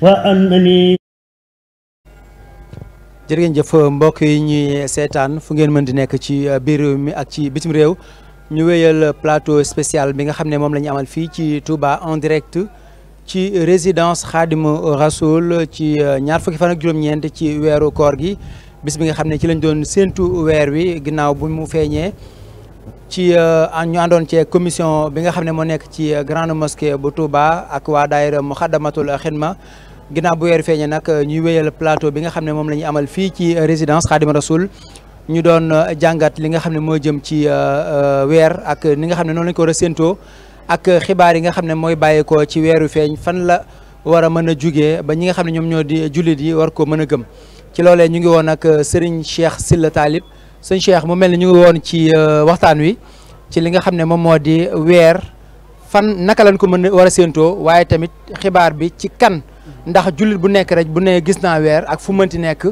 wa annani mbokk yi ñuy seetaan fu ngeen mën di nekk ci uh, biir mi ak ci bitim réew ñu weyal plateau spécial bi nga xam ne moom lañu ñu amal fii ci Touba en direct ci résidence Khadim Rasoul ci uh, ñaar fukki fan juróom-ñeent ci weeru koor gi bis bi nga xam ne ci lañ doon séentu weer wi ginnaaw bu mu feeñee ci euh, ñu àndoon ci commission bi nga xam ne moo nekk ci euh, grande mosquée bu Touba ak waa daayira Muxaddamatul Xidma ginnaaw bu weer feeñee nag euh, ñuy wéyal plateau bi nga xam ne moom la ñuy amal fii ci résidence Xaadim Rasul ñu doon jàngat li nga xam ne moo jëm ci weer ak ni nga xam ne noonu lañ ko resentoo ak xibaar yi nga xam ne mooy bàyyeekoo ci weeru feeñ fan la war a mën a jugee ba ñi nga xam ne ñoom ñoo di jullit yi war ko mën a gëm ci loolee ñu ngi woon ak Serigne Cheikh Sylla Talib sëñ Cheikh mu mel ni ñu ngi woon ci euh, waxtaan wi ci li nga xam ne moom moo di weer fan naka lañ ko mën war a séentoo waaye tamit xibaar bi ci kan ndax jullit bu nekk rek bu ne gis naa weer ak fu mënti nekk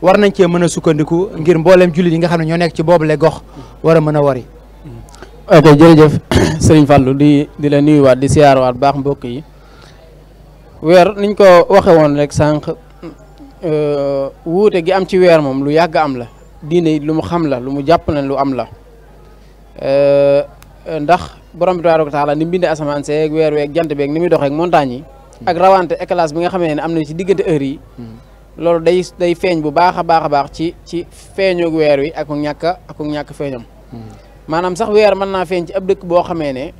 war nañ cee mën a sukkandiku ngir mbooleem jullit yi nga xam ne ñoo nekk ci boobule gox war a mën a wari. ok jërëjëf sëriñ Fallou di di la waat di siyaarwaat baax mbokk yi weer niñ ko waxe woon rek sànq euh, wuute gi am ci weer moom lu yàgg am la. diine lu mu xam la lu mu jàpp na lu am la euh, ndax borom bi tabaaraka taala ni mu bindee asamaan seeg weer weeg jant beeg ni muy doxeeg montagne yi hmm. ak rawante éclairage bi nga xamee ne am na ci diggante heure yi hmm. loolu day day feeñ bu baax a baax a baax ci ci feeñoog weer wi ak ñàkk ak ñàkk feeñam hmm. maanaam sax weer mën naa feeñ ci ab dëkk boo xamee ne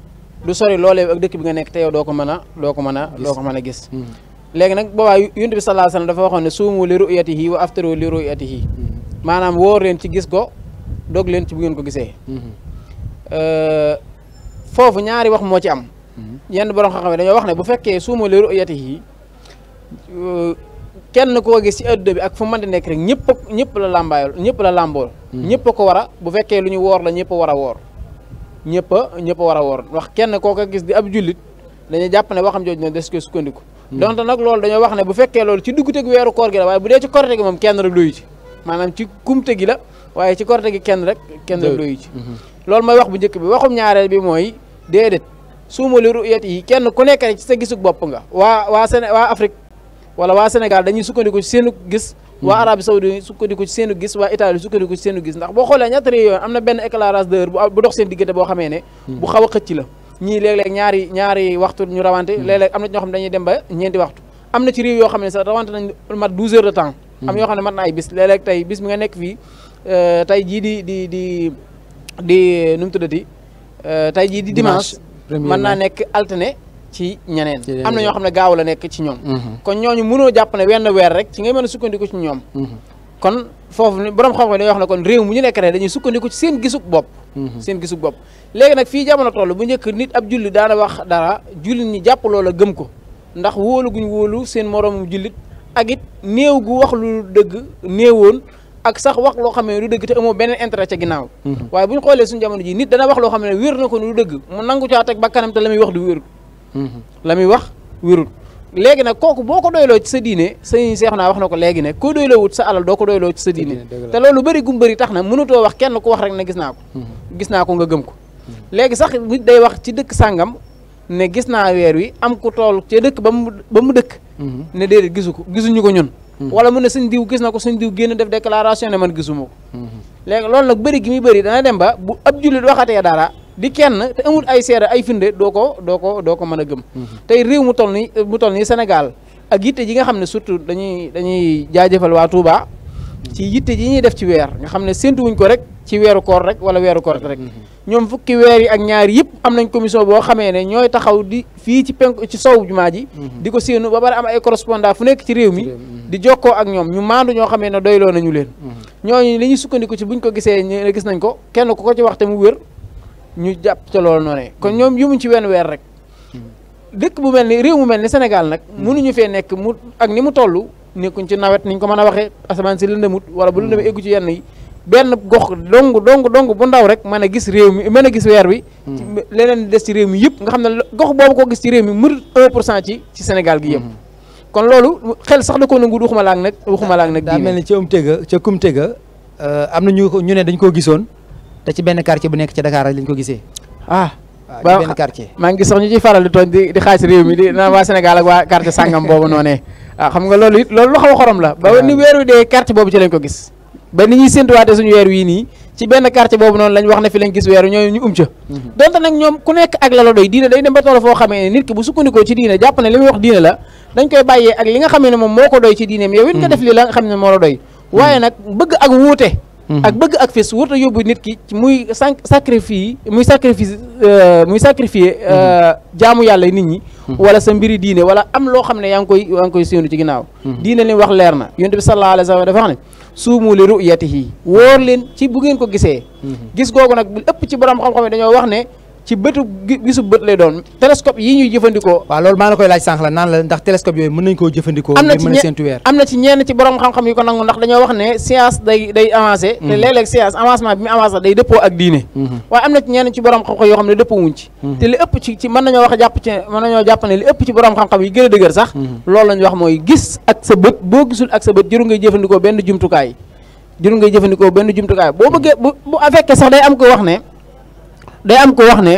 du sori loolee ak dëkk bi nga nekk te yow doo ko mën a doo ko mën a doo ko mën gis léegi nag boobaa yonent bi sallallahu alayhi wasallam dafa waxoon ne suumu li ru'yatihi wa aftaru li maanaam woor leen ci gis ko dog leen ci bu ngeen ko gisee mhm. euh, foofu ñaari wax moo ci am mhm. yenn borom xam-xam dañoo wax ne bu fekkee suuma li ru'yati yi euh, kenn koo gis ci adduna bi ak fu mën nekk rek ñëpp ñëpp la làmbaayol ñëpp la làmbool mhm. ñëpp ko war a bu fekkee lu ñu woor la ñëpp war a woor ñëpp a ñëpp a wax kenn koo ko gis di ab jullit dañuy jàpp ne waxam jooju ne des ko sukkandiku donte nag loolu dañoo wax ne bu fekkee loolu ci dugguteg weeru koor gi la waaye bu dee ci korite gi moom kenn rek doyu maanaam ci kumte gi la waaye ci korte gi kenn rek kenn rek doyu ci mhm. loolu mooy wax bu njëkk bi waxum ñaareel bi mooy déedéet suuma li ruyat yi kenn ku nekk rek ci sa bopp nga waa waa Séné waa Afrique wala waa Sénégal dañuy sukkandiku ci seenu gis waa mhm. Arabie Saoudite sukkandiku ci seenu gis waa Italie sukkandiku ci seenu gis ndax boo xoolee ñattari yoon am na benn éclairage d'heure bu dox seen diggante boo xamee ne mhm. bu xaw a xëcc la ñii léeg-léeg ñaari ñaari waxtu ñu rawante léeg-léeg am na ñoo xam ne dañuy dem ba ñeenti waxtu am na ci réew yoo xam ne sax nañ mat 12 heures am yoo xam ne mën na ay bis léeg-léeg tey bis bi nga nekk fii euh, tey jii di di di di nu mu tuddati euh, tey jii di dimanche mën naa nekk alterné ci ñeneen am na ñoo xam ne gaaw la nekk ci ñoom mhm. kon ñooñu mënoo jàpp ne wenn weer rek ci ngay mën a sukkandiku ci ñoom mhm. kon foofu borom xam-xam dañuy wax ne kon réew mu ñu nekk rek dañuy sukkandiku ci seen gisu bopp mhm. seen gisug bopp léegi nag fii jamono toll bu njëkk nit ab julli daana wax dara jullit ñi jàpp loola gëm ko ndax wóolu guñ wóolu seen moroomum jullit ak it néew gu wax lu dëgg néewoon ak sax wax loo xam ne lu dëgg te amoo beneen intérêt ca ginnaaw mhm. waaye bu ñu xoolee suñu jamono ji nit dana wax loo xam ne wér na ko lu dëgg mu nangu caa teg bakkanam te la muy wax du wérut mhm. la muy wax wérut léegi nag kooku boo ko doyloo ci sa diine sëñ Seex naa wax na ko léegi ne koo doyloo wut sa alal doo ko doyloo ci sa diine te loolu bëri gum bëri tax na mënutoo wax kenn ku wax rek na gis naa ko mhm. gis naa ko nga gëm ko léegi sax day wax ci dëkk sàngam ne gis naa weer wi am ku tool cee dëkk ba mu ba mu dëkk mhm. ne déedéet gisu ko gisuñu ko ñun mhm. wala mu ne suñ diw gis na ko suñ diw génn def déclaration ne man gisuma ko mhm. léegi loolu nag bëri gi muy bëri dana dem ba bu ab jullit waxatee dara di kenn te amul ay seede ay finde doo ko doo ko doo ko mën a gëm tey réew mu toll nii mu toll nii Sénégal ak yitte ji nga xam ne surtout dañuy dañuy jaajëfal waa Touba ci yitte yi ñuy def ci weer nga xam ne séntuwuñ ko rek ci weeru koor rek wala weeru koor rek ñoom fukki weer yi ak ñaar yëpp am nañ commission boo xamee ne ñooy taxaw di fii ci penk ci sowu jumaa ji mhm. di ko séenu ba pare am ay correspondant fu nekk ci réew mi mhm. di jokkoo ak ñoom ñu maandu ñoo xamee ne doyloo nañu leen mhm. ñooñu li ñu sukkandiku ci buñ ko gisee gis nañ ko kenn ku ko ci waxte mu wër ñu jàpp ca loolu noonu kon ñoom yëmuñ ci wenn weer rek dëkk bu mel ni réew mu mel ni Sénégal nag hmm. mënuñu fee nekk mu ak ni mu toll nekkuñ ci nawet niñ ko mën a waxee asamaan si lëndëmut wala bu hmm. lëndëm eggu ci yenn yi benn gox dong dong dong bu ndaw rek mën a gis réew mi mën a gis weer wi hmm. leneen des ci réew mi yëpp nga xam ne gox boobu ko gis ci réew mi mur un pour cent ci ci Sénégal gi yëpp kon loolu xel sax da ko nangu waxuma laag nag waxuma laag nag daa mel ni ca um tëgga ca kum tëgga euh, am na ñu ñu ne dañ koo gisoon te ci benn quartier bu nekk ci Dakar lañ ko gisee ah waaw benn quartier maa ngi sax ñu ciy faral di tooñ di di xaaj réew mi di naan waa Sénégal ak waa quartier sàngam boobu noonee waaw ah, xam nga loolu loolu lu xaw a xorom la ba ne fi lañ gis weer ñooy ñu um ca mhm. donte nag ñoom nit ki bu sukkandikoo ci diine jàpp ne li muy wax diine la dañ koy bàyyee ak li nga xamee ne moom moo ko doy ci diineem yow it nga mhm. def li la nga xam ne moo la doy mhm. waaye nag bëgg ak wuute Mm-hmm. ak bëgg ak fés warut yóbbu nit ki muy sacrifice muy sacrifice euh, muy sacrifier euh, mm-hmm. jaamu yàlla nit ñi. Mm-hmm. wala sa mbiri diine wala am loo xam ne yaa ngi koy yaa koy séenu ci ginnaaw. diine li wax leer na yonent bi sallallahu alayhi wa sallam dafa wax ne suumu li ru'yatihi wóor leen ci bu ngeen ko gisee. gis googu nag bu ëpp ci borom xam-xam yi dañoo wax ne. ci bëtu gisu bët lay doon télescope yi ñuy jëfandikoo waaw loolu maa la koy laaj sànq la naan la ndax télescope yooyu mën nañ koo jëfandikoo am na ci seentu weer am na ci ñenn ci borom xam-xam yi ko nangu ndax dañoo wax ne science mm-hmm. ak diine mm-hmm. waaye am na ci ñenn ci borom xam-xam yoo xam ne dëppoo wuñ ci mm-hmm. te li ëpp ci ci mën nañoo wax jàpp ne li ëpp ci borom xam-xam yi gën a dëgër sax loolu lañ wax mooy gis ak sa bët boo gisul ak sa bët jëru ngay jëfandikoo benn jumtukaay jëru ngay jëfandikoo benn jumtukaay boo bëggee bu bu fekkee sax day am ko wax ne day am ko wax ne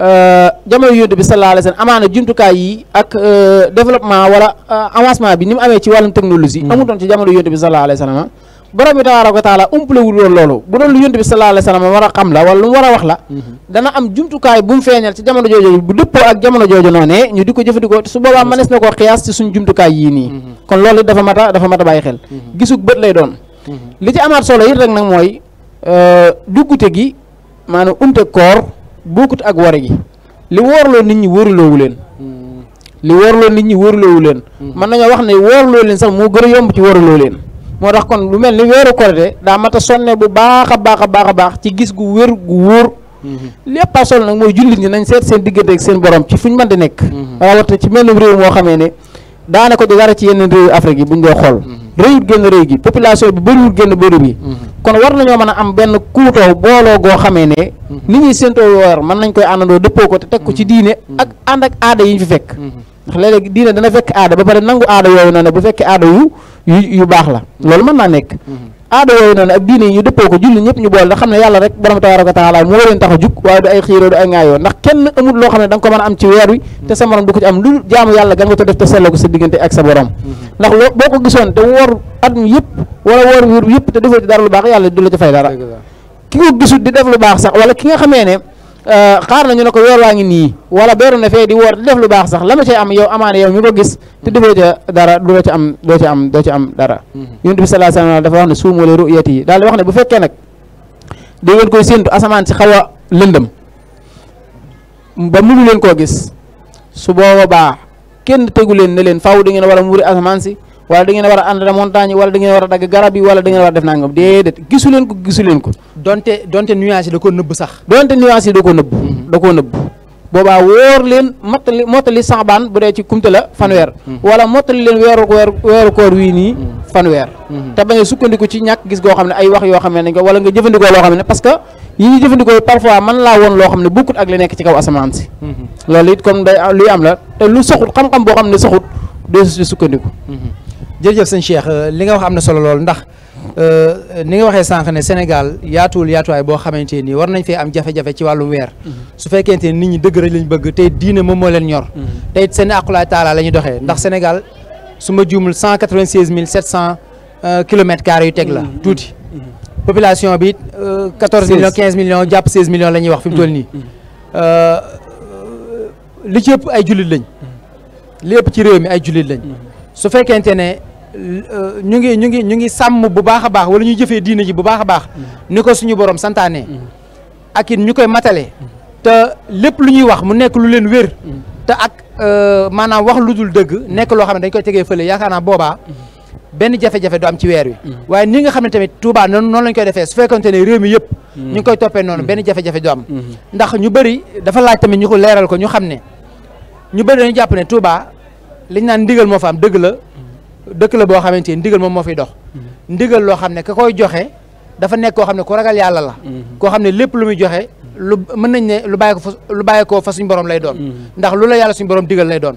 euh, jamono yonent bi sallallahu alayhi wa amaana jumtukaay yi ak euh, développement wala euh, avancement bi ni mu amee ci wàllum technologie mm. amutoon ci jamono yonent bi sallallahu alayhi wa sallam borom bi tabaaraka wa taala umpalewul woon loolu bu doon lu a xam la wala lu mu war a wax la mm-hmm. dana am jumtukaay bu mu feeñal ci jamono joojo bu dëppoo ak jamono joojo noonee ñu di ko jëfandikoo su boobaa mm-hmm. mënees na koo xiyaas ci suñ jumtukaay yii nii mm-hmm. kon loolu dafa mat a dafa mata a bàyyi xel gisug bët lay doon li ci amaat solo it rek nag mooy duggute gi maanaam umte koor bokkut ak war gi li wóorloo nit ñi wóoruloowu leen li wóorloo nit ñi wóoruloowu leen hmm. mën nañoo wax ne wóorloo leen sax moo gën a yomb ci wóorloo leen moo tax kon lu mel ni weeru korite daa mat a sonne bu baax a baax a baax a baax ci gis gu wér gu wóor hmm. lépp a sol nag mooy jullit ñi nañ seet seen diggante ak seen borom ci fuñ mën di nekk hmm. rawatina ci mel réew moo xamee ne daanaka du dara ci yeneen réewu Afrique yi bu ñu dee xool réewut génn gi population bi bëriwut génn bëri bi kon war nañoo mën a am benn kuutoo booloo goo xamee ne mhm. ni ñuy séentoo weer mën nañ koy àndandoo dëppoo ko te teg ko ci mhm. diine mhm. ak ànd ak aada yi ñu fi fekk ndax léeg diine dana fekk aada ba pare nangu aada yooyu ne bu fekkee aada yu yu yu baax la loolu mën naa nekk aada yooyu noonu ak diine yi dëppoo ko julli ñëpp ñu boole da xam ne yàlla rek borom tabaaraka taala moo leen tax a jug waaye du ay xiiroo du ay ŋaayoo ndax kenn amul loo xam ne da ko mën a am ci weer wi te sa morom du ko ci am lu jaamu yàlla ga nga ko def te selloo ko sa diggante ak sa borom ndax loo boo ko gisoon te woor at mi yëpp wala woor wér yëpp te defoo ci dara lu baax yàlla du la ci fay dara ki ko gisut di def lu baax sax wala ki nga xamee ne Euh, xaar nañu ne ko weer waa ngi nii wala beeru ne fee di woor di def lu baax sax la ma cay am yow amaane yow mi ko gis te defoo ca dara doo ca am doo ca am doo ca am dara mhm. yonent bi sallallahu alayhi wasallam dafa wax ne suumu li ru'yati daal di wax ne bu fekkee nag da ngeen koy séentu asamaan si xaw a lëndëm ba mënu leen koo gis su boobaa kenn tegu leen ne leen faaw da ngeen war a muuri asamaan si wala da ngeen war a ànd da montagne wala da ngeen war a dagg garab yi wala da ngeen war a def nangam déedéet gisu leen ko gisu leen ko donte donte nuance yi da ko nëbb sax donte nuance yi da koo nëbb mhm. da koo nëbb boobaa wóor leen mottali mottali saxbaan bu dee ci kumte la fanweer mhm. Mhm. wala mottali leen weeru weer weeru koor wii nii fanweer te bañ a sukkandiku ci ñàkk gis goo xam ne ay wax yoo xam ne nañ ko wala nga jëfandikoo loo xam ne parce que yi ñuy jëfandikoo parfois man laa woon loo xam ne bokkut ak li nekk ci kaw asamaan si loolu it comme day luy am la te lu soxut xam-xam boo xam ne soxut dee si sukkandiku jërëjëf sëñ Cheikh euh, li nga wax am na solo lool ndax euh, ni nga waxee sànq ne Sénégal yaatuwul yaatuwaay boo xamante nii war nañ fee am jafe-jafe ci wàllum weer mhm. su fekkente ni nit ñi dëgg rek lañ bëgg tey diine moom moo leen ñor mhm. tey it seen aqulaay taala lañuy doxee ndax Sénégal su ma juumul cent quatre-vingt-seize mille sept cent euh, kilomètres carrés yu teg la mhm. tuuti population bi quatorze millions quinze millions jàpp seize millions la ñuy wax fi mu toll nii li ci ëpp ay jullit lañ li ëpp ci réew mi ay jullit lañ su fekkente ne ñu ngi ñu ngi ñu ngi sàmm bu baax a baax wala ñu jëfee diine ji bu baax a baax mm-hmm. ni ko suñu boroom santaane mm-hmm. ak it ñu koy matale mm-hmm. te lépp lu ñuy wax mu nekk lu leen wér te ak euh, maanaam wax lu dul dëgg nekk loo xam ne dañ koy tegee fële yaakaar naa boobaa benn jafe ci weer wi waaye ni nga xam ne tamit Touba noonu lañ koy defee su fekkonte ne réew mi yëpp ñu ngi koy toppee noonu benn jafe-jafe du ndax ñu bëri dafa laaj tamit ñu ko leeral ko ñu xam ne ñu bëri dañu jàpp ne Touba liñ naan ndigal moo fa dëgg la dëkk la boo xamante ni ndigal moom mm-hmm. loo xam ne ka koy joxe dafa nekk koo xam ne ku ragal yàlla la mm-hmm. koo xam ne lépp lu muy joxe lu mën nañ ne lu bàyyi ko fa lu bàyyi ko fa suñ borom lay doon mm-hmm. ndax lu la yàlla suñ borom digal lay doon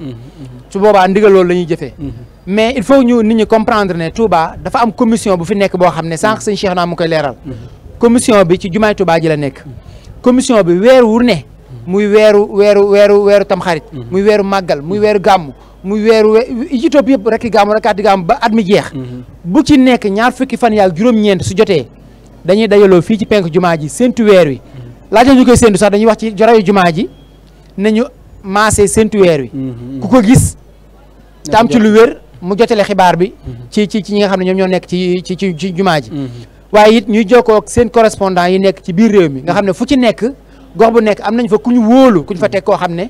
su boobaa ndigal loolu la ñuy jëfee mais il faut ñu nit ñi comprendre ne Touba dafa am commission bu fi nekk boo xam ne sànq sëñ Cheikh naa mu koy leeral commission bi ci jumaay Touba ji la nekk commission bi weer wu ne muy weeru weeru weeru weeru tamxarit muy weeru màggal muy weeru gàmmu muy weer yi ci topp yëpp rek gaamu rek kàddi gaamu ba at mi jeex. Mhm. bu ci nekk ñaar fukki fan yaak juróom-ñeent su jotee dañuy dajaloo fii ci penk jumaa ji séntu weer wi. Mhm. laata ñu koy séntu sax dañuy wax ci jarayu jumaa ji nañu maasee séntu weer wi. Mhm. ku ko gis. tam ci lu wér mu jotale xibaar bi. ci ci ci ñi nga xam ne ñoom ñoo nekk ci ci ci ci jumaa ji. waaye it ñuy jokkoo seen correspondant yi nekk ci biir réew mi nga xam ne fu ci nekk gox bu nekk am nañ fa ku ñu wóolu ku fa teg koo xam ne.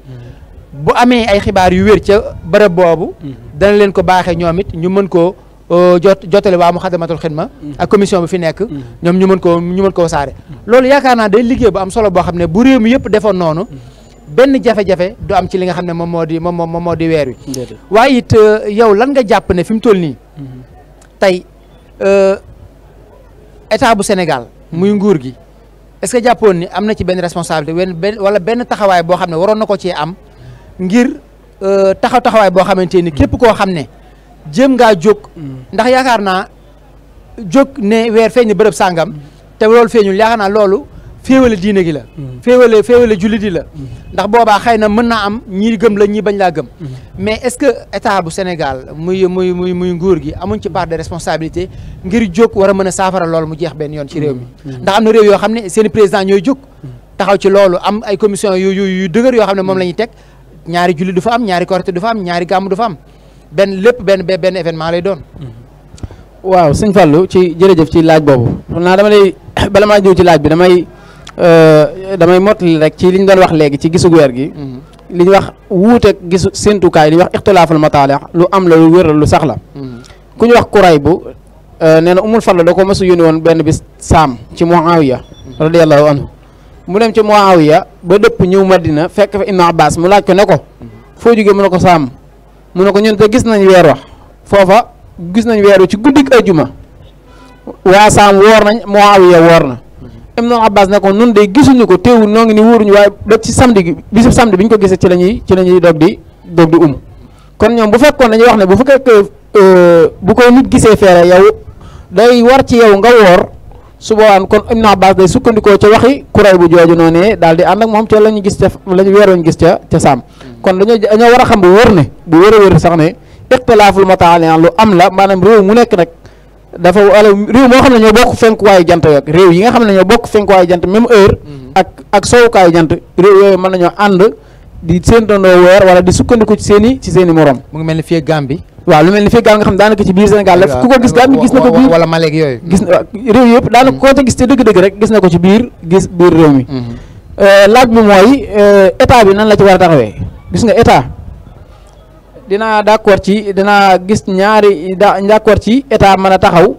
bu amee ay xibaar yu wér ca bërëb boobu. Mhm. dana leen ko baaxee ñoom it ñu mën koo euh, jot jotale waa Muxaddamatul ma mhm. ak commission bi fi nekk. Mhm. ñoom ñu mën koo ñu mën koo saare. loolu yaakaar naa day liggéey bu am solo boo xam ne bu réew mi yëpp defoon noonu. benn jafe-jafe du am ci li nga xam ne moom moo di moom moom moo di weer wi. waaye it euh, yow lan nga jàpp ne fi toll nii. tey euh, état bu Sénégal muy nguur gi est-ce que jàppoon ni am na ci benn responsabilité wala benn taxawaay boo xam ne waroon na ko cee am. ngir euh, taxaw taxawaay boo xamante ni képp koo xam ne jëm ngaa jóg ndax yaakaar naa jóg ne weer feeñ bërëb sàngam te loolu feeñul yaakaar naa loolu féewale diine gi la féewale féewale jullit yi la ndax boobaa xëy na mën naa am ñii gëm la ñi bañ laa gëm mais est-ce que état bu Sénégal muy muy muy muy nguur gi amuñ ci part de responsabilité ngir jóg war a mën a saafara lool mu jeex benn yoon ci réew mi ndax am na réew yoo xam ne seen i président ñooy jóg taxaw ci loolu am ay commission yu yu yoo xam ne la ñuy teg ñaari julli du fa am ñaari korité du fa am ñaari gàmm du fa am benn lépp benn benn événement lay doon. Mm-hmm. waaw sëñ Fallou ci jërëjëf ci laaj boobu xam naa dama lay bala maa jiw ci laaj bi damay euh, damay mottali rek ci liñ doon wax léegi ci gisu weer gi. Mm-hmm. li ñuy wax wuuteeg gisu séntukaay li ñuy wax ixtilaaful mataali lu am la lu wér la lu sax la. Mm-hmm. ku ñu wax kuray bu euh, nee na umul fadl da ko mos a woon benn bis saam ci Muawiya radiyallahu anhu mu dem ci Muawiya ba dëpp ñëw Madina fekk fa Ibnu Abbas mu laaj ko ne ko foo jóge mu ne ko sàmm mu ne ko ñun te gis nañ weer wax foofa gis nañ weer ci guddik ajjuma waa saam woor nañ Muawiya woor na Ibnu Abbas ne ko nun de gisuñu ko teewul noo ngi ni wóoruñu waaye ba ci samedi gi bisu samedi bi ñu ko gisee ci lañuy ci la ñuy dog di dog di um kon ñoom bu fekkoon dañuy wax ne bu fekkee euh, bu ko nit gisee feere yow day war ci yow nga woor su boobaan kon Ibnu Abbas day sukkandikoo ca waxi kuréel bu jooju noonu daal di ànd ak moom ca la ñu gis ca la ñu weeroon gis ca ca saam kon dañoo dañoo war a xam bu wóor ne bu wóor a wóor sax ne lu ixtilaaful mutaaliyan lu am la maanaam réew mu nekk nag dafa réew moo xam ne ñoo bokk fenkuwaayu jant rek réew yi nga xam ne ñoo bokk fenkuwaayu jant même heure mm-hmm. ak ak sowukaayu jant réew yooyu mën nañoo ànd di séentandoo weer wala di sukkandiku ci seen ci seen i morom. mu mel ni fii Gambie waaw lu mel ni Feggal nga xam daanaka ci biir Sénégal la ku ko gis daal gis yooyu gis na réew yëpp daanaka koo te gis te dëgg-dëgg rek gis na ko ci biir gis biir réew mi mhm. euh, laaj bi mooy euh, état bi nan la ci war a taxawee gis nga état dinaa d'accord ci dinaa gis ñaari da d'accord ci état mën a taxaw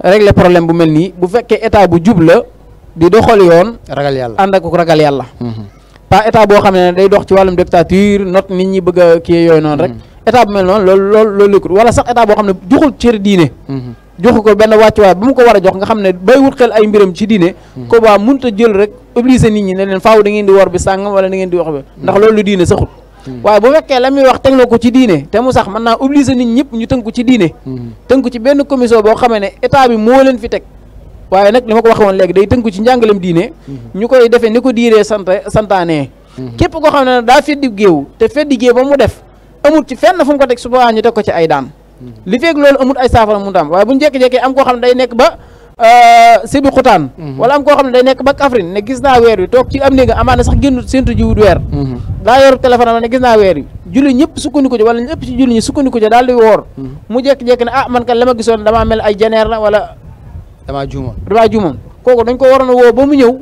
régler problème bu mel nii bu fekkee état bu jub la di doxal yoon ragal ànd ak ragal yàlla mhm. pas état boo xam ne day dox ci wàllum dictature not nit ñi bëgg a kii yooyu noonu rek mhm. état bu mel noonu loolu loolu loolu lékkut wala sax état boo xam ne joxul cër diine mhm. joxu ko benn wàccuwaay ba mu ko war a jox nga xam ne bay wut xel ay mbiram ci diine mhm. ko baa mënut a jël rek obligé nit ñi ne leen faaw da ngeen di war bi sàngam wala da ngeen di wax mhm. loolu lu diine saxut waaye bu fekkee la muy wax teg na ko ci diine te sax mën naa obligé nit ñëpp ñu tënku ci diine tënku ci benn commission boo xamee ne état bi moo leen fi teg waaye nag li ma ko waxee woon léegi day tënku ci njàngalem diine ñu koy defe ni ko diine sant santaane képp koo xam ne daa feddi géew te feddi géew ba mu def amul ci fenn fu mu ko teg su boobaa ñu teg ko ci ay daan hmm. li feeg loolu amul ay saafara mu tam waaye bu ñu jékki-jékki am ko xam ne day nekk ba euh, sibi xutaan hmm. wala am koo xam ne day nekk ba Kaffrine ne gis naa weer wi toog ci am néega amaana sax génn séntu jiwut weer hmm. daa yor téléphone am ne gis naa weer wi julli ñëpp sukkandiku ci wala ñëpp ci julli ñi sukkandiku ci daal di woor mu jékki-jékki ne ah man kat la ma gisoon damaa mel ay jeneer la wala damaa juumoon damaa juumoon kooku dañ ko waroon a woo ba mu ñëw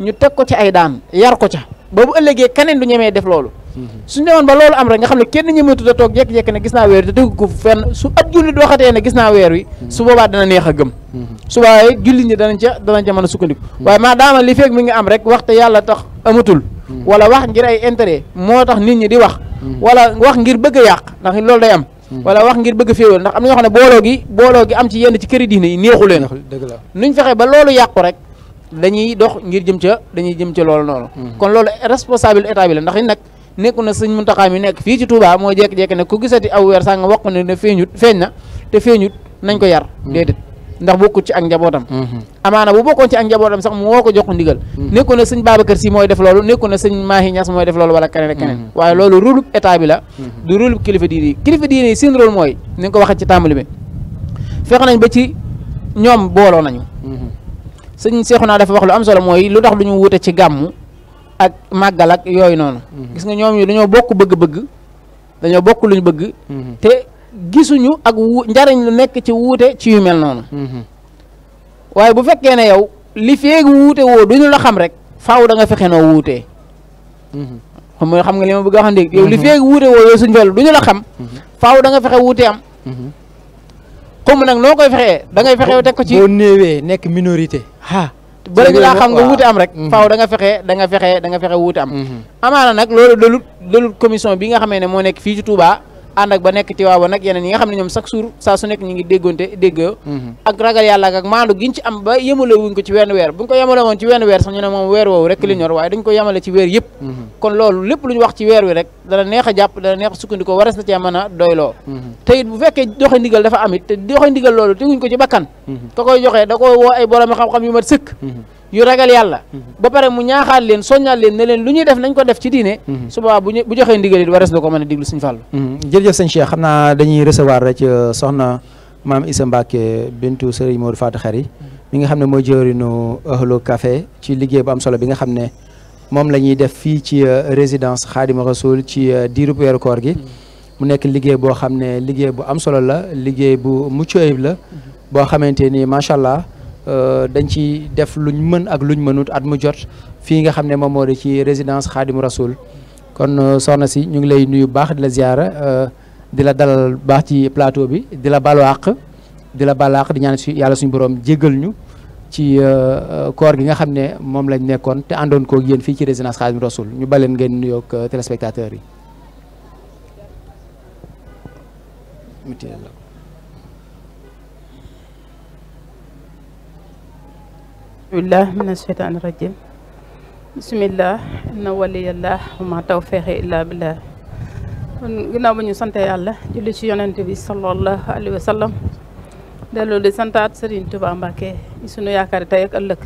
ñu teg ko ci ay daan yar ko ca ba ëllëgee keneen du ñemee def loolu suñu demoon ba loolu am rek nga xam ne kenn ñi mënut a toog jékki-jékki ne gis naa weer wi te dégg ko fenn su ab jullit waxatee ne gis naa weer wi su boobaa dana neex a gëm su waaye jullit ñi danañ ca danañ ca a sukkandiku mm-hmm. waaye maadaama li feeg mi ngi am rek waxte yàlla tax amatul mm-hmm. wala wax ngir ay intérêt moo tax nit ñi di wax mm-hmm. wala wax ngir bëgg yàq ndax loolu day am wala wax ngir bëgg a féewal ndax am na ñoo xam ne booloo gi booloo gi am ci yenn ci këri diine yi neexu leen nuñ fexe ba loolu yàqu rek dañuy dox ngir jëm ca dañuy jëm ca loolu noonu kon loolu responsable état bi la ndax nag nekku na sëñ Muntaxa mi nekk fii ci Touba moo jékki-jékki ne ku gisati aw weer sànga wax ne ne feeñut feeñ na te feeñut nañ ko yar mm-hmm. déedéet ndax bokkut ci ak njabootam mm-hmm. amaana bu bokkoon ci ak njabootam sax mu woo ko jox ndigal mm-hmm. nekku na sëñ Babacar Si mooy def loolu nekku na sëñ Mahi Ñas mooy def loolu wala keneen ak keneen waaye loolu rôlub état bi la du rôlub kilifa diine yi kilifa diine yi seen mooy ni nga ko waxee ci tàmbali bi fexe nañ ba ci ñoom booloo nañu sëñ Seexuna dafa wax lu am solo mooy lu tax duñu wute ci gàmmu ak màggal ak yooyu noonu. Mhm. gis nga ñoom ñu dañoo bokk bëgg-bëgg dañoo bokk luñ bëgg. Mhm. te gisuñu ak wu njariñ lu nekk ci wuute ci yu mel noonu. Mhm. waaye bu fekkee ne yow li feeg wuute woo duñu la rek faaw da nga fexe noo wuutee. xam nga xam nga li ma bëgg a wax léegi. la xam. faaw da nga fexe wuute am. xaw ma nag noo koy fexee da fexe teg ko ci. néewee nekk minorité bala ñu xam nga wuute am rek mhm. faaw da nga fexe da nga fexe da nga fexe wuute am mhm. amaana nag loolu dalut dalut commission bi nga xamee ne moo nekk fii ci Touba ànd ak ba nekk Tiwaawan nag yeneen yi nga xam ne ñoom chaque jour saa su nekk ñu ngi déggoonte déggoo mhm. ak ragal yàlla ak maandu giñ ci am ba yemale wuñ ko ci wenn weer buñ ko yemale woon moom weer woowu rek li mhm. waaye dañ ko yemale ci weer yëpp mhm. kon loolu lépp lu wax ci weer wi rek dana neex a jàpp dana neex sukkandikoo waras na cee mën a doyloo te it bu fekkee joxe ndigal dafa am te joxe ndigal loolu teguñ ko ci bakkan ka koy joxe yu ragal yàlla ba pare mu ñaaxaat leen soññaat leen ne leen lu ñuy def nañ ko def ci diine mhm. su boobaa buñu bu joxee ndigal it wares na ko mën a diglu sëñ Fallou mhm. jërëjëf sëñ Cheikh xam naa dañuy recevoir rek euh, soxna maam Issa Mbacke bintu Serigne Modou Fatou Khary mi nga xam ne mooy jëwriñu Euhlou Café ci liggéey bu am solo bi nga xam ne moom la ñuy def fii ci euh, résidence Khadimou Rassoul ci euh, diirub weeru koor gi mhm. mu nekk liggéey boo xam ne liggéey bu am solo la liggéey bu mucc ayib la boo xamante ni macha allah Euh, dañ ci def luñ mën ak luñ mënut at mu jot fii nga xam ne moom moo di ci résidence Xaadim Rasoul kon euh, soxna si ñu ngi lay nuyu baax di la ziara euh, di la dalal baax ci plateau bi di la balu di la balu di ñaan si yàlla suñu borom jéggal ñu ci koor gi nga xam ne moom lañ nekkoon te àndoon koo yéen fii ci résidence Xaadim Rasoul ñu baleen ngeen nuyoog téléspectateurs yi. billah mina bismillah inna waliyallah wa ma tawfiqi illa billah kon ginnaaw ba ñu sante yàlla julli ci yonent bi sallallahu alayhi wa sallam dellu di santaat Serigne Touba Mbacké sunu yaakaari tey ak ëllëg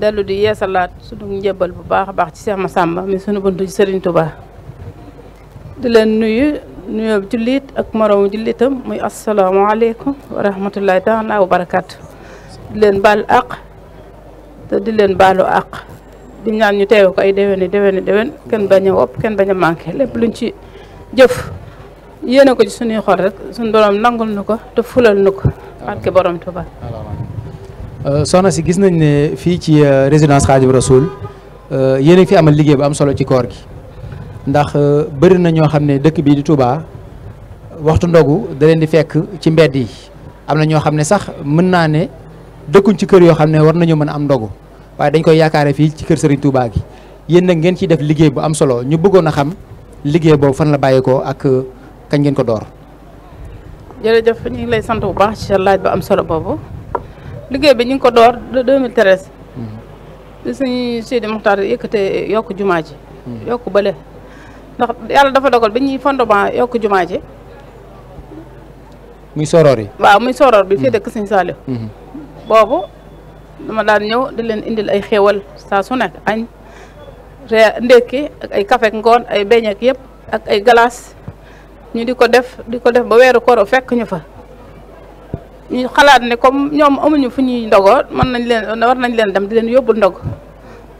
dellu di yeesalaat sunu njëbbal bu baax a baax ci Cheikh Massamba mi sunu buntu ci Serigne Touba di nuyu nuyoo jullit ak moromu jullitam muy asalaamaaleykum wa rahmatullahi taala wa barakaatu di baal àq te di leen baalu àq di ñaan ñu teewe ko ay déwéni déwéni déwén kenn bañ a wopp kenn bañ a manqué lépp luñ ci jëf yéene ko ci suñuy xol rek suñu borom nangul nu ko te fulal nu ko barke borom Tuuba euh, soxna si gis nañ ne fii ci euh, résidence Xaadim Rasoul euh, yéen a fi amal liggéey bu am solo ci koor gi ndax bëri na ñoo xam ne dëkk bii di Touba waxtu ndogu da leen di fekk ci mbedd yi am na ñoo xam ne sax mën naa ne dëkkuñ ci kër yoo xam ne war nañu mën a am ndogu waaye dañ koy yaakaare fii ci kër Serigne Touba gi yéen nag ngeen ciy def liggéey bu am solo ñu bëggoon a xam liggéey boobu fan la bàyyeekoo ak euh, kañ ngeen ko door. jërëjëf ñu lay sant bu baax ci laaj bu am solo boobu liggéey bi ñu ngi ko door le 2013. di suñu Seydi Muxtaar yëkkate yokk jumaa ji. Mm-hmm. yokk bële ndax yàlla dafa dogal bi ñuy fondement yokk jumaa ji. muy soroor yi. waaw muy soroor bi fii mm-hmm. dëkk Sëñ Saliou. Mm-hmm. boobu dama daan ñëw di leen indil ay xéewal saa su nekk añ ree ndékki ak ay kafek ngoon ay beñ ak yëpp ak ay galaas ñu di ko def di ko def ba weeru koro fekk ñu fa ñu xalaat ne comme ñoom amuñu fu ñuy ndogoo mën nañ leen war nañ leen dem di leen yóbbul ndog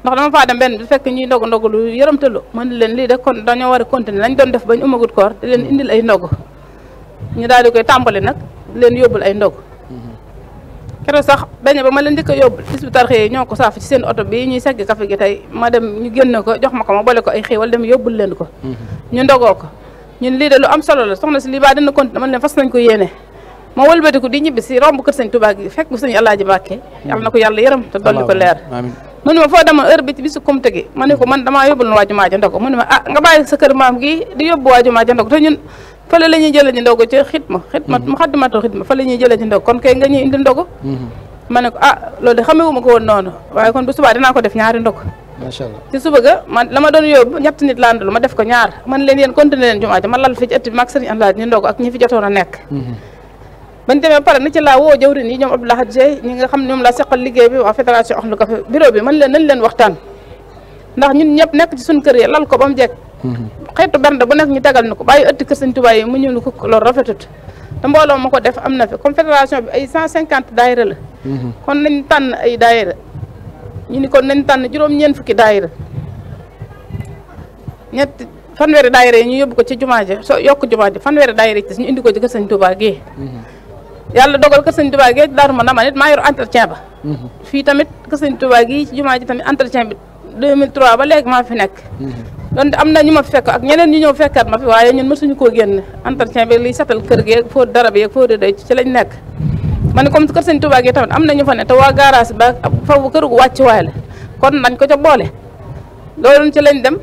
ndax dama faa dem benn bi fekk ñuy ndog ndog lu yërëmtalu mën leen lii de kon dañoo war a continuer lañ doon def bañ umagut koor di leen indil ay ndog ñu daal di koy tàmbali nag di leen yóbbul ay ndog keroog sax dañu ba ma leen njëkk a yóbbu Hizbut Tarqiyyah ñoo ko saaf seen oto ñuy segg kafe gi tey ma dem ñu génn ko jox ma ko ma boole ko ay xéewal dem yóbbul leen ko mhm. ñu ndogoo ñun lii de lu am solo la soxna si lii baa dina continuer man leen fas nañ ko yéene ma wëlbatiku di ñibbi si romb kër sëñ Tuubaa gi fekk bu sëñ Alaaji Mbàkke yàlla na ko yàlla yërëm te dolli ko leer mu ma foo dama heure bi bisu kumte gi ma ne ko man damaa ah, yóbbu waa jumaa ja ndog te fële la ñuy jëlee ci ndogu ci xitma xitma mu mm-hmm. xaddimatu xitma fële la ñuy jëlee ci ndogu kon kay nga ñuy indi ndogu mm-hmm. ma ah loolu de xamewu ma ko woon noonu waaye kon bu subaa dinaa ko def ñaari ndogu ci suba ga man la ma doon yóbbu ñett nit laa ndul ma def ko ñaar man leen yéen continuer leen jumaa ma lal fi ci ëtt bi maag sëriñ ndogu ak ñi fi jotoon a nekk mm-hmm. bañ demee pare na ci laa woo jawrin yi ñoom Abdoulaye Hadj ñi nga xam ne ñoom la seqal liggéey bi waa fédération Ahlu Café bureau bi man leen nañ leen waxtaan ndax ñun ñëpp nekk ci suñ kër yi lal ko ba mu jekk xeetu bernde bu nekk ñu tegal ni ko bàyyi ëtt kër sëñ tubaay yi mu ñëw ko loolu rafetut te mbooloo ma ko def am na fi confédération bi ay cent cinquante daayira la mhm. kon nañ tànn ay daayira ñu ni kon nañ tànn juróom ñeen fukki daayira ñett fanweeri daayira yi ñu yóbbu ko ci jumaa ji yokk jumaa ji fanweeri daayira yi ci ñu indi ko ci kër sëñ tubaa gi mhm. yàlla dogal kër sëñ tubaa gi daaru ma nama nit maa yor entretien ba mhm. fii tamit kër sëñ tubaa gi ci jumaa ji tamit entretien bi 2003 ba léegi maa fi nekk mhm. donte am na ñu ma fekk ak ñeneen ñu ñëw fekkaat ma fi waaye ñun suñu koo génn entretien bi liy setal kër gi ak fóot dara bi ak fóot day ci lañ nekk ma ne comme kër sëñ Tuubaa gi tamit am na ñu fa ne te waa garage ba fawu kër gu wàccuwaay la kon nañ ko ca boole loolu ci lañ dem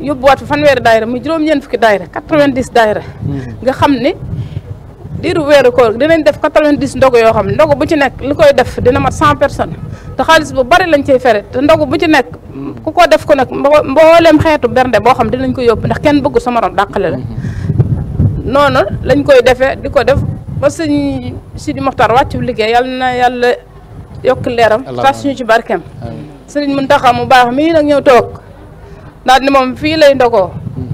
yóbbuwaat fa fanweeri daayira muy juróom-ñeent fukki daayira 90 daayira mhm. nga xam ne diiru weeru koor dinañ def quatre-vingt-dix ndogu yoo xam ndogu bu ci nekk li koy def dina mat cent personnes te xaalis bu bari lañ ciy fere te ndogu bu ci nekk ku ko def ko nag mbooleem xeetu bernde boo xam dinañ ko yóbbu ndax kenn bëggu sa morom dàqale la noonu lañ koy defee di ko def ba sëñ Sidi Moxtar wàccu liggéey yal na yàlla yokk leeram tas ñu ci barkeem sëriñ Muntaxa mu baax mii nag ñëw toog daal ni moom fii lay ndogoo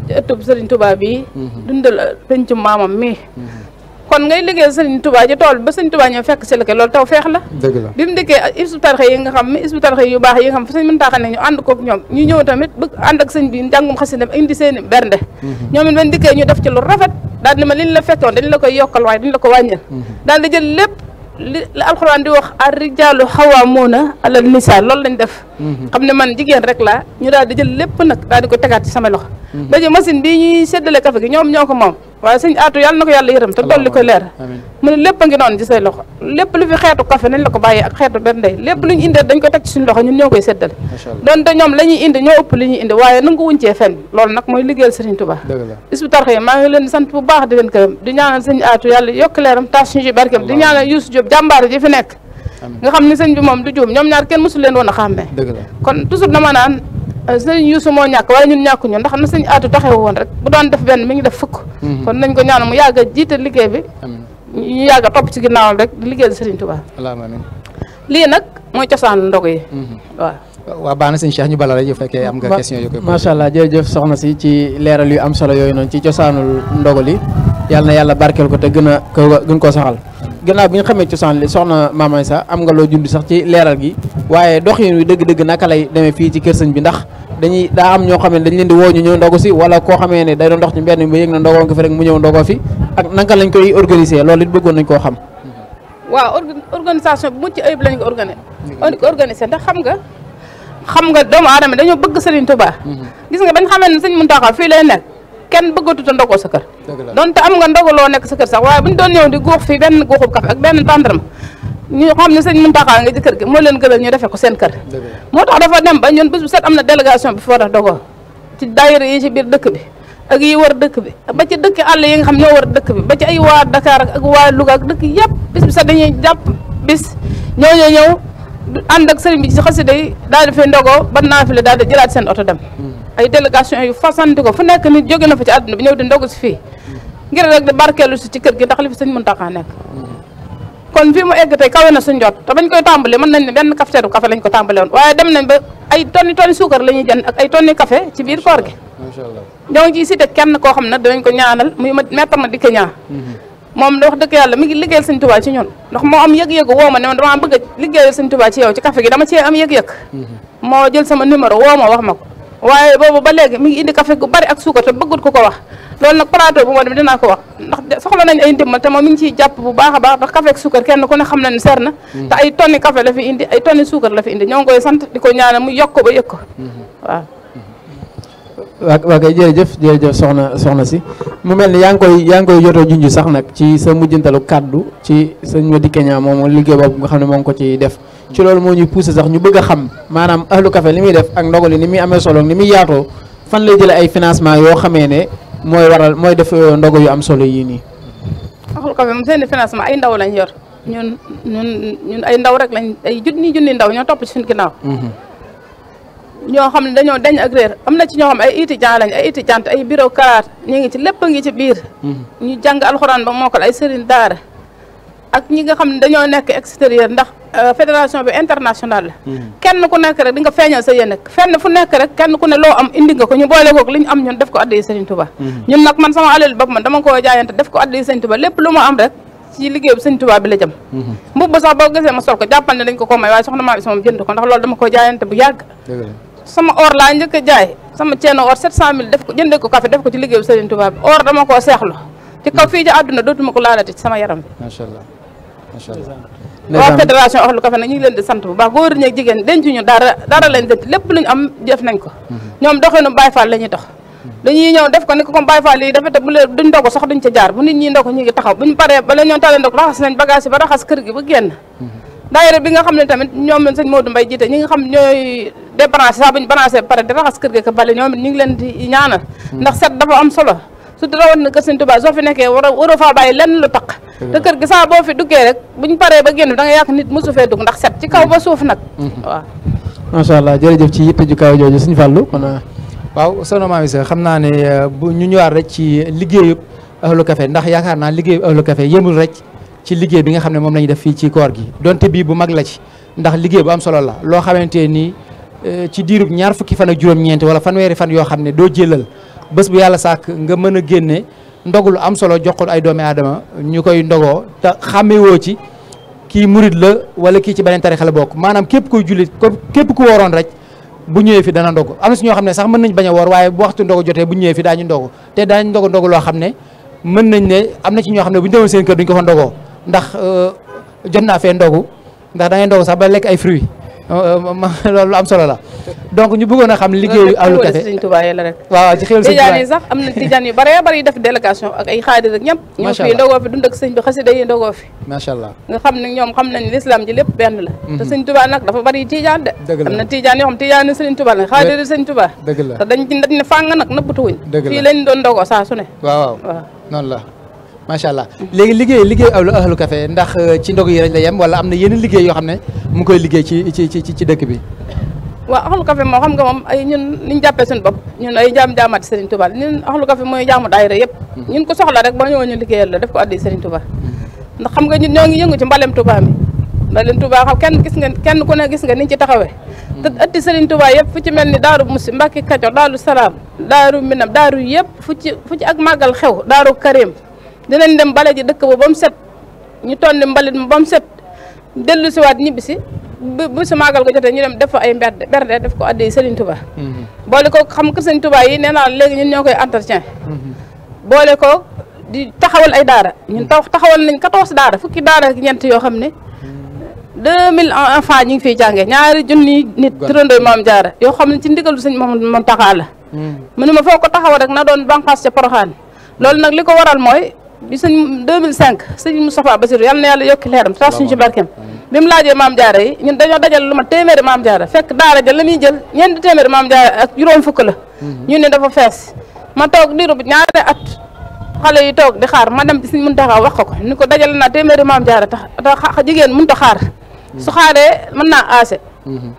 ci ëttub sëriñ Tuubaa bii mm-hmm. dundal pencu maamam mii mm-hmm. kon ngay liggéeyal sëriñ Touba ci tool ba sëriñ Touba ñëw fekk si la ke loolu taw feex la dëgg la bi mu dikkee isbu tarxe yi nga xam isbu tarxe yu baax yi nga xam fa sëñ mën taaxal ne ñu ànd kook ñoom ñu ñëw tamit bëgg ànd ak sëñ bi njàngum xasindam indi seeni bernde mhm. ñoom it bañ dikkee ñu def ci lu rafet daal di ma liñ la fekkoon dañ la koy yokkal waaye dañ la ko wàññil mhm. daal di jël lépp li la alxuraan di wax ar rijaalu xawaamuuna alal nisaa loolu lañ def xam ne man jigéen rek la ñu daal di jël lépp nag daal di ko tegaat ci sama loxo daje mm-hmm. machine bii ñuy séddale café gi ñoom ñoo ko moom waaye sëñ aatu yàlla na ko yàlla yërëm te dolli ko leer mu lépp lu fi xeetu café nañ la ko bàyyi ak xeetu lépp lu ñu indee teg ci suñu loxo ñun ñoo koy indi ñoo ëpp li ñuy indi waaye nangu wuñ cee fenn loolu mooy liggéeyal sëriñ Tuubaa maa ngi leen di sant bu baax di leen gërëm di ñaanal sëñ aatu yàlla yokk leeram jàmbaar ji fi nekk nga xam ni sëñ bi moom du juum ñoom ñaar kenn mësuleen leen woon a xàmmee kon toujours dama naan euh, sëñ Youssou moo ñàkk wala ñun ñàkkuñu ndax na sëñ aatu taxew woon rek bu doon def benn mi ngi def fukk mhm. kon nañ ko ñaan mu yàgg a jiite liggéey bi ñu yàgg topp ci ginnaawam rek liggéey sëriñ Tuubaa lii nag mooy cosaanu ndog yi mhm. waaw waaw baax sëñ Cheikh ñu bala rek yu fekkee am nga question yu macha allah jërëjëf soxna si ci leeral yu am solo yooyu noonu ci cosaanul ndogali yàlla na yàlla barkeel ko te gën a gën koo saxal gannaaw bi nga xamee cosaan li soxna Mame Aïssa am nga loo jund sax ci leeral gi waaye doxin wi dëgg-dëgg naka lay demee fii ci kër sëñ bi ndax dañuy daa am ñoo xam ne dañ leen di woo ñu ñëw si wala koo xamee ne day doon dox ci mbedd mi ba yëg na ndogoo nga fi rek mu ñëw ndogoo fi ak naka lañ koy organiser loolu it bëggoon nañ koo xam waaw organisation bi mucc ayib lañ ko organiser ndax xam nga xam nga doomu aadama dañoo bëgg Serigne Touba mm-hmm. gis nga bañ xamee ne sëñ Mountakha fii lay nekk kenn bëggatu ta ndogoo sa kër donte am nga ndogaloo nekk sa kër sax waaye bu doon ñëw di guux fii benn guuxub kafe ak benn tàndarma ñu xam ne sëñ Muntaxa nga ci kër gi moo leen gënal ñu ko seen kër tax dafa dem ba ñun bés am na délégation bi foo tax dogoo ci daayira biir dëkk ak yi war dëkk bi ba ci dëkk àll yi nga xam ñoo dëkk bi ba ci ay waa Dakar ak dëkk yëpp bis bi sax dañuy jàpp bis ñoo ñoo ñëw ànd ak sëriñ bi ci xasida yi daal di fay ndogoo ba naafile daal di jëlaat seen oto dem hmm. ay délégation yu fasanti ko fu nekk nit jóge na fa ci àdduna bi ñëw di ndogu si fii ngir rek di barkeelu si ci kër gi ndax li fi sëñ Muntaxa nekk kon fii mu egg tey kawe na suñ jot te bañ koy tàmbale mën nañ ne benn cafetière bu café lañ ko tàmbale woon waaye dem nañ ba ay tonni tonni suukar la ñuy jënd ak ay tonni café ci biir koor gi ñoo ngi ciy cité kenn koo xam ne danañ ko ñaanal muy mettre ma dikke ñaa moom wax dëgg yàlla mi ngi liggéeyal sëñ Tuubaa ci ñun ndax moo am yëg-yëgu woo ma ne ma damaa bëgg a liggéeyal sëñ Tuubaa dama cee am yëg mm-hmm. moo jël sama numéro woo wax ma ko waaye boobu ba léegi mi ngi indi café gu bari ak suukar te bëggut ko ko wax loolu nag plateau bu ma dem dinaa ko wax ndax soxla nañ ay ndimbal te moom mi ngi ciy jàpp bu baax a baax ndax café ak suukar kenn ku ne xam na ne seer na mm-hmm. te ay tonni café la fi indi ay tonni suukar la fi indi ñoo ngi sant di ko ñaanal mu yokk ko ba yëg ko mm-hmm. waaw waa waa kay jërëjëf jërëjëf soxna soxna si mu mel ni yaa ngi koy yaa ngi koy sax nag ci sa mujjantalu kàddu ci sëñ Mady Kenya moom liggéey boobu nga xam ne moo ngi ko ciy def ci loolu moo ñuy poussé sax ñu bëgg xam maanaam ahlu café li muy def ak ndogali ni muy amee solo ni muy yaatoo fan lay jëlee ay financement yoo xamee ne mooy waral mooy def euh, ndogo yu am solo yii nii. ahlu café moom seen financement ay ndaw lañ yor ñun ñun ñun ay ndaw rek lañ ay junni junni ndaw ñoo topp ci ñoo xam ne dañoo dañ ak am na ci ñoo xam ay étudiant lañ ay étudiante ay bureau karaat ñu ngi ci lépp a ngi ci biir mm-hmm. ñu jàng alxuraan ba mokkal ay sëriñ daara ak ñi nga xam ne dañoo nekk extérieur ndax euh, fédération bi internationale la mm-hmm. kenn ku nekk rek di nga feeñal sa yéene fenn fu nekk rek kenn ku ne loo am indi nga ko ñu boole kook li ñu am ñun def ko addi Sëriñ Tuba mm-hmm. ñun nag man sama alal bopp man dama koo jaayante def ko addi Sëriñ Tuba lépp lu mu am rek ci liggéey bu Sëriñ Tuba bi la jëm mbubb sax boo gisee ma sol ko ko koo may waaye ko ndax loolu sama or laa njëkk a jaay sama ceeno or 700000 def ko jëndee ko café def ko ci liggéeyu Serigne Touba bi or dama koo seexlu ci kaw fii ci àdduna dootuma ko laalati ci sama yaram bi macha allah macha allah waa fédération Orlu Café leen di sant bu baax góor ñeeg jigéen dencuñu dara dara lañ denc lépp luñu am def nañ ko mhm. ñoom doxeenu Baye Fall la ñuy dox mhm. dañuy ñëw def ko ni ko comme Baye yi dafa te bu leen duñ ndogu sax duñ ca jaar bu nit ñi ñu ngi taxaw buñu paree ba raxas mhm. ne tamit ñoom sëñ Modou Mbaye jiite débranché saa bu ñu branché pare di raxas kër ga ka bale ñoom ñu leen di ñaanal ndax set dafa am solo surtout rawatina war a war a faa bàyyi lenn lu taq te kër gi saa boo fi duggee rek buñ paree ba génn da nga yàq nit mosu fee dugg ndax set ci kaw ba mm-hmm. suuf nag mm-hmm. waaw macha allah jërëjëf ci euh, naa ne euh, bu ñu ñëwaat rek ci liggéeyub ahlu café ndax yaakaar naa liggéeyub ahlu café yëmul rek ci liggéey bi nga xam ne moom la ñu def fii ci koor gi donte bu la ci ndax am solo la loo xamante nii Euh, ci diirub ñaar fukki fan ak juróom-ñeenti fan weeri fan yoo xam ne doo jélal bés bu yàlla sàkk nga mën a génne ndogul am solo jox ko ay doomi aadama ñu koy ndogoo te xàmmewoo ci kii murit la wala kii ci beneen tarixa bokk maanaam képp koy jullit képp ku waroon rek bu ñëwee fi dana ndog am na ñoo xam ne sax mën nañ bañ a woor waaye bu waxtu ndogu jotee bu ñëwee fi daañu ndog te daañu ndog ndog loo xam ne mën nañ ne am na ci ñoo xam ne bu ñu demoon seen kër duñ ko fa ndogoo ndax euh, jot naa fee ndogu ndax da ngay ndogu sax ba lekk ay fruits loolu lu am solo la donc ñu bëggoon a xam liggéeyu Allou Café Sëriñ waaw ci sax am na Tijaan yu bare bari def délégation ak ay xaadir ak ñëpp ñoo fii ndogoo fi dund ak sëñ bi xasida yi ndogoo fi macha allah nga xam ñoom xam nañ l'islam ji lépp benn la mhm. te Sëriñ dafa bari Tijaan de am na Tijaan yoo xam Tijaan yi Sëriñ Touba la xaadir yi Sëriñ Touba dëgg la te dañ fii lañ doon ndogoo saa su ne la macha allah léegi liggéey liggéey ahlu ahlu kafe ndax euh, ci ndog yi rek la yem wala am na yeneen liggéey yoo xam ne mu koy liggéey ci ci ci ci dëkk bi waaw ahlu kafe moom xam nga moom ay ñun ni ñu jàppee suñu bopp ñun ay jaam jaamaati Serigne Touba ñun ahlu café mooy jaamu daayira yëpp hmm. ñun ko soxla rek boo ñëwee ñu liggéeyal la def ko addi Serigne Touba hmm. ndax xam nga ñun ñoo ngi yëngu ci mbalem Touba mi mbalem Touba xam kenn gis nga kenn ku ne gis nga ni ci taxawee hmm. te ëtti Serigne Touba yëpp fu ci mel ni daaru musi Mbàkke Kajoor daaru salaam daaru minam daaru yëpp fu ci fu ci ak màggal xew daaru karim dinañ dem bale ji dëkk ba ba mu set ñu tonni mbalit ba mu set dellu siwaat ñibbi si bu si màggal ko jotee ñu dem def fa ay mberde berde def ko addi Serigne Touba. Mm-hmm. boole ko xam kër Serigne Touba yi nee naa léegi ñun ñoo koy entretien. Mm-hmm. boole ko di taxawal ay daara ñun tax mm-hmm. taxawal nañ 14 daara fukki daara ak ñeent yoo xam ne. 2000 enfants ñu ngi fiy jàngee ñaari junni nit. turandoo maam jaara yoo xam ne ci ndigalu sëñ moom moom taxaa la. mu ne ma foo ko taxawal na doon bànqaas ca Porokhane. loolu nag li ko waral mooy bi sëñ 2005 sëñ Moustapha Bassirou yal na yàlla yokki leeram sax suñu ci barkeem bi laajee maam jaara yi ñun dañoo dajal lu ma téeméeri maam jaara fekk daara ja la muy jël ñeenti téeméeri maam jaara ak juróom fukk la mhm. ñu ne dafa fees ma toog diiru bu ñaari at xale yi toog di xaar ma dem ci mun Muntaxa wax ko ko ni ko dajal na téeméeri maam jaara tax jigéen mënut a xaar mhm. su xaaree mën naa aase mhm.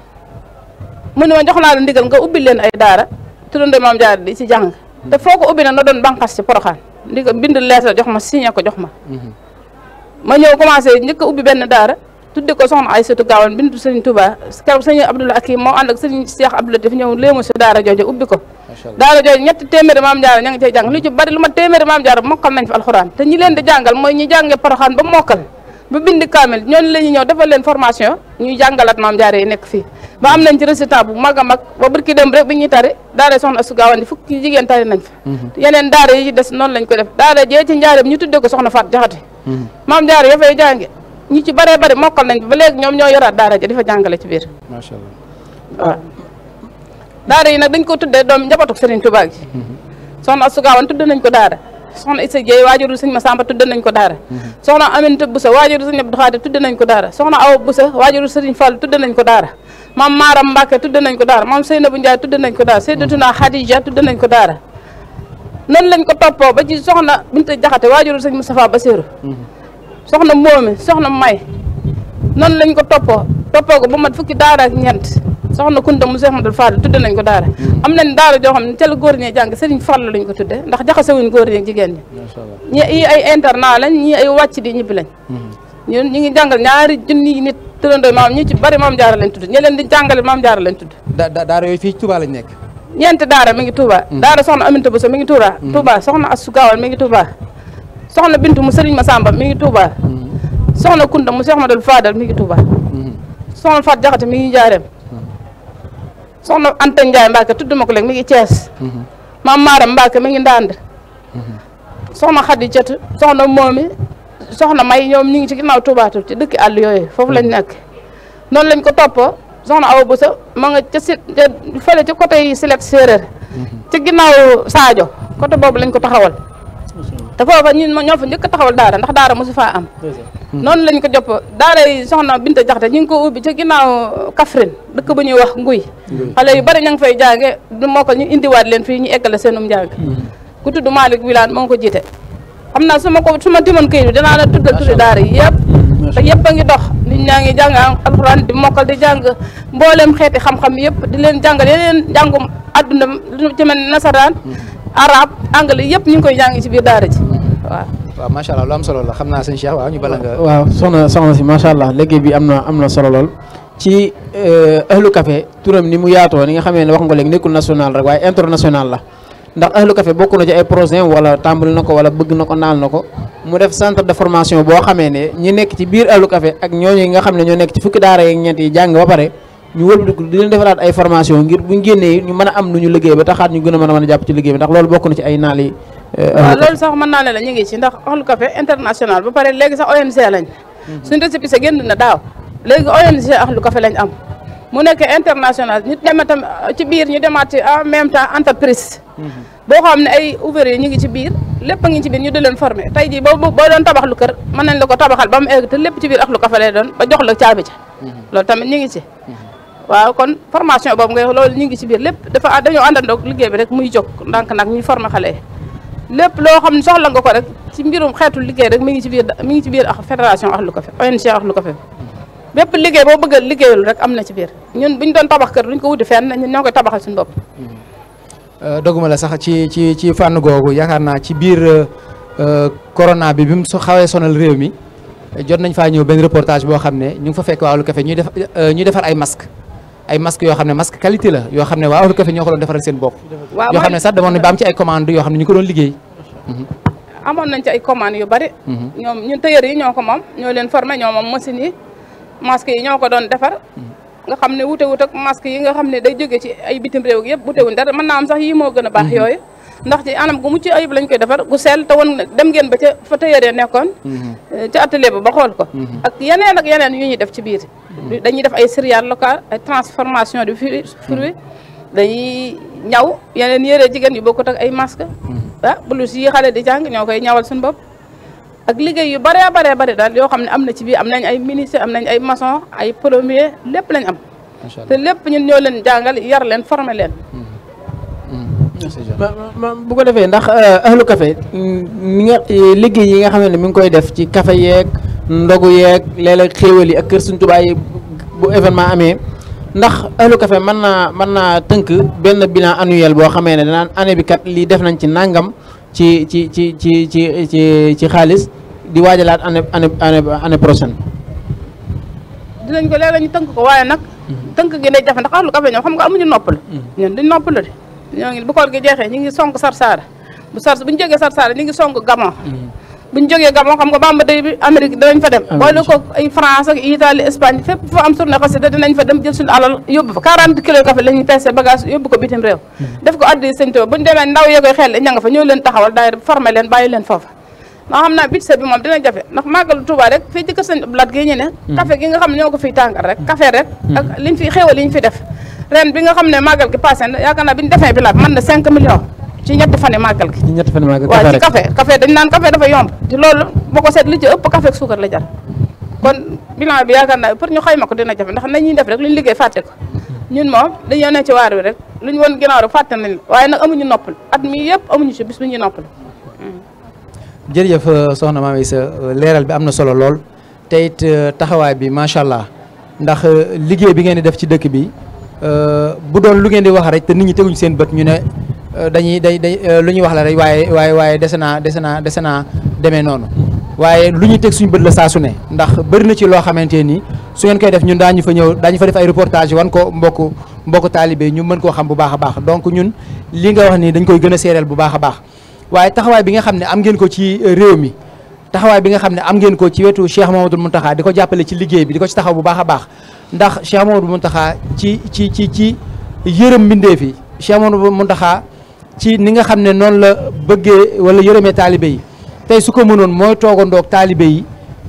mu ne ma jox naa di ndigal nga ubbi leen ay daara tuddandoo maam jaara di ci jàng te foo ko ubbi na na doon banqas ci poroxaan ndi ko bind lettre jox ma si signé ko jox ma ma ñëw commencé njëkk a ubbi benn daara tudde ko soxna Aysatu Gaawaan bindu sëriñ Touba keroog sëriñ Abdoul Akim moo ànd ak sëriñ Cheikh Abdoul Latif ñëw léemu si daara jooju ubbi ko daara ñetti téeméeri maam jaara ngi cay jàng lu bari lu ma téeméeri maam jaara mokkal nañ fi alxuraan te ñi leen di jàngal mooy ñi jàngee poroxaan ba mokkal ba bind kaamil ñooñu la ñuy ñëw defal leen formation ñuy jàngalaat maam jaara yi nekk fii ba am nañ ci résultat bu mag a mag ba barki dem rek bi ñuy tari daara na Astou Gawane fukki jigéen tari nañ fa mhm. yeneen daara yi des noonu lañ ko def daara jee ci njaareem ñu tudde ko soxna Faat Jaxate mhm. maam Jaara ya fay jànge ñi ci bëree bëri mokkal nañ ba léegi ñoom ñoo yoraat daara ja di fa jàngale ci biir macha allah waaw daara yi nag dañ ko tuddee mi njabootu Serigne Touba gi mhm. soxna Astou Gawane tudd nañ ko daara soxna Issa Dieye waajuru sëñ Massamba tudde nañ ko daara soxna Aminata Boussa waajuru sa Abdou Khadir tudde nañ ko daara soxna Awa Boussa waajuru sëriñ Fall tudde nañ ko daara maam Maram Mbacke tudde nañ ko daara maam na Ndiaye tudde nañ ko daara Seydatuna Khadija tudde nañ ko daara noonu lañ ko toppoo ba ci soxna Binta Jaxate waajuru sëñ Moustapha Bassirou mhm. soxna Moomi soxna May noonu lañ ko toppoo toppoo ko ba mat fukki daara ak ñeent soxna Kunta mu Cheikh Madou Fall tudde nañ ko daara mm. am nañ daara joo xam ne ca la góor ñee jàng Sëriñ Fall lañ ko tudde ndax jaxasewuñ góor ñee jigéen ñi ñi lañ ñi ay wàcc di ñibbi lañ mm-hmm. ñun ñu ngi jàngal ñaari junni nit tërandoo maam ñu ci bari maam jaara lañ tudd ñe leen di jàngale maam jaara lañ tudd daara yooyu fii Touba lañ nekk ñeenti ni mi ngi Touba mm. daara soxna Aminta Bousso mi ngi Touba mm. Touba soxna Assou Gawal mi ngi Touba soxna Bintu mu Sëriñ Masamba mi ngi Touba soxna Kounda mu Cheikh Ahmadou Fadal mi ngi Touba. Mhm. soxna faat Jaxate mi ngi Njaareem. Mhm. soxna Anta Ndiaye Mbacke tudd ma ko léegi mi ngi Thiès. Mhm. maam Maram Mbacke mi ngi Ndande. soxna Khady Thiat soxna Momi soxna May ñoom ñu ngi ci ginnaaw Touba ci dëkk àll yooyu foofu lañ nekk. noonu lañ ko toppoo soxna Awa Boussa ma nga ca si fële ca côté Séeréer. ci ginnaaw Sadio côté boobu lañ ko taxawal. te foofa ñun ñoo fa njëkk taxawal daara ndax daara mosu faa am hmm. noonu lañ ko jopp daara yi soxna Binta Jaxate ñu ngi ko ubbi ca ginnaaw Kaffrine dëkk bu ñuy wax nguy xale yi bari ña ngi fay jànge du moo ñu indiwaat leen fii ñu eggale seenum njàng hmm. ku tudd Malick Wilane moo ngi ko jiite xam naa su ko su ma timoon këyit bi dinaa la tuddal tuddi daara yi hmm. yëpp a ngi dox nit ñaa ngi jàng alxuraan di mokkal di jàng mboolem xeeti xam-xam yëpp di leen jàngal yeneen jàngum àdduna lu ci mel nasaraan arabe anglais yëpp ñu koy jàng ci biir daara ji waaw. waaw macha allah lu am solo la xam naa sëñ Cheikh waaw ñu bala nga. waaw soxna soxna si macha allah liggéey bi am na am na solo lool. ci eh, ahlu café turam ni mu yaatoo ni nga xamee ne wax nga léegi nekkul national rek waaye international la ndax ahlu café bokk na ci ay projet wala tàmbali na ko wala bëgg na ko naal na ko mu def centre de formation boo xamee ne ñu nekk ci biir ahlu café ak ñooñu nga xam ne ñoo nekk ci fukki daara yeeg ñeent yi jàng pare ñu wëlbatiku di leen defaraat ay formation ngir bu buñ génnee ñu mën a am lu ñu liggéey ba taxaat ñu gën a mën a mën a jàpp ci liggéey na ci ay euh, sax mën naa ne la ñu ngi ci ndax Ahlu Café international ba pare sax ONG a mhm. suñ récépissé génn na daaw léegi ONG Ahlu Café lañ am mu nekkee international ñu dem tam euh, ci biir ñu demaat ci en même temps entreprise mhm. boo am ne ay ouvrier ñu ngi ci biir lépp a ngi ci biir ñu di leen formé tey jii boo boo doon tabax lu kër mën nañ la ko tabaxal ba mu te lépp ci biir Ahlu Café lay doon ba jox la caabi ca mhm. loolu tamit ñu ngi ci waaw kon formation boobu ngay loolu ñu ngi ci biir lépp dafa dañoo àndandoo liggéey bi rek muy jóg ndànk nag ñuy former xale lépp loo xam ne soxla nga ko rek ci mbirum xeetu liggéey rek mi ngi ci biir mi ngi ci biir fédération Ahlou Café ONG Ahlou Café bépp liggéey boo bëgg a liggéeyul rek am na ci biir ñun bu ñu tabax kër duñ ko wuti fenn ñun ñoo koy tabaxal suñu bopp euh, doguma la sax ci ci ci fànn googu yaakaar naa ci biir euh, corona bi bi mu xawee sonal réew mi jot nañ faa ñëw benn reportage boo xam ne ñu ngi fa fekk waa Ahlou Café ñuy def euh, ñuy defar ay masque ay masque yoo xam ne masque qualité la yoo xam ne waa Eau Café ñoo ko doon defaral seen bopp yoo xam ne sax demoon na ba ci ay commande yoo xam ne ñu ko doon liggéey amoon nañ ci ay commande yu bari mhm. ñoom ñun tailleur yi ñoo ko moom ñoo leen formé ñoo moom machine yi masque yi ñoo ko doon defar mhm. nga xam ne wute wut ak masque yi nga xam ne day jóge ci ay bitim réew yëpp wutewuñ dara mën naa am sax yi moo gën a baax mhm. yooyu ndax ci anam gu mucc ayib lañ koy defar gu sell te woon dem ngeen ba ca fa tëyëree nekkoon mhm. eh, ca atelier ba ba xool ko mhm. ak yeneen ak yeneen yu ñuy def ci biir mhm. dañuy def ay céréales locales ay transformation de fruits dañuy ñaw yeneen yére jigéen yu bokkut ak ay masque ah blouse yi xale di jàng ñoo koy ñawal suñu bopp ak liggéey yu bare bare bare daal yoo xam ne am na ci biir am nañ ay ministre am nañ ay masson ay plombier lépp lañ am te lépp ñu ñoo leen jàngal yar leen former leen bu ko defee ndax euh, ahlu café ni mm, nga euh, liggéey yi nga xam ne mi ngi koy def ci café yeeg ndogu yeeg léeg-léeg yi ak kër Sëriñ Tuubaa bu événement amee ndax ahlu kafe mën naa mën naa tënk benn bilan annuel boo xamee ne danaan année bi kat lii def nañ ci nàngam ci ci ci ci ci ci ci xaalis di waajalaat anne année année prochaine. dinañ ko léeg-léeg ñu tënk ko waaye nag. Mm-hmm. tënk gi day jafe ndax ahlu café ñoom xam nga amuñu noppal. Mm-hmm. ñun duñ noppal de. ñoo ngi bu koor gi jeexee ñu ngi sonk sarsaara bu sars bu ñu jógee sarsaara ngi sonk gamo mm-hmm. bu ñu jógee gamo xam nga bamba day bi amérique dinañ fa dem boole ko ay france ak italie espagne am surne xasida dinañ fa dem jël suñu alal yóbbu fa 40 kilos café la ñuy peese bagage yóbbu ko bitim réew mm-hmm. def ko addi sëñ Tuubaa bu ñu leen taxawal daay formé leen bàyyi leen foofa ndax xam jafe ndax màggalu Tuubaa rek fii ci kër sëñ Abdu ne mm-hmm. café gi nga xam ne ñoo ko fiy tàngal rek café rek ak liñ fi xéewal liñ fi def ren bi nga xam ne màggal gi passé na yaakaar naa bi ñu defee bi la mën na 5 millions ci ñetti fan yi màggal gi. ci ñetti fan yi màggal gi waaw ci café café dañ naan café dafa yomb te loolu boo ko seet li ci ëpp café ak suukar la jar kon bilan bi pour ñu xayma ko dina jafe ndax nañuy def rek lu ñu liggéey fàtte ko ñun moom dañoo ne ci waar wi rek lu ñu woon ginnaaw rek fàtte nañ waaye nag amuñu at mi yëpp amuñu ci bis bu ñuy noppal jërëjëf euh, soxna Mame Issa euh, leeral bi am na solo lool te it euh, taxawaay bi macha allah ndax liggéey bi ngeen di def ci dëkk bi Euh, bu doon lu ngeen di wax rek te nit ñi teguñ seen bët ñu ne euh, dañuy day day euh, lu ñuy wax la rek waaye waaye waaye dese naa dese naa dese naa demee noonu waaye lu ñuy teg suñu bët la saa su ne ndax bëri na ci loo xamante ni su ngeen koy def ñun ñu fa ñëw daañu fa def ay reportage wan ko mbokk mbokk taalibe ñu mën koo xam bu baax a baax donc ñun li nga wax nii dañ koy gën a seereel bu baax a baax waaye taxawaay bi nga xam ne am ngeen ko ci réew mi taxawaay bi nga xam ne am ngeen ko ci wetu Cheikh Mamadou taxa di ko jàppale ci liggéey bi di ko ci taxaw bu baax baax ndax Cheikh Mamadou Mountakha ci ci ci ci yërëm mbindeef yi Cheikh Mamadou Mountakha ci ni nga xam ne noonu la bëggee wala yërëmee taalibe yi tey su ko mënoon mooy ndoog taalibe yi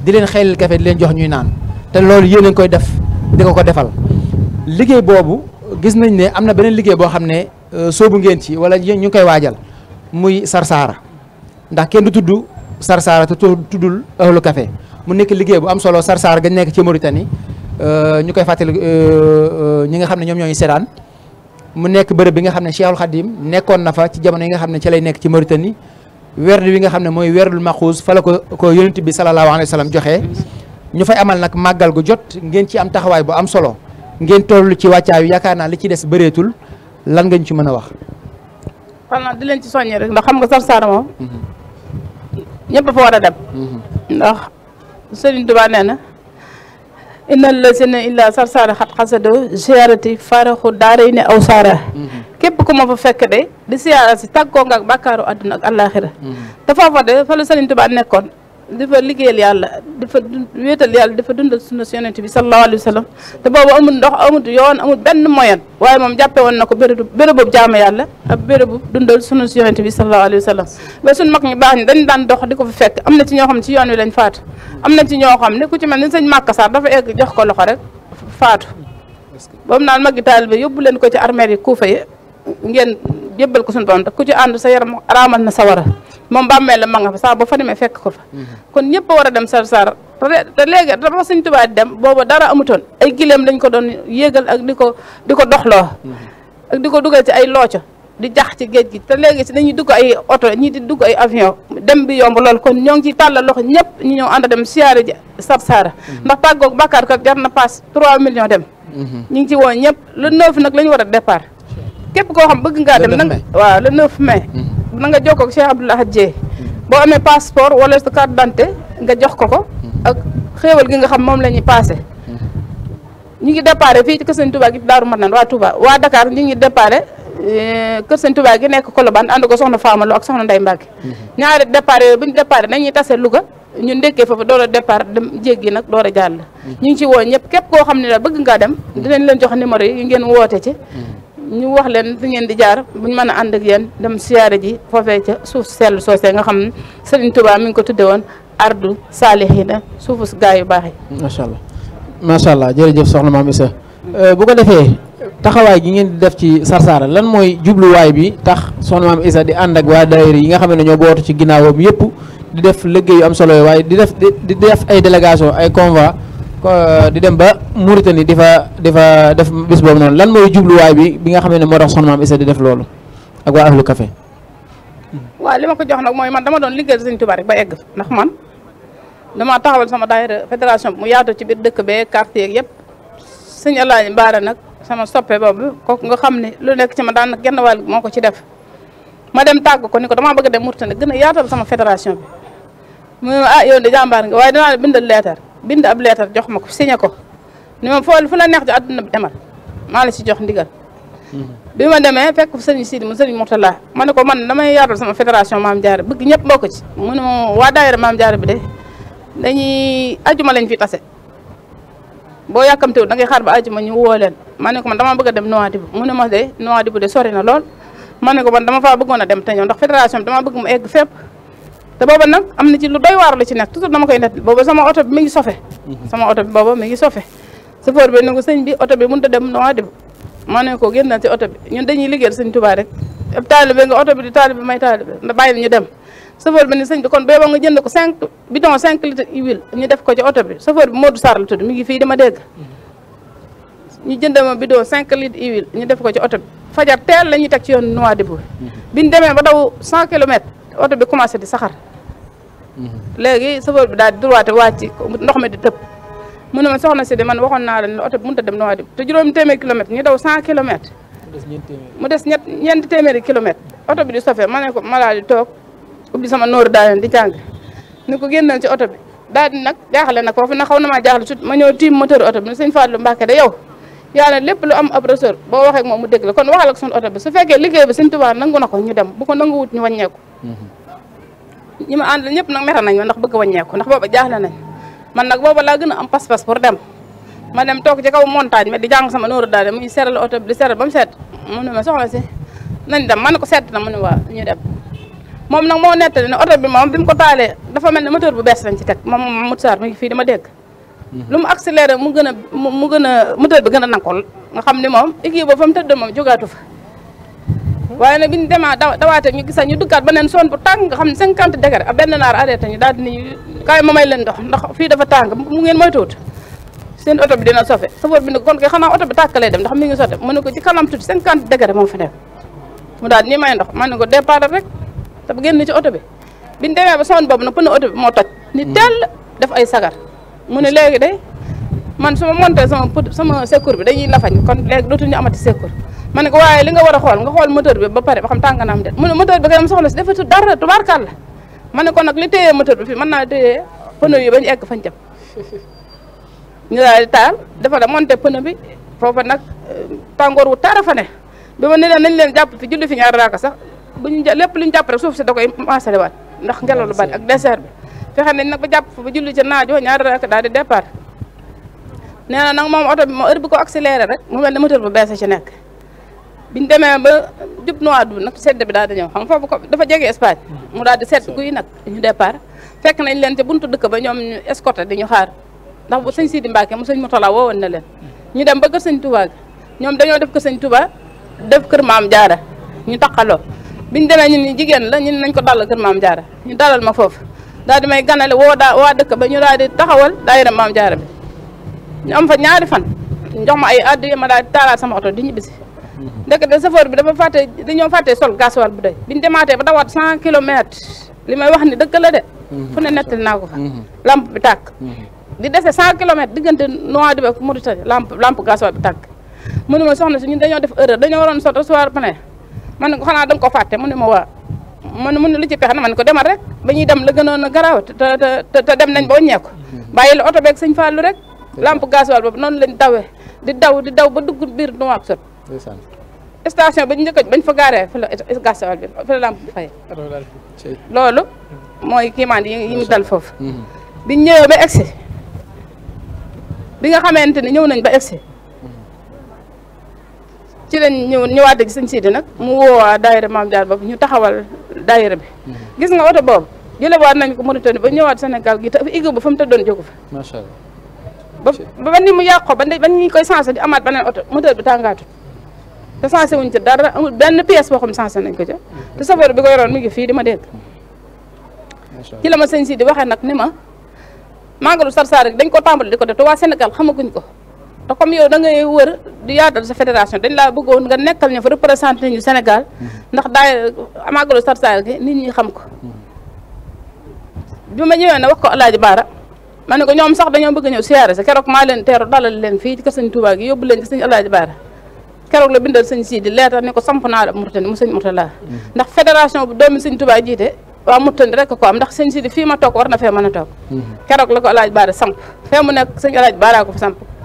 di leen xeelal kafe di leen jox ñuy naan te loolu yéen a ngi koy def di ko ko defal liggéey boobu gis nañ ne am na beneen liggéey boo xam ne euh, soobu ngeen ci wala ñu ngi koy waajal muy Sarsara ndax kenn Sarsara te tuddul ahlu café mu nekk liggéey bu am solo Sarsara gañ nekk ci Mauritanie euh, ñu koy fàttali euh, euh, ñi nga xam ne ñoom ñooñu seetaan mu nekk bërëb bi nga xam ne Cheikhul Khadim nekkoon na fa ci jamono yi nga xam ne ci lay nekk ci Mauritanie werd wi nga xam ne mooy werdul maxuus fa la ko ko yonent bi salallaahu alayhi wa sallam joxe ñu fay amal nag màggal gu jot ngeen ci am taxawaay bu am solo ngeen toll ci wàccaayu yaakaar naa li ci des bëreetul lan ci mën a wax. ñëpp fa war a dem mm-hmm. ndax Sëriñ Tuubaa nee na innal lazina illa sarsaara xat xasado ziarati faraxu daaray ne aw saara mm-hmm. képp ku ma fa fekk de di siyaara si tàggoo nga ak bàkkaaru àdduna ak àllaaxira te mm-hmm. de fa la Sëriñ Tuubaa di fa liggéeyal yàlla di fa wéetal yàlla di fa dundal sunna si yonent bi sallallahu alayhi wa sallam te boobu amul ndox amul yoon amul benn moyen waaye moom jàppe woon na ko bérébu bérébub jaame yàlla ak bérébu dundal sunna si yonent bi sallallahu alayhi wa sallam ba suñ mag ñu baax ñi dañ daan dox di ko fa fekk am na ci ñoo xam ne ci yoon wi lañ faatu am na ci ñoo xam ne ku ci mel ni sëñ Màkka Sarr dafa egg jox ko loxo rek faatu boobu naan magi taalibe yóbbu leen ko ci armeel yi kuufa yi ngeen jébbal ko suñu borom te ku ci ànd sa yaram araamal na sawara moom bàmmeel ma nga fa saa boo fa demee fekk ko fa mhm. kon ñëpp a war a dem sar-sar te léegi dafa sëñ dem booba dara amutoon ay gileem lañ ko doon yéegal ak di ko di ko doxloo mhm. ak di ko dugal ci ay looco di jax ci géej gi te léegi si dañuy dugg ay oto ñii di dugg ay avion dem bi yomb lool kon ñoo ngi ci tàllal loxo ñëpp ñu ñëw ànd dem siyaare ji Sarsara mhm. ndax tàggoog bàkkaar kat jar na paas 3 millions dem ñu ngi ci woon ñëpp le 9 nag la ñu war a départ képp koo xam bëgg ngaa le 9 na nga jokkoo ak Cheikh Abdoul Ahad Dieye boo amee passeport wala sa carte d'identité nga jox ko ko ak xéewal gi nga xam moom la ñuy passé ñu ngi déparé fii ci kër sëñ Touba gi Daaru waa Touba waa Dakar ñu ngi déparé euh, kër sëñ gi nekk Colobane ànd ko soxna Fama Lo ak soxna Ndeye Mbacke ñaari déparé bu ñu déparé nañuy tase Louga ñu ndekkee foofu door a départ dem jéggi nag door a la ñu ngi ci woo ñëpp képp koo xam ne la bëgg ngaa dem dinañ leen jox numéro yi ngeen woote ci ñu wax leen fi ngeen di jaar buñ mën a ànd ak yéen dem siyaare ji foofee ca suuf sell soosee nga xam ne Serigne Touba mi ngi ko tudde woon ardu saalihina suufu gaa yu baax yi. macha allah macha allah jërëjëf soxna maam Issa euh, bu ko defee taxawaay gi ngeen di def ci Sarsara lan mooy jubluwaay bi tax soxna maam Issa di ànd ak waa daayira yi nga xam ne ñoo bootu ci ginnaawam yëpp di def liggéey am solo waaye di def di def ay délégation ay convoi Euh, di dem ba Mauritanie di fa di fa def bis boobu noonu lan mooy jubluwaay bi bi nga xam ne moo tax son maam Issa di def loolu ak waa ahlu café waaw li ma ko jox nag mooy man dama doon liggéey Sëriñ Tuubaa rek ba egg ndax man dama taxawal sama daayira fédération bi mu yaatu ci dëkk bee quartier yëpp sëñ Alaaji Mbaara nag sama soppe boobu kooku nga xam ne lu nekk ci ma daan genn wàll moo ko ci def ma dem tàgg ko ni ko bëgg a dem Mauritanie gën a yaatal sama fédération bi mu ah, jàmbaar nga waaye dinaa bindal leetar bind ab leetar jox ma ko signé ko ni ma fool fu la neex ci àdduna bi demal maa la si jox ndigal mm-hmm. bi ma demee fekk sëriñ Sidi mu sëriñ Mourtala ma ne ko man damay yaatal sama fédération Maam Jaara bëgg ñëpp bokk ci mu ne ma waa daayira Maam Jaara bi de dañuy ajuma lañ fi tase boo yàkkamtewul da ngay xaar ba ajuma ñu woo leen ma ne ko man damaa bëgg a dem mu ne ma de Nouadhibou de sori na lool ma ne ko man dama faa bëggoon a dem te ñëw ndax fédération bi dama bëgg mu egg fépp te booba nag am na ci lu doy waar la ci nekk toujours dama koy net booba sama oto bi mi ngi sofe mhm. oto bi booba mi ngi sofe sëfoor bi oto bi mënut a dem nowaa dem maa ne ko génnal ci oto bi ñun dañuy liggéeyal sëñ Tuubaa rek ab taalibe nga oto bi di taalibe may taalibe nda bàyyi ñu dem sëfoor ne sëñ bi kon nga jënd ko cinq bidon cinq litres huile ñu def ko ci oto bi sëfoor bi Modou Sarr mi ngi fii dama dégg mhm. ñu jënd ma bidon cinq litres huile ñu def ko ci oto bi fajar teel la ñuy teg ci yoon Nouadhibou mhm. bi ñu demee ba daw cent kilomètres oto bi commencé di saxar léegi chauffeur bi daal di droite wàcc ndox mi di tëb mu ne ma soxna si de man waxoon naa leen ne oto bi mënut a dem noo di te juróomi téeméeri kilomètre ñu daw cent kilomètres mu des ñett ñeenti téeméeri kilomètre oto bi di sofee ma ne ko ma di toog ubbi sama noor daal di jàng ni ko génnal ci oto bi daal di nag jaaxle na ko fi na xaw na maa jaaxle ma ñëw tiim moteur oto bi ne sëñ Fallou Mbacke de yow yàlla lépp lu am ab resor boo waxee ak moom mu dégg la kon waxal ak suñu oto bi su fekkee liggéey bi suñ tubaab nangu na ko ñu dem bu ko nangu wut ñu wàññeeku mhm. ñi ma àndal ñëpp nag mere nañ ma ndax bëgg wàññeeku ndax booba jaaxle nañ man nag booba laa a am pas-pas pour dem ma dem toog ci kaw montagne ma di jàng sama nooru daal de muy seral oto bi di seral ba mu mu ne ma soxla si nañ dem man ko set na mu ne waa ñu dem moom nag moo nettali ne oto bi moom bi ko taale dafa mel ne moteur bu bees lañ ci moom Moussa ngi fii dama dégg lu mu accéléré mu gën a mu gën a moteur bi gën a nankool nga xam ne moom équipe ba fa mu tëdd moom jógaatu fa waaye nag bi ñu demaat dawaatee ñu gisaat ñu duggaat beneen zone bu tàng nga xam ne cinquante degré ak benn naar arrêté ñu daal di ne kaay ma dafa tàng mu ngeen moytuwut seen oto bi dina sofe safar bi nag kon oto bi tàkkalee dem ndax mi ngi sote mu ne ko ci kanam tuuti cinquante degré moom fa dem mu daal ni may ndox ma ne ko départ rek te bu génn ci oto bi bi ñu demee ba zone boobu nag pneu oto bi moo toj ni teel def ay sagar mu ne léegi de man su ma monté sama sama secours bi dañuy lafañ kon léegi dootuñu amati secours ma ne ko waaye li nga war a xool nga xool moteur bi ba pare ba xam tàng na am de mu ne moteur bi kay soxla si defatu dara ma ne ko nag li téye moteur bi fii mën naa téye pneu yi egg fañ jëm ñu daal di taal dafa la monté pneu bi foofa nag euh, tàngoor wu tara fa ne bi ma ne leen nañ leen jàpp fi julli fi ñaar raaka sax buñu lépp lu ñu jàpp rek suuf si da koy maasalewaat ndax ngelaw lu bari ak désert bi fexe nañ nag ba jàpp fa ba julli ca naajoo ñaari rakk daal di départ nee na nag moom oto bi ma heure bi ko accéléré rek mu mel ne moteur bu bees ci nekk biñ demee ba jub noa du nag sedd bi daal di ñëw xam foofu ko dafa jege Espagne mm-hmm. mu daal di sedd guy nag ñu départ fekk nañ leen ca buntu dëkk ba ñoom ñu escorté di ñu xaar ndax bu sëñ Sidi Mbacke mu sëñ Moutala woowoon na leen mm-hmm. ñu dem ba kër sëñ Touba ñoom dañoo def kër sëñ def kër maam jaara ñu taqaloo biñ demee ñun ñu jigéen la ñun nañ ko dalal kër maam jaara ñu dalal ma foofu daal di may ganale woo daa waa dëkk ba ñu daal di taxawal daayira maam jaara bi ñu am fa ñaari fan jox ma ay addiya ma daal di taalaat sama oto di ñibbisi ndekete chauffeur bi dafa fàtte dañoo fàtte sol gasoil bu doy biñu demaatee ba dawaat cent kilomètres li ma wax ni dëkk la de fu ne nettali naa ko fa mhm. lampe bi tàkk mhm. di dese cent kilomètres diggante Nouadhibou ak Mauritanie lampe lampe gasoil bi tàkk mënu ma soxna si ñun dañoo def erreur dañoo waroon soto soir pene man ne ko xanaa da nga ko fàtte mu ne ma waa man mun lu ci pexe man ko demal rek ba ñuy dem la gënoon a garaaw te te dem nañ ba wàññeeku bàyyi la oto beeg sëñ Fallou rek lampe gasoil boobu noonu lañ dawee di daw di daw ba dugg biir Nouakchott sot station bañ njëkk bañ fa gaaree fa la gasoil bi fa la fay loolu mooy kiimaan yi dal foofu mm-hmm. biñ ñëwee ba egsi bi nga xamante ni ñëw nañ ba egsi ci leen ñëw ñëwaatee ci sëñ Sidi nag mu woowaa ma maam Diarra boobu ñu taxawal daayira bi mhm. gis nga oto boobu jële waat nañ ko Mauritanie ba ñëwaat Sénégal gi te igg ba mu tëddoon jógu fa macha Allah ba ni mu yàqoo ba ba ñu koy sensé di amaat beneen oto moteur bi tàngaatut te sensé wuñ ci dara amul benn pièce boo xam sensé nañ ko ca mhm. te chauffeur bi ko yoroon mi ngi fii di ma ci la ma sëñ Sidi waxee nag ni ma ga màggalu Sarsara dañ ko tàmbali di ko def te waa Sénégal xamaguñ ko te comme yow da ngay wër di yaatal sa fédération dañ laa bëggoon nga nekkal ñu fa représenté ñu senegal mm-hmm. ndax daay amagalo sarsaar gi nit ñi xam ko mm-hmm. bi ma ñëwee na wax ko Alaaji Baara ma ne ko ñoom sax dañoo bëgg ñëw siyaare sa keroog maa leen teeru dalal leen fii ci kër sëñ Touba gi yóbbu leen ci sëñ Alaaji Baara keroog la bindal sëñ Sidi leetar ni ko samp naa la Mourtani mu sëñ Mourtala mm-hmm. ndax fédération bu doomi sëñ Touba jiite waaw Mourtani rek ko am ndax sëñ Sidi fii ma toog war na fee mën a toog keroog la ko Alaaji Baara samp fee mu nekk sëñ Alaaji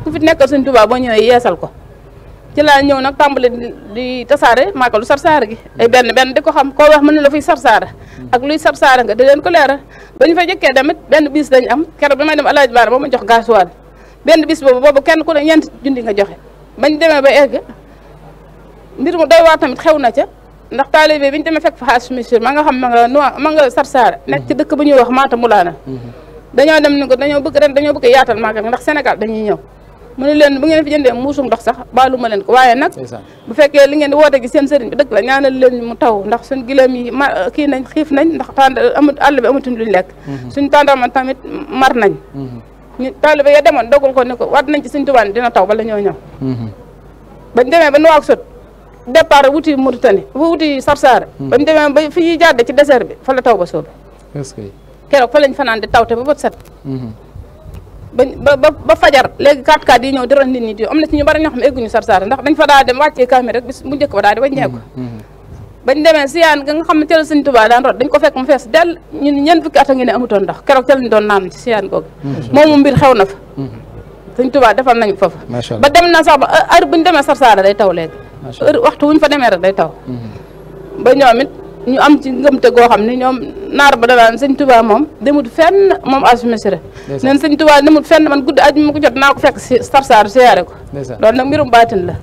ku fi nekkal sëñ Tuubaa boo ñëwee yeesal ko ci laa ñëw nag tàmbali di tasaare màggalu sarsaara gi ay benn benn di ko xam koo wax mën ne la fiy sarsaara ak luy sarsaara nga di leen ko leeral ba ñu fa tamit benn bis dañ am keroog bi may dem Alaaji Baara ba ma jox gaasuwaal benn bis boobu boobu kenn ku ne ñeent junni nga joxe bañ demee ba egg mbir mu doy waar tamit xew na ca ndax taalibe bi ñu demee fa xaas ma nga xam ma nga noa ma mm-hmm. nekk ci dëkk bu ñuy wax Maata Mulaana mm-hmm. dañoo dem ni ko dañoo bëgg ren dañoo bëgg yaatal màggal ndax Sénégal dañuy ñëw mu ne leen bu ngeen fi jëndee muusum ndox sax baalu ma leen ko waaye nag bu fekkee li ngeen di woote gi seen sëriñ bi la ñaanal leen mu taw ndax suñ gileem yi ma kii nañ xiif nañ ndax tànd amut àll bi amatuñ luñ lekk mhm. suñ tàndarma tamit mar nañ mhm. ñu taalibe ya demoon dogul ko ne ko waat nañ ci suñ tubaan dina taw bala ñoo ñëw mhm. bañ demee ba nuwaak sot départ wuti Mauritanie wuti Sarsara bañ demee ba fi ñuy jàdde ci désert bi fa la taw ba sóobu keroog fa lañ fanaan di tawte ba bët set ba ba ba fajar léegi 4-4 yi ñëw di ron nit ñi di am na ci ñu bari ñoo xam ne egguñu sarsara ndax dañ fa daa dem wàccee kaamil rek bis bu njëkk ba daal di wàññeeku mm-hmm. Mm-hmm. bañ demee siyaan nga xam ne teel sëñ Tuubaa mu a ngi ne amutoon ndox keroog mm-hmm. mbir xew na fa sëñ Tuubaa defal nañ foofu ba dem na sax ba heure buñ demee sarsara day taw léegi waxtu wuñ fa demee rek day taw ba ñoom ñu am ci ngëmte goo xam ne ñoom naar ba danaan sëñ Touba moom demut fenn moom Assou Missiré neen sëñ Touba demut fenn man guddi aju ma ko jot naa ko fekk si sarsaaru siyaare ko loolu nag mbirum baatin la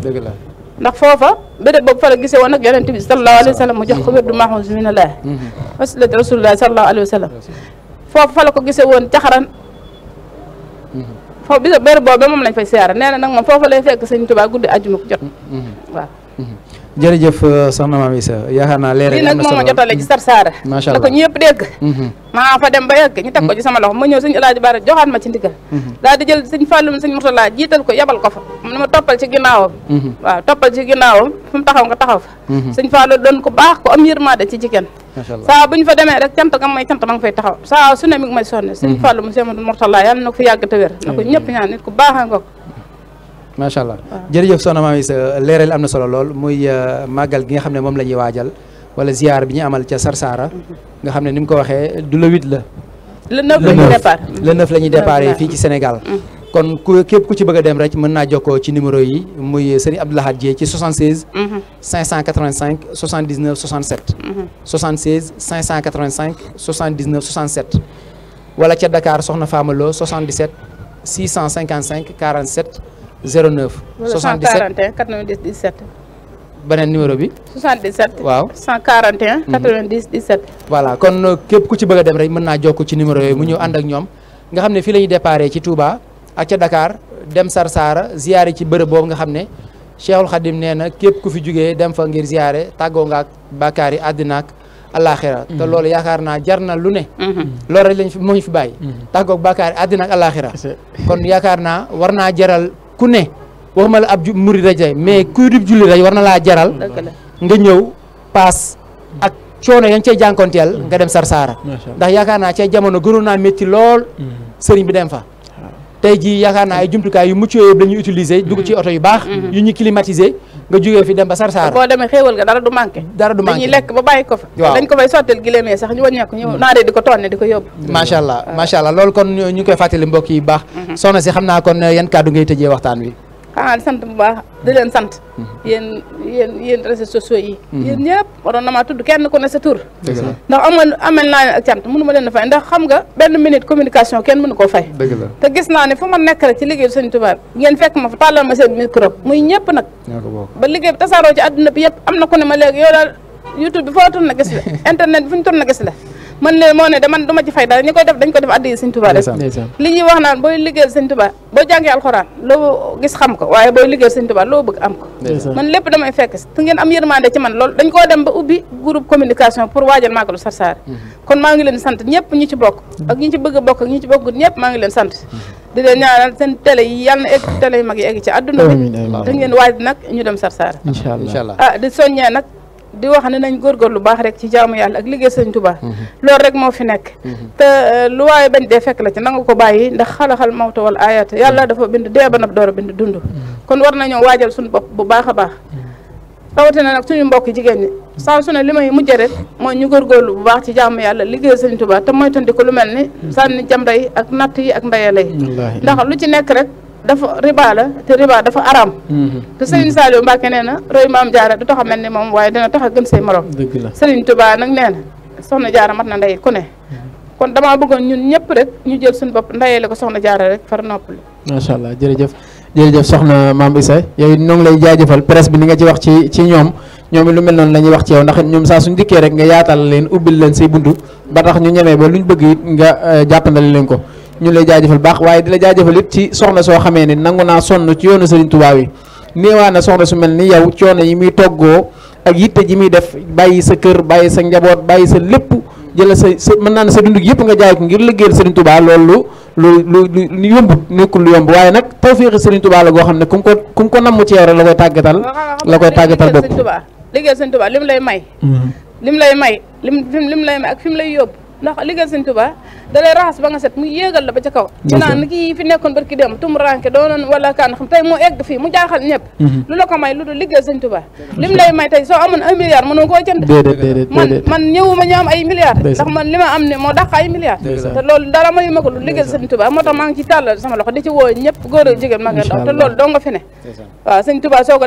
ndax foofa béréb boobu fa la woon ak yonente bi sallallahu alayhi wa sallam jox ko mm-hmm. wérdu mahmoud mina laah mm-hmm. wasilati rasulullah sallallahu alayhi wa sallam foofa fa la ko gisee woon caxaran mm-hmm. foofu bisa béréb boobu moom lañ fay siyaare nee na nag moom foofa lay fekk sëñ Touba guddi aju ma ko jot waaw jërëjëf euh, soxna Mame Issa yaakaar naa leeral lii nag moom ma jotale mhm. fa dem ba yegg ñu ko ci sama loxo ma ñëw sëñ Alaaji Bara joxaat ma ci ndigal mhm. daal di jël sëñ Fallum sëñ Murtala ko yebal ko fa ni ma toppal ci ginnaawam mhm. waaw toppal ci ginnaawam fu mu taxaw nga taxaw fa sëñ Fallu doon ko baax ko am yërmande ci jigéen saa bu ñu fa demee rek cant nga may cant ma nga fay taxaw saa su ne mi ngi may sonne sëñ Fallum sëñ Murtala yàlla na ko fi yàgg te wér na ko ñëpp ñaan ku baax nga ko macha allah jërëjëf soxna Mame Issa leeral am na solo lool muy euh, màggal gi nga xam ne moom la ñuy waajal wala ziar bi ñu amal ca Sarsara nga xam ne ni mu ko waxee du le huit la. le neuf la la ñuy départ fii ci Sénégal. Mm. kon ku képp ku ci bëgg dem rek mën naa ko ci numéro yi muy Serigne Abdou Lahad Dieye ci 76. 585 79 67. 76 585 79 67. wala ca Dakar soxna Fama Lo 77 655 47. 09. 77 141 beneen numéro bi. 77. waaw 141. 90 mhm. voilà kon euh, képp ku ci bëgg a dem rek mën naa jokk ci numéro yooyu mu ñëw ànd ak ñoom nga xam ne fi lañuy ñuy déparé ci Touba ak ca Dakar dem Sarsara ziyaare ci bërëb boobu nga xam ne Cheikhul Khadim nee na képp ku fi jugee dem fa ngir ziyaare tàggoo nga ak bàkkaar yi àddina ak alaxira mhm. te loolu yaakaar naa jar na lu ne. Mhm. loolu rek lañ fi moo fi bàyyi. tàggoog bàkkaar yi àddina ak kon yaakaar naa war naa jaral. ku ne waxuma la ab muri rek rek mais kuy dib julli rek war na laa jaral nga ñëw paas ak coono ya nga cay jànkonteel mm. nga dem Sarsara ndax yaakaar naa cay jamono gënoon naa métti lool mm-hmm. sëriñ bi dem fa tey jii yaakaar naa ay jumtukaay yu mucc yooyu yëpp dañuy dugg ci mm-hmm. oto yu baax mm-hmm. yu ñuy climatiser nga jógee fi dem ba sarsaara boo demee xéewal nga dara du manqué dara du manqué dañuy lekk ba bàyyi ko fa waaw dañ ko fay sottel giléem yi sax ñu wàññeeku ñëw naa dee di ko tonne di ko yóbbu allah macha allah loolu kon ñu koy fàttali mbokk yi baax mhm. soxna si xam naa kon yan kàddu ngay tëjee waxtaan wi xanaa di sant bu baax di leen sant mhm. yéen yéen yéen réseaux sociaux yi mhm. yéen ñëpp waroon na maa tudd kenn ku ne sa tur ndax amoon amel naa leen ak cant mënu ma leen ndax xam nga benn minute communication kenn mënu koo fay te gis naa ne fu ma nekk rek ci liggéey Sëñ Tuubaa ngeen fekk ma fa tàllal ma seen micro muy ñëpp nag ba liggéey bi tasaaroo ci àdduna bi yëpp am na ku ne ma léegi yow daal YouTube bi foo tur na gis la internet bi fu ñu tur na gis la mën ne moo ne de man du ma ci fay dara ñi koy def dañ ko def addi sëñ Tuubaa rek li ñuy wax naan booy liggéeyal sëñ Tuubaa boo jàngee alxuraan loo gis xam ko booy liggéeyal sëñ Tuubaa loo bëgg am ko man lépp damay fekk si te ngeen am yërmande ci man loolu dañ koo dem ba ubbi groupe communication pour waajal màggalu Sarsara mhm. kon maa ngi leen sant ñëpp ñu ci bokk mhm. ak ñu ci bëgg a bokk ak ñu ci bokkut ñëpp maa ngi leen sant mhm. di leen ñaanal seen télé yi yàlla na egg télé yi mag yi egg ci àdduna bi te waaj nag di wax ne nañ góorgóorlu baax rek ci jaamu yàlla ak liggéey sëñ Tuubaa mhm. loolu rek moo fi nekk mhm. te euh, lu waaye bañ dee fekk la ci nanga ko yi ndax xalaxal mawta wal ayat yàlla mhm. defoo bind dee ba nab door a bind dund kon war nañoo waajal suñu bopp bu baax a baax rawatina nag suñu mbokk jigéen ñi saa su ne li may mujjee rek mooy ñu góorgóorlu bu baax ci jaamu yàlla liggéey sëñ Tuubaa te moytandiku lu mel ni sànni jamra yi ak natt yi ak ndeyale yi dafa riba la te riba dafa araam mhm. te Serigne Saliou Mbacke nee na roy maam jaara du tax a mel ni moom waaye dina tax a gën say morom Serigne Touba nag nee na soxna jaara mat na ndey kone mhm. kon damaa bëggoon ñun ñëpp rek ñu jël seen bopp ndayee la ko soxna jaara rek far noppali macha allah jërëjëf jërëjëf soxna maam Issa yooyu ñoo ngi lay jaajëfal presse bi ni nga ci wax ci ci ñoom ñoom lu mel noonu la ñuy wax ci yow ndax ñoom saa suñu dikkee rek nga yaatal leen ubbil leen say buntu ba tax ñu ñemee ba luñ bëgg it nga euh, jàppandal leen ko ñu lay jaajëfal baax waaye di la jaajëfal it ci soxna soo xamee ne nangu naa sonn ci yoonu Serigne Touba wi néewaa na soxna su mel ni yow coono yi muy toggoo ak yitte ji muy def bàyyi sa kër bàyyi sa njaboot bàyyi sa lépp jëla sa sa mën naa ne sa dund yëpp nga jaay ko ngir liggéeyal Serigne Touba loolu lu lu lu yombut nekkul lu yomb waaye nag tawféexi Serigne Touba la goo xam ne ku mu ko ku mu ko namm ci la koy tàggatal la koy tàggatal bopp liggéeyal Serigne Touba lim lay may mm-hmm. lim lay may lim lim lay may ak fi ndax liggéeyal Serigne Touba da lay raxas ba nga set mu yéegal la ba ca kaw ñu naan kii fi nekkoon barki dem tumuranke moo egg fii mu jaaxal ñëpp mhm. lu la ko lu dul liggéey sëñ lim lay may tey soo amoon un milliard mënoo koo jënd ay milliards ndax man li ma am ne moo dàq ay milliards te ma ko lu liggéey sëñ Tuubaa moo tax maa ngi sama loxo di ci woo ñëpp góor ak jigéen maa ngi dox te loolu doo nga fi ne waaw sëñ Tuubaa soo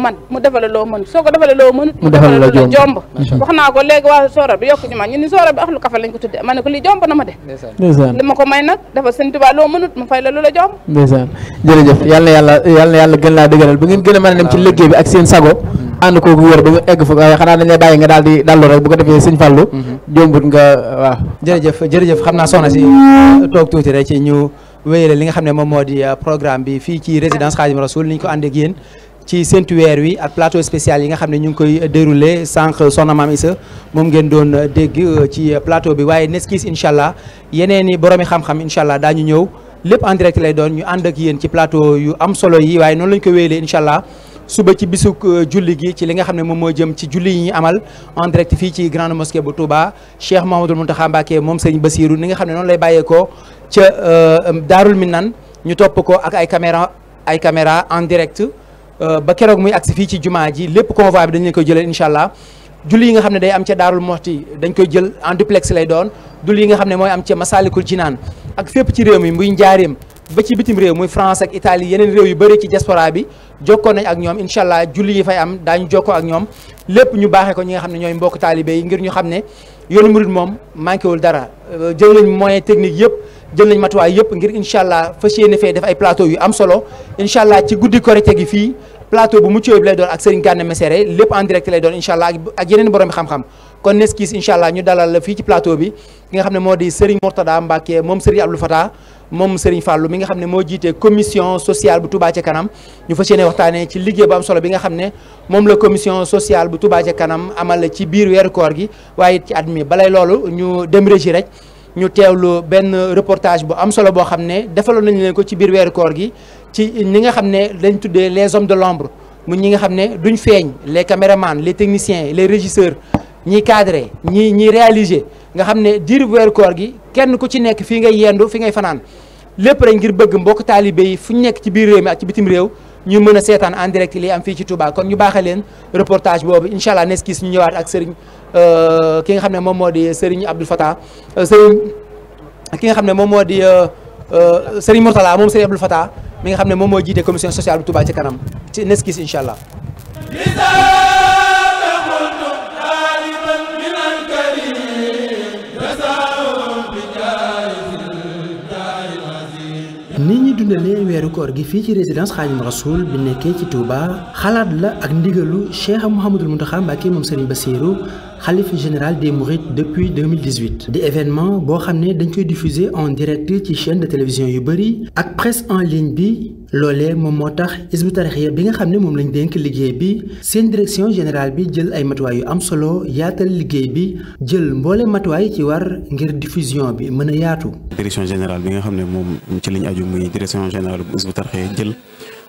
man mu defale loo mën soo ko defale loo mënut mu defale loo jomb ko léegi waa soora bi bi axlu kafe lañ ko ndeysaan li ma ko may nag dafa sëñ Tuubaa loo mënut mu fay la lu la jom ndeysaan jërëjëf yal na yàlla yàlla gën laa dëgëral bu ngeen gën a a dem ci liggéey bi ak seen sago mm-hmm. ànd kooku wër ba nga egg fa xanaa dañ bàyyi nga daal di rek bu ko defee sëñ Fallou mm-hmm. jombut nga waaw jërëjëf jërëjëf xam naa soxna si mm-hmm. toog tuuti rek ci ñu wéyale li nga xam ne moom moo di ah, programme bi fii ci résidence Khadim Rasoul ni ñu ko ànd ak ci séntu weer wi ak plateau spécial yi nga xam ne ñu ngi koy déroulé sànq Soxna Maam Issa moom ngeen doon dégg euh, ci euh, plateau bi waaye neskis incha allah yeneen i boroomi xam-xam incha allah daañu ñëw lépp en direct lay doon ñu ànd ak yéen ci plateau yu am solo yi waaye noonu lañ ko wéyalee incha allah suba ci bisuk euh, julli gi ci li nga xam ne moom moo jëm ci julli yi ñu amal en direct fii ci grande mosquée bu Touba Cheikh Mouhamadoul Mountakha Mbacké moom sëñ Bassirou ni nga xam ne noonu lay bàyyeekoo ca Daarul Minaan ñu topp ko ak ay caméra ay caméra en Euh, ba keroog muy agsi fii ci jumaa ji lépp convoi bi dañ leen koy jëlee incha allah julli yi nga xam ne day am ca daarul moxti dañ koy jël en duplex lay doon julli yi nga xam ne mooy am ca masalikul jinaan ak fépp ci réew mi muy njaareem ba ci bitim réew muy France ak Italie yeneen réew yu bëri ci diaspora bi jokkoo nañ ak ñoom incha allah julli yi fay am daañ jokkoo ak ñoom lépp ñu baaxee ko ñi nga xam ne ñooy mbokk taalibe yi ngir ñu xam ne yoonu murid moom manqué wul dara euh, jël nañ moyen technique yëpp jël nañ matuwaay yëpp ngir incha allah fas yéene fee def ay plateau yu am solo incha allah ci guddi korite gi fii plateau bu mucc ayib lay doon ak Serigne Gana Messere lépp en direct lay doon incha allah ak yeneen borom xam-xam kon neskis incha ñu dalal la fii ci plateau bi ki nga xam ne moo di Serigne Mourtada Mbacke moom Serigne Abdou Fatah moom Serigne fàllu mi nga xam ne moo jiite commission sociale bu Touba ca ñu fas yéene waxtaanee ci liggéey bu solo bi nga xam ne moom la commission sociale bu Touba ca kanam amal ci biir weeru koor gi waaye it ci at mi balay loolu ñu dem régi rek ñu teewlu benn reportage bu am solo boo xam ne defaloon nañu leen ko ci biir weeru koor gi ci ni nga xam ne dañ tuddee les hommes de l'ombre ñi nga xam ne duñ feeñ les caméramans les techniciens les régisseurs ñi cadré ñi ñi réaliser nga xam ne diir weeru koor gi kenn ku ci nekk fii ngay yendu fi ngay fanaan lépp rek ngir bëgg mbokk taalibe yi fu ñu nekk ci biir réew mi ak ci bitim réew ñu mën a seetaan en direct li am fii ci Touba kon ñu baaxee leen reportage boobu incha allah nees kiis ñu ñëwaat ak sëriñ Euh, ki nga xam ne moom moo di Serigne Abdou Fatah euh, Serigne ki nga xam ne moom moo di euh, Serigne Mourtala moom Serigne Abdou Fatah mi nga xam ne moom moo jiite commission sociale bu Touba ci kanam ci neskis incha allah. nit ñi dundalee weeru koor gi fii ci résidence Xaadim Rasoul bi nekkee ci Touba xalaat la ak ndigalu Cheikh Mouhamadul Mountakha Mbacké moom Serigne Bassirou xalif général des Mourides depuis di événement boo xam ne dañ koy diffuser en direct ci chaîne de télévision yu bëri ak presse en ligne bi loolee moom moo tax Hizbut Tarqiyyah bi nga xam ne moom lañ dénk liggéey bi seen direction générale bi jël ay matuwaay yu am solo yaatal liggéey bi jël mboole matuwaay ci wa ngir diffusion bi mën a yaatu. direction générale bi nga xam direction générale bu Hizbut Tarqiyyah jël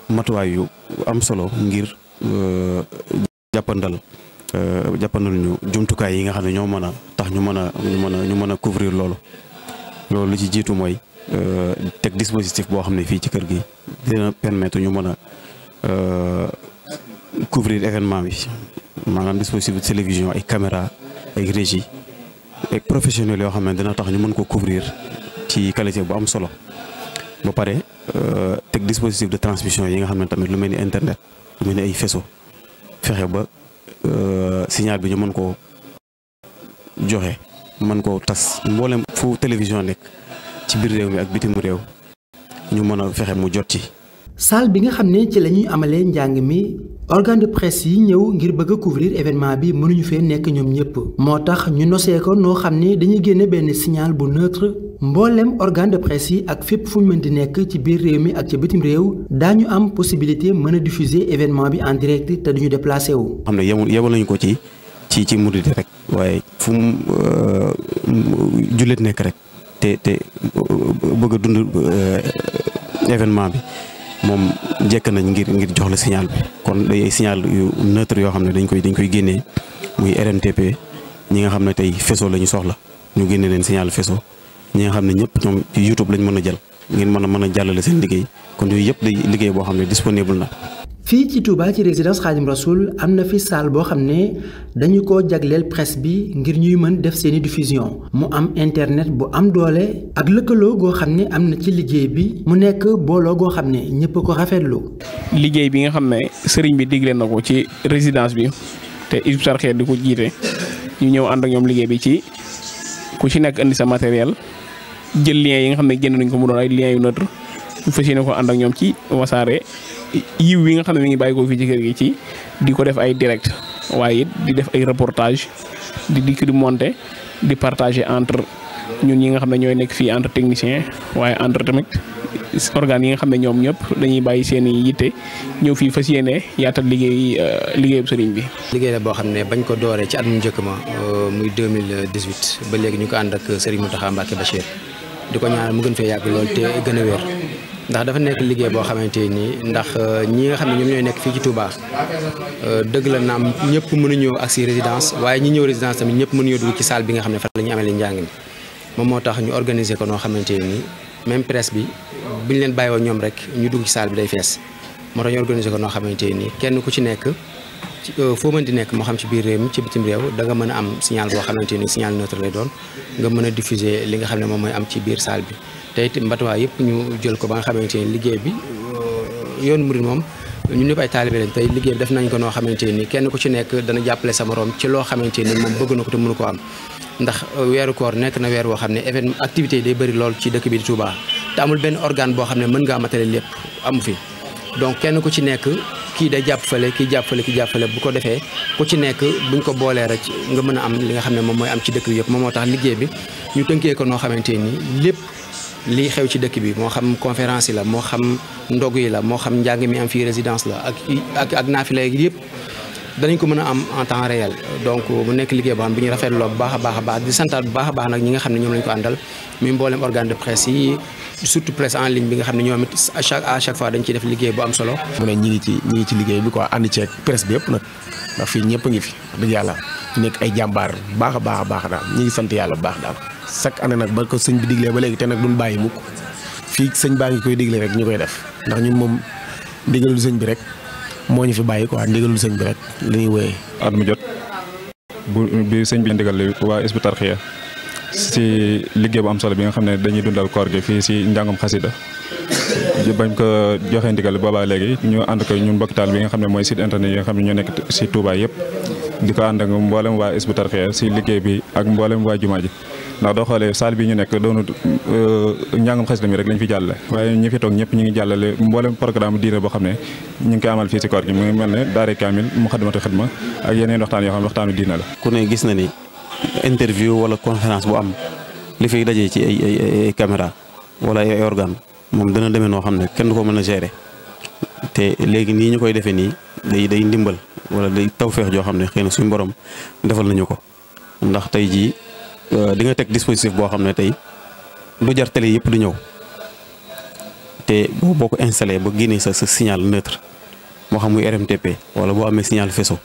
matuwaay yu am solo ngir euh, jàppandal euh, jàppandal ñu jumtukaay yi nga xam ne ñoo mën a tax ñu mën a ñu mën a ñu mën a couvrir loolu loolu li ci jiitu mooy euh, teg dispositif boo xam ne fii ci kër gi dina permettre ñu mën a couvrir événement bi maanaam dispositif de télévision ay caméra ay régie ay professionnels yoo xam ne dina tax ñu mën ko couvrir ci qualité bu am solo ba pare euh, teg dispositif de transmission yi nga xam ne tamit lu mel ni internet lu mel ni ay faisceau fexe ba euh, signal bi ñu mën koo joxe mën koo tas mboolem fu télévision nekk ci biir réew mi ak bitim réew ñu mën a fexe mu jot ci. salle bi nga xam ne ci la ñuy amalee njàng mi. organe de presse yi ñëw ngir bëgg a couvrir événement bi mënuñu fee nekk ñoom ñëpp moo tax ñu nosee ko noo xam ni dañuy génne benn signal bu neutre mboolem organe de presse yi ak fépp fu ñu mën di nekk ci biir réew mi ak ci bitim réew daañu am possibilité mën a diffuser événement bi en direct te duñu déplacé wu. xam ne yebal nañu ko ci ci ci murid rek waaye fu mu euh, jullit nekk rek te te bëgg a dund euh, événement bi. moom jekk nañ ngir ngir jox la signal bi kon day ay yu neutre yoo xam ne dañ koy dañ koy génnee muy RNTP ñi nga xam ne tey faisceau la ñu soxla ñu génne leen signal faisceau ñi nga xam ne ñëpp ñoom ci YouTube lañ mën a jël ngeen mën a mën a jàllale seen liggéey kon yooyu yëpp day liggéey boo xam ne disponible na. fii ci Touba ci résidence Khadim Rasoul am na fi salle boo xam ne dañu ko jagleel presse bi ngir ñuy mën def seeni diffusion mu am internet bu am doole ak lëkkaloo goo xam ne am na ci liggéey bi mu nekk booloo goo xam ne ñëpp ko rafetlu. liggéey bi nga xam ne sëriñ bi digle na ko ci résidence bi te Hizbut Tarqiyyah di ko jiite ñu ñëw ànd ak ñoom liggéey bi ci ku ci nekk indi sa matériel jël lien yi nga xam ne génn nañ ko mu doon ay lien yu neutre ñu fas ak ñoom ci wasaare. yiw yi nga xam ne mi ngi bàyyi ko fii ci kër gi ci di ko def ay direct waaye it di def ay reportage di dikk di monter di partage entre ñun ñi nga xam ne ñooy nekk fii entre technicien waaye entre tamit organes yi nga xam ne ñoom ñëpp dañuy bàyyi seen i yitte ñëw fii fas yéene yaatal liggéey euh, liggéeyub sëriñ bi. liggéey la boo xam ne bañ ko dooree ci at mu njëkk ma euh, muy 2018 ba léegi ñu ko ànd ak Serigne Mountakha Mbacké Bachir di ko ñaanal mu gën fee yàgg lool te gën a wér. ndax dafa nekk liggéey boo xamante nii ndax euh, ñi nga xam ne ñoom ñooy nekk fii ci Touba euh, dëgg la naam ñëpp mënuñoo ak si résidence waaye ñi ñëw résidence tamit ñëpp mënuñoo dugg ci salle bi nga xam ne fa la ñu amee njàng mi moom moo tax ñu organiser ko noo xamante ni même presse bi bu ñu leen bàyyi woon ñoom rek ñu dugg ci salle bi day fees moo tax ñu organiser ko noo xamante nii kenn ku ci nekk euh, foo mën di nekk moo xam ci biir réew mi ci bitim réew da mën a am signal boo xamante ni signal neutre lay nga mën a diffuser li nga ne moom mooy am ci biir salle bi te it mbatuwaay yëpp ñu jël ko ba nga xamante ni liggéey bi euh, yoon murid moom ñun ñëpp ay taalibe lañ tey liggéey bi def nañ ko noo xamante ni kenn ku ci nekk dana jàppale sama room ci loo xamante ni moom bëgg na ko te mënu ko am ndax euh, weeru koor nekk na weer woo xam ne événement activité day bëri lool ci dëkk bi di Touba te amul benn organe boo xam ne mën ngaa matale lépp amu fi donc kenn ku ci nekk kii day jàpp fale kii jàpp fale kii bu ko defee ku ci nekk buñ ko boolee rek nga mën a am li nga xam ne moom mooy am ci dëkk yëpp moom moo tax liggéey bi ñu tënkee ko noo xamante ni lépp lii xew ci dëkk bi moo xam conférence yi la moo xam ndog yi la moo xam njàng mi am fii résidence la ak ak ak naafila yi yëpp danañ ko mën a am en temps réel donc mu nekk liggéey boo xam bu ñu rafetloo bu baax a baax a baax di santaat bu baax a baax nag ñi nga xam ne ñoom lañ ko àndal muy mboolem organe de presse yi surtout presse en ligne bi nga xam ne ñoom it à chaque à chaque fois dañ ciy def liggéey bu am solo. mu ne ñi ngi ci liggéey bi quoi ànd ceeg presse bi yëpp ñëpp ngi fi dëgg yàlla nekk ay jàmbaar baax a baax a baax daal ñu ngi sant yàlla bu baax daal chaque année nag ba ko sëñ bi diglee ba léegi te nag duñ bàyyi mukk fii sëñ baa koy digle rek ñu koy def ndax ñun moom ndigalul sëñ bi rek moo ñu fi bàyyi quoi ndigalul sëñ bi rek li ñuy wooyee. at mu jot bu bi sëñ bi ndigal waa Hizbut Tarqiyyah si liggéey bu am bi nga xam ne dañuy dundal koor gi fii si njàngum xasida bañ ko joxee ndigal boobaa léegi ñu ànd ko ñun mbokk taal bi nga xam ne mooy site internet yi nga xam ne ñoo nekk si Touba yëpp di ko ànd ak mboolem waa Hizbut Tarqiyyah si liggéey bi ak mboolem waa jumaa ndax doo xoolee salle bi ñu nekk doonut euh, njàngum xasida mi rek lañ fi jàllale waaye ñi fi toog ñëpp ñu ngi jàllale mboolem programme diine boo xam ne ñu ngi koy amal fii si koor gi mu ngi mel ne daare kaamil muxadamatu xidma ak yeneen waxtaan yoo xam ne waxtaanu diine la ku ne gis na ni interview wala conférence bu am li fiy dajee ci ay ay caméra wala ay organe moom demee noo xam ne kenn du mën a gérer te léegi nii ñu koy defee nii day day ndimbal wala day tawféex joo xam ne xëy na suñu borom defal nañu ko ndax tey jii euh, di nga teg dispositif boo xam ne tey lu jar télé yëpp du ñëw te boo ko installé ba génnee sa sa signal neutre moo xam muy RMTP wala boo amee signal faisceau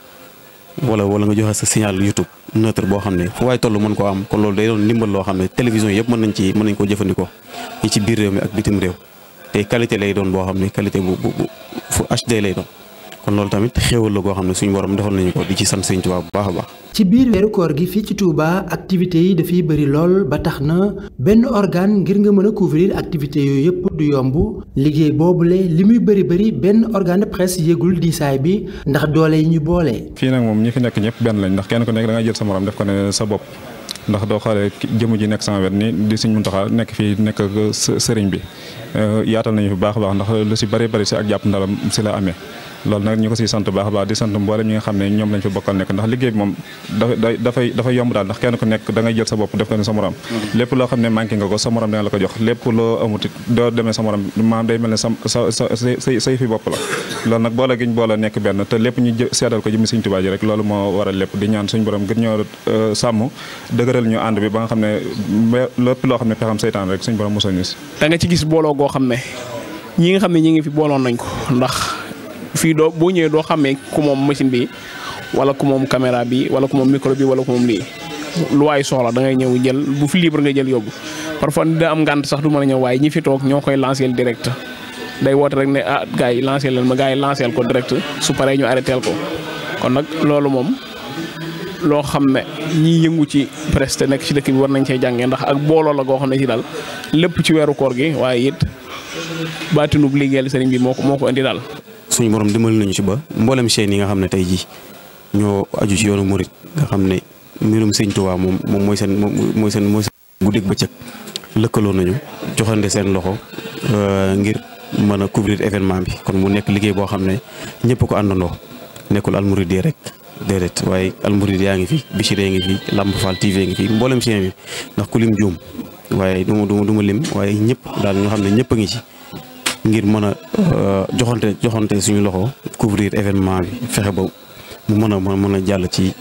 wala wala nga joxe sa signal YouTube neutre boo xam ne fu waay toll mën ko am kon loolu day doon ndimbal loo xam ne télévision yëpp mën nañ ci mën nañ koo jëfandikoo yi ci biir réew mi ak bitim réew te qualité lay doon boo xam ne qualité bu bu fu HD lay doon. kon loolu tamit xéewal la goo xam ne suñu borom defal nañu ko di ci sant Sëriñ Tuubaa bu baax baax. ci biir weeru koor gi fii ci Touba activités yi dafay bëri lool ba tax na benn organe ngir nga mën a couvrir activités yooyu yëpp du yomb liggéey boobule li muy bëri bëri benn organe de presse yëgul diisaay bi ndax doole yi ñu boole. fii nag moom ñi fi nekk ñëpp benn lañ ndax kenn ku nekk da ngay jël sa morom def ko ne sa bopp ndax doo xoolee jëmm ji nekk sama wet ni di suñ Muntaxa nekk fii nekk sëriñ bi euh, yaatal nañu fi baax a baax ndax lu si bari bëri si ak jàpp ndalam si la amee. loolu nag ñu ko siy sant baax a baax di ne ñoom lañ fa bokkal nekk ndax liggéey bi moom dafay dafay dafay kenn ku nekk da ngay sa bopp def ko mm-hmm. lépp loo xam ne manqué nga ko sa morom danga la ko loo amuti doo demee sa morom maam day sa sa sa say say fi loolu nag boole giñ boole nekk benn te lépp ñu seedal ko jëmi Sëriñ Tuubaa ji rek loolu moo waral lépp di ñaan suñu borom gën ñoo euh, sàmm dëgëral ñu ànd bi ba nga xam ne lépp loo xam ne pexam seytaan rek suñu borom mosal ñu si da nga ci gis booloo goo xam ne ñi nga xam ne ñi ngi fi booloon nañ ko ndax fii doo boo ñëwee doo xamee ku moom machine bi wala ku moom caméra bi wala ku moom micro bi wala ku moom lii lu waay soxla dangay ñëw jël bu fi libre nga jël yóbbu parfois dina am ngànt sax du ma a ñëw waaye ñi fi toog ñoo koy lancer direct day woote rek ne ah gars yi lancer leen ma gars yi lancer ko direct su paree ñu arrêté ko kon nag loolu moom loo xam ne ñiy yëngu ci presse te nekk ci dëkk bi war nañ cee jàngee ndax ak booloo la goo xam ne ci daal lépp ci weeru koor gi waaye it baatinub liggéeyal sëriñ bi moo ko moo ko indi suñu borom dimbali nañu ci ba mboolem chaîne yi nga xam ne tey jii ñoo aju ci yoonu murit nga xam ne mbirum sëñ Tuubaa moom mooy seen mooy seen mooy seen guddeeg bëccëg lëkkaloo nañu joxande seen loxo euh, ngir mën a couvrir événement bi kon mu nekk liggéey boo xam ne ñëpp ko àndandoo nekkul almouride rek déedéet waaye almouride yaa ngi fi Bichri ngi fi Lamp Fall TV ngi fi mboolem chaîne bi ndax ku lim juum waaye du ma du ma du ma lim waaye ñëpp daal nga xam ne ñëpp a ngi ci. ngir mën a euh, joxante joxante suñu loxo couvrir événement bi fexe ba mu mën a mën a jàll ci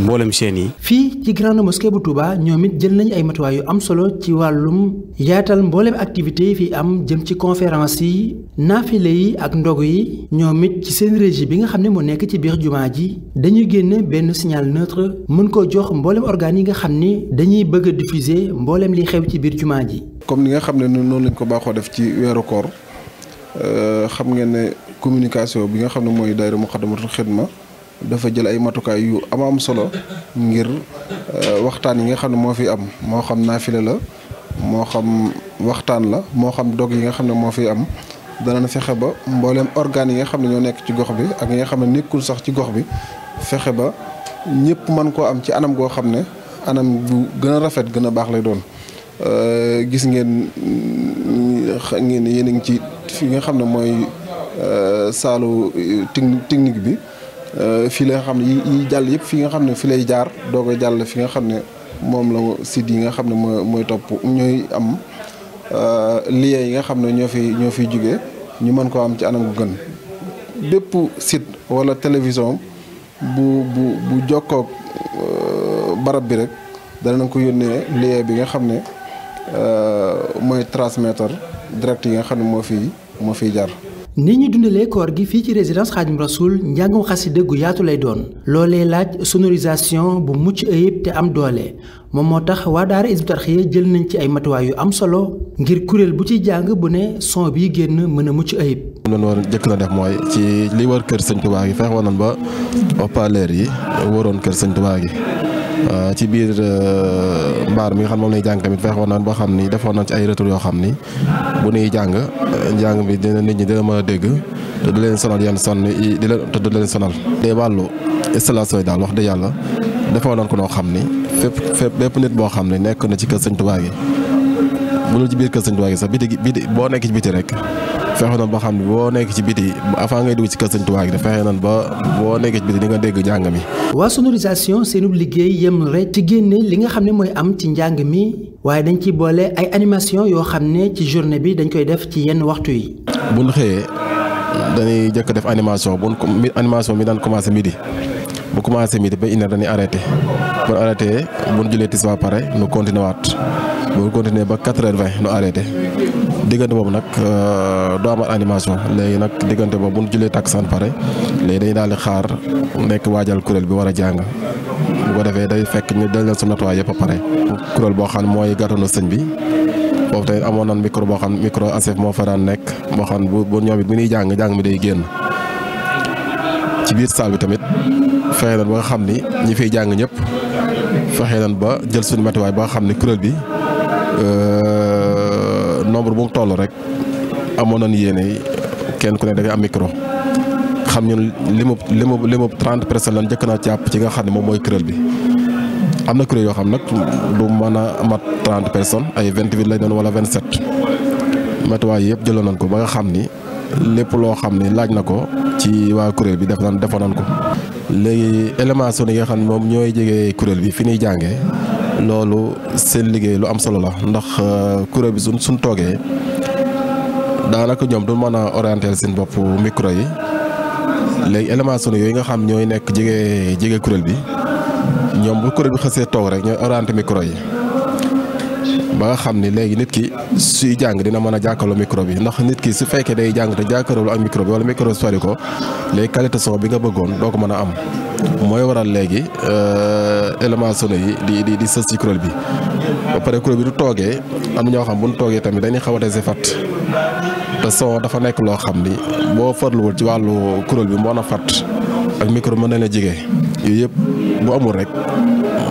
mboolem chaîne yi. fii ci grande mosquée bu Touba ñoom it jël nañu ay matuwaay yu am solo ci wàllum yaatal mboolem activité yi fi am jëm ci conférence yi naafile yi ak ndog yi ñoom it ci seen régie bi nga xam ne moo nekk ci biir jumaa ji dañuy génn benn signal neutre mën koo jox mboolem organes yi nga xam ni dañuy bëgg a diffuser mboolem li xew ci biir jumaa ji. comme ni nga xam ne noonu lañ ko baaxoo def ci weeru Euh, xam ngeen ne communication bi nga xam ne mooy daayira Muxaddamatul Xidma dafa jël ay matukaay yu am am solo ngir euh, waxtaan yi nga xam ne moo fi am moo xam naafile la moo xam waxtaan la moo xam dog yi nga xam ne moo fi am danañ fexe ba mbooleem organes yi nga xam ne ñoo nekk ci gox bi ak yi nga xam ne nekkul sax ci gox bi fexe ba ñëpp mën koo am ci anam goo xam ne anam bu gën a rafet gën a baax lay doon Euh, gis ngeen euh, ngeen yéen a ngi ci fi nga xam ne mooy euh, saalu technique bi fii la xam ne yi jàll yëpp fi nga xam ne fi lay jaar doo jàll fi nga xam ne moom la sit yi nga xam ne mooy mooy topp ñooy am liens yi nga xam ne ñoo fi ñoo fiy jugee ñu mën ko am ci anam gu gën bépp site wala télévision bu bu bu jokkook barab bi rek na ko yónnee lien bi nga xam ne Euh, mooy transmettre direct yi nga xam ne moo fi moo fiy jar. nit ñi dundalee koor gi fii ci résidence Xaadim Rasul njàngum xasida gu yaatu lay doon loolee laaj sonorisation bu mucc ayib te am doole moom moo tax waa daara Hizbut Tarqiyyah jël nañ ci ay matuwaay yu am solo ngir kuréel bu ciy jàng bu ne son bi génn mën a mucc ayib. li ñu doon jëkk na def mooy ci li war kër sëñ Tuubaa gi fexe woon ba haut yi waroon kër sëñ Tuubaa gi. Euh, ci biir euh, mbaar mi nga xam moom lay jàng tamit feexoon naan boo xam ni defoon nañ ci ay retour yoo xam ni bu nuy jàng euh, njàng bi dina nit ñi dina mën a dégg te du leen sonal yenn son yi di te du leen sonal. te wàllu installation daal wax dëgg yàlla defoon nañ ko noo xam ni fépp fépp bépp nit boo xam ni nekk na ci kër sëñ Tuubaa gi bu dul ci biir kër sëñ Tuubaa gi sax biti biti boo nekk ci biti rek. fexe nan ba xam ne boo nekk ci biti avant ngay dugg ci kër Sëñ Tuubaa gi fexe nan ba boo nekk ci biti di nga dégg njàng mi. waa sonorisation seenub liggéey yem rek ci génne li nga xam ne mooy am ci njàng mi waaye dañ ciy boole ay animation yoo xam ne ci journée bi dañ koy def ci yenn waxtu yi. bu ñu xëyee dañuy jëkk def animation bu animation mi daan commencé midi. bu commencé midi ba une heure dañuy arrêté bu ñu arrêté bu ñu jëlee tis ba pare nu continué waat bu ba quatre vingt nu arrêté diggante boobu nag euh, doo amal animation léegi nag diggante boobu bu ñu julee tàkk saan léegi dañuy daal di xaar nekk waajal kuréel bi war a jàng bu defee day fekk ñu dañ leen natuwaay yëpp pare. kuréel boo xam ne mooy gàttanu sëñ bi foofu tamit amoon nan micro boo xam micro ACF moo fa nekk boo xam bu bu ñoom it bu ñuy jàng jàng mi day génn ci biir salle bi tamit fexe nañ ba xam ni ñi fiy jàng ñëpp fexe nañ ba jël suñu matuwaay ba xam ni kuréel bi. Euh, nombre bu mu toll rek amoon na nañu yéene kenn ku ne dangay am micro xam ñun limub limub limub trente personnes lan njëkk naa jàpp ci nga xam ne moom mooy kuréel bi. am na kuréel yoo xam nag du mën a mat trente personnes ay vingt huit lay doon wala vingt sept matuwaay yëpp jëloon nañ ko ba nga xam ni lépp loo xam ne laaj na ko ci waa kuréel bi def nan defoon nañ ko. léegi éléments yi nga xam ne moom ñooy jege kuréel bi fi ñuy jàngee. loolu seen liggéey lu am solo la ndax euh, kuréel bi suñ suñ toogee daanaka ñoom du mën a orienter seen bopp micro yi léegi éléments sunu yooyu nga xam ñooy nekk jege jege kuréel bi ñoom bu kuréel bi xasee toog rek ñooy orienter micro yi ba nga xam ni léegi nit ki suy jàng dina mën a jàkkaarloo micro bi ndax nit ki su fekkee day jàng te jàkkaarloo ak micro bi wala micro bi sori ko léegi qualité son bi nga bëggoon doo ko mën a am. mooy waral léegi euh, élément sono yi di di di sës ci kuréel bi ba pare kuréel bi du toogee am ñoo xam bu ñu toogee tamit dañuy xaw a fat te son dafa nekk loo xam ni boo farluwul ci wàllu kuréel bi moo na fat ak micro mën na la jege yooyu yëpp bu amul rek.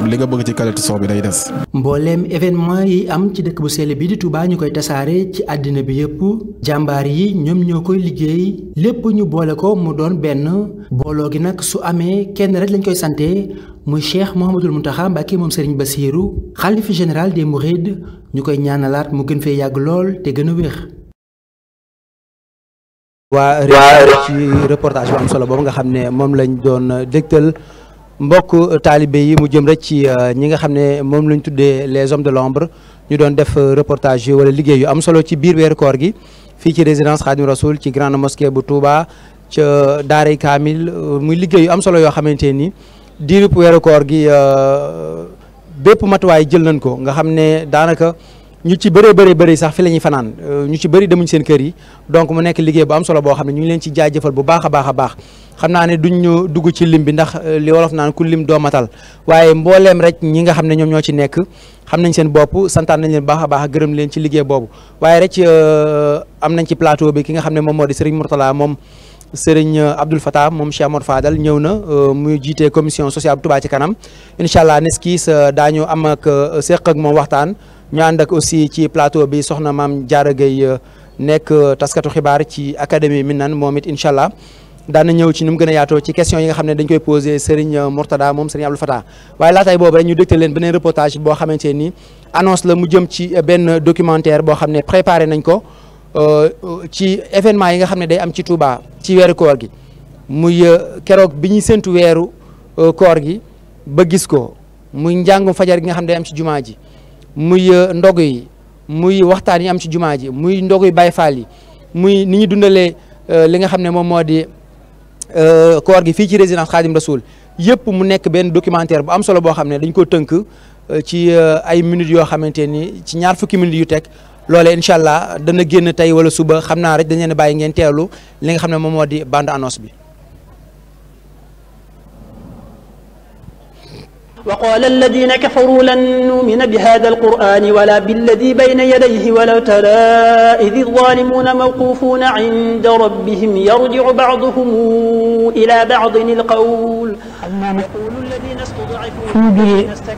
kon li nga bëgg ci qualité bi day des. mbooleem événement yi am ci dëkk bu sell bi di tubaa ñu koy tasaare ci àddina bi yëpp jàmbaar yi ñoom ñoo koy liggéey lépp ñu boole ko mu doon benn booloo gi nag su amee kenn rek lañ koy sante muy Cheikh Mouhamadul Mountakha Mbacké moom Serigne Bassirou xalifa général des Mourides ñu koy ñaanalaat mu gën fee yàgg lool te gën a wér. waa réew ci reportage bu am solo boobu nga xam ne moom lañ doon dégtal. mbokk taalibe yi mu jëm rek ci euh, ñi nga xam ne moom ñu tuddee les hommes de l'ombre ñu doon def euh, reportage yi wala liggéey yu am solo ci biir weeru koor gi fii ci résidence Khadim Rasoul ci grande mosquée bu Touba ca daaray Kaamil euh, muy liggéeyu am solo yoo xamante ni diirub weeru koor gi bépp matuwaay jël nañ ko nga xam ne daanaka ñu ci bëree bëri bëri sax fi la ñuy fanaan euh, ñu ci bëri demuñ seen kër yi donc mu nekk liggéey bu am solo boo xam ne ñu ngi leen ci jaajëfal bu baax a baax a baax xam naa ne duñ ñu dugg ci lim bi ndax euh, li wolof naan ku lim doo matal waaye mbooleem rek ñi nga xam ne ñoom ñoo ci nekk xam nañ seen bopp santaan nañ leen baax a baax gërëm leen ci liggéey boobu waaye rek euh, am nañ ci plateau bi ki nga xam ne moom moo di Serigne Mourtala moom sëriñ Abdoul Fattah moom Cheikh Amor Fadal ñëw na muy jiite commission sociale bu Touba ci kanam incha allah nes kii daañu am ak seq ak waxtaan ñu ànd ak aussi ci plateau bi soxna maam Diarra Gueye euh, nekk euh, taskatu xibaar ci académie Minane moom it incha allah daan ñëw ci num mu gën a yaatoo ci question yi nga xam ne dañ koy posé Serigne euh, Mourtada moom Serigne Abdou Fatah waaye laataay boobu rek ñu dégtal leen beneen reportage boo xamante ni annonce la mu jëm ci benn documentaire boo xam ne préparé nañ ko ci événement yi nga xam ne day am ci Touba ci weeru koor gi muy keroog bi ñuy séntu weeru koor gi ba gis ko muy njàngum fajar gi nga xam ne am ci jumaa ji muy euh, ndog yi muy waxtaan yi am ci jumaa ji muy ndog yi bay Faal yi muy ni ñu dundalee euh, li nga xam ne moom moo di euh, koor gi fii ci résidence Xaadim Rasoul yëpp mu nekk benn documentaire bu am solo boo xam ne dañ ko tënk ci ay minutes yoo xamante ni ci ñaar fukki minutes yu teg loolee incha allah dana génn tey wala suba xam naa rek dañ leen bàyyi ngeen teelu li nga xam ne moom moo di bande annonce bi. وقال الذين كفروا لن نؤمن بهذا القرآن ولا بالذي بين يديه ولو ترى إذ الظالمون موقوفون عند ربهم يرجع بعضهم إلى بعض القول يقول الذين استضعفوا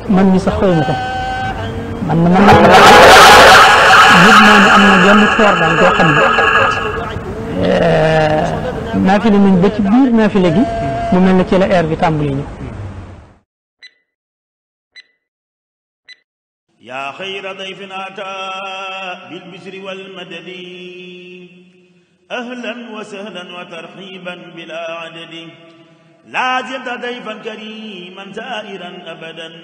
من يسخونكم من من يضمن أن جنة فوردا وخمد ما في من بيت بير ما في لقي mu mel ne ci la air bi tàmbali ñu yaa xayra dayfin ataa bil bishri wal madadi ahlan wa sahlan wa tarxiiban bilaa adadi laa zilta dayfan kariman zaa'iran abadan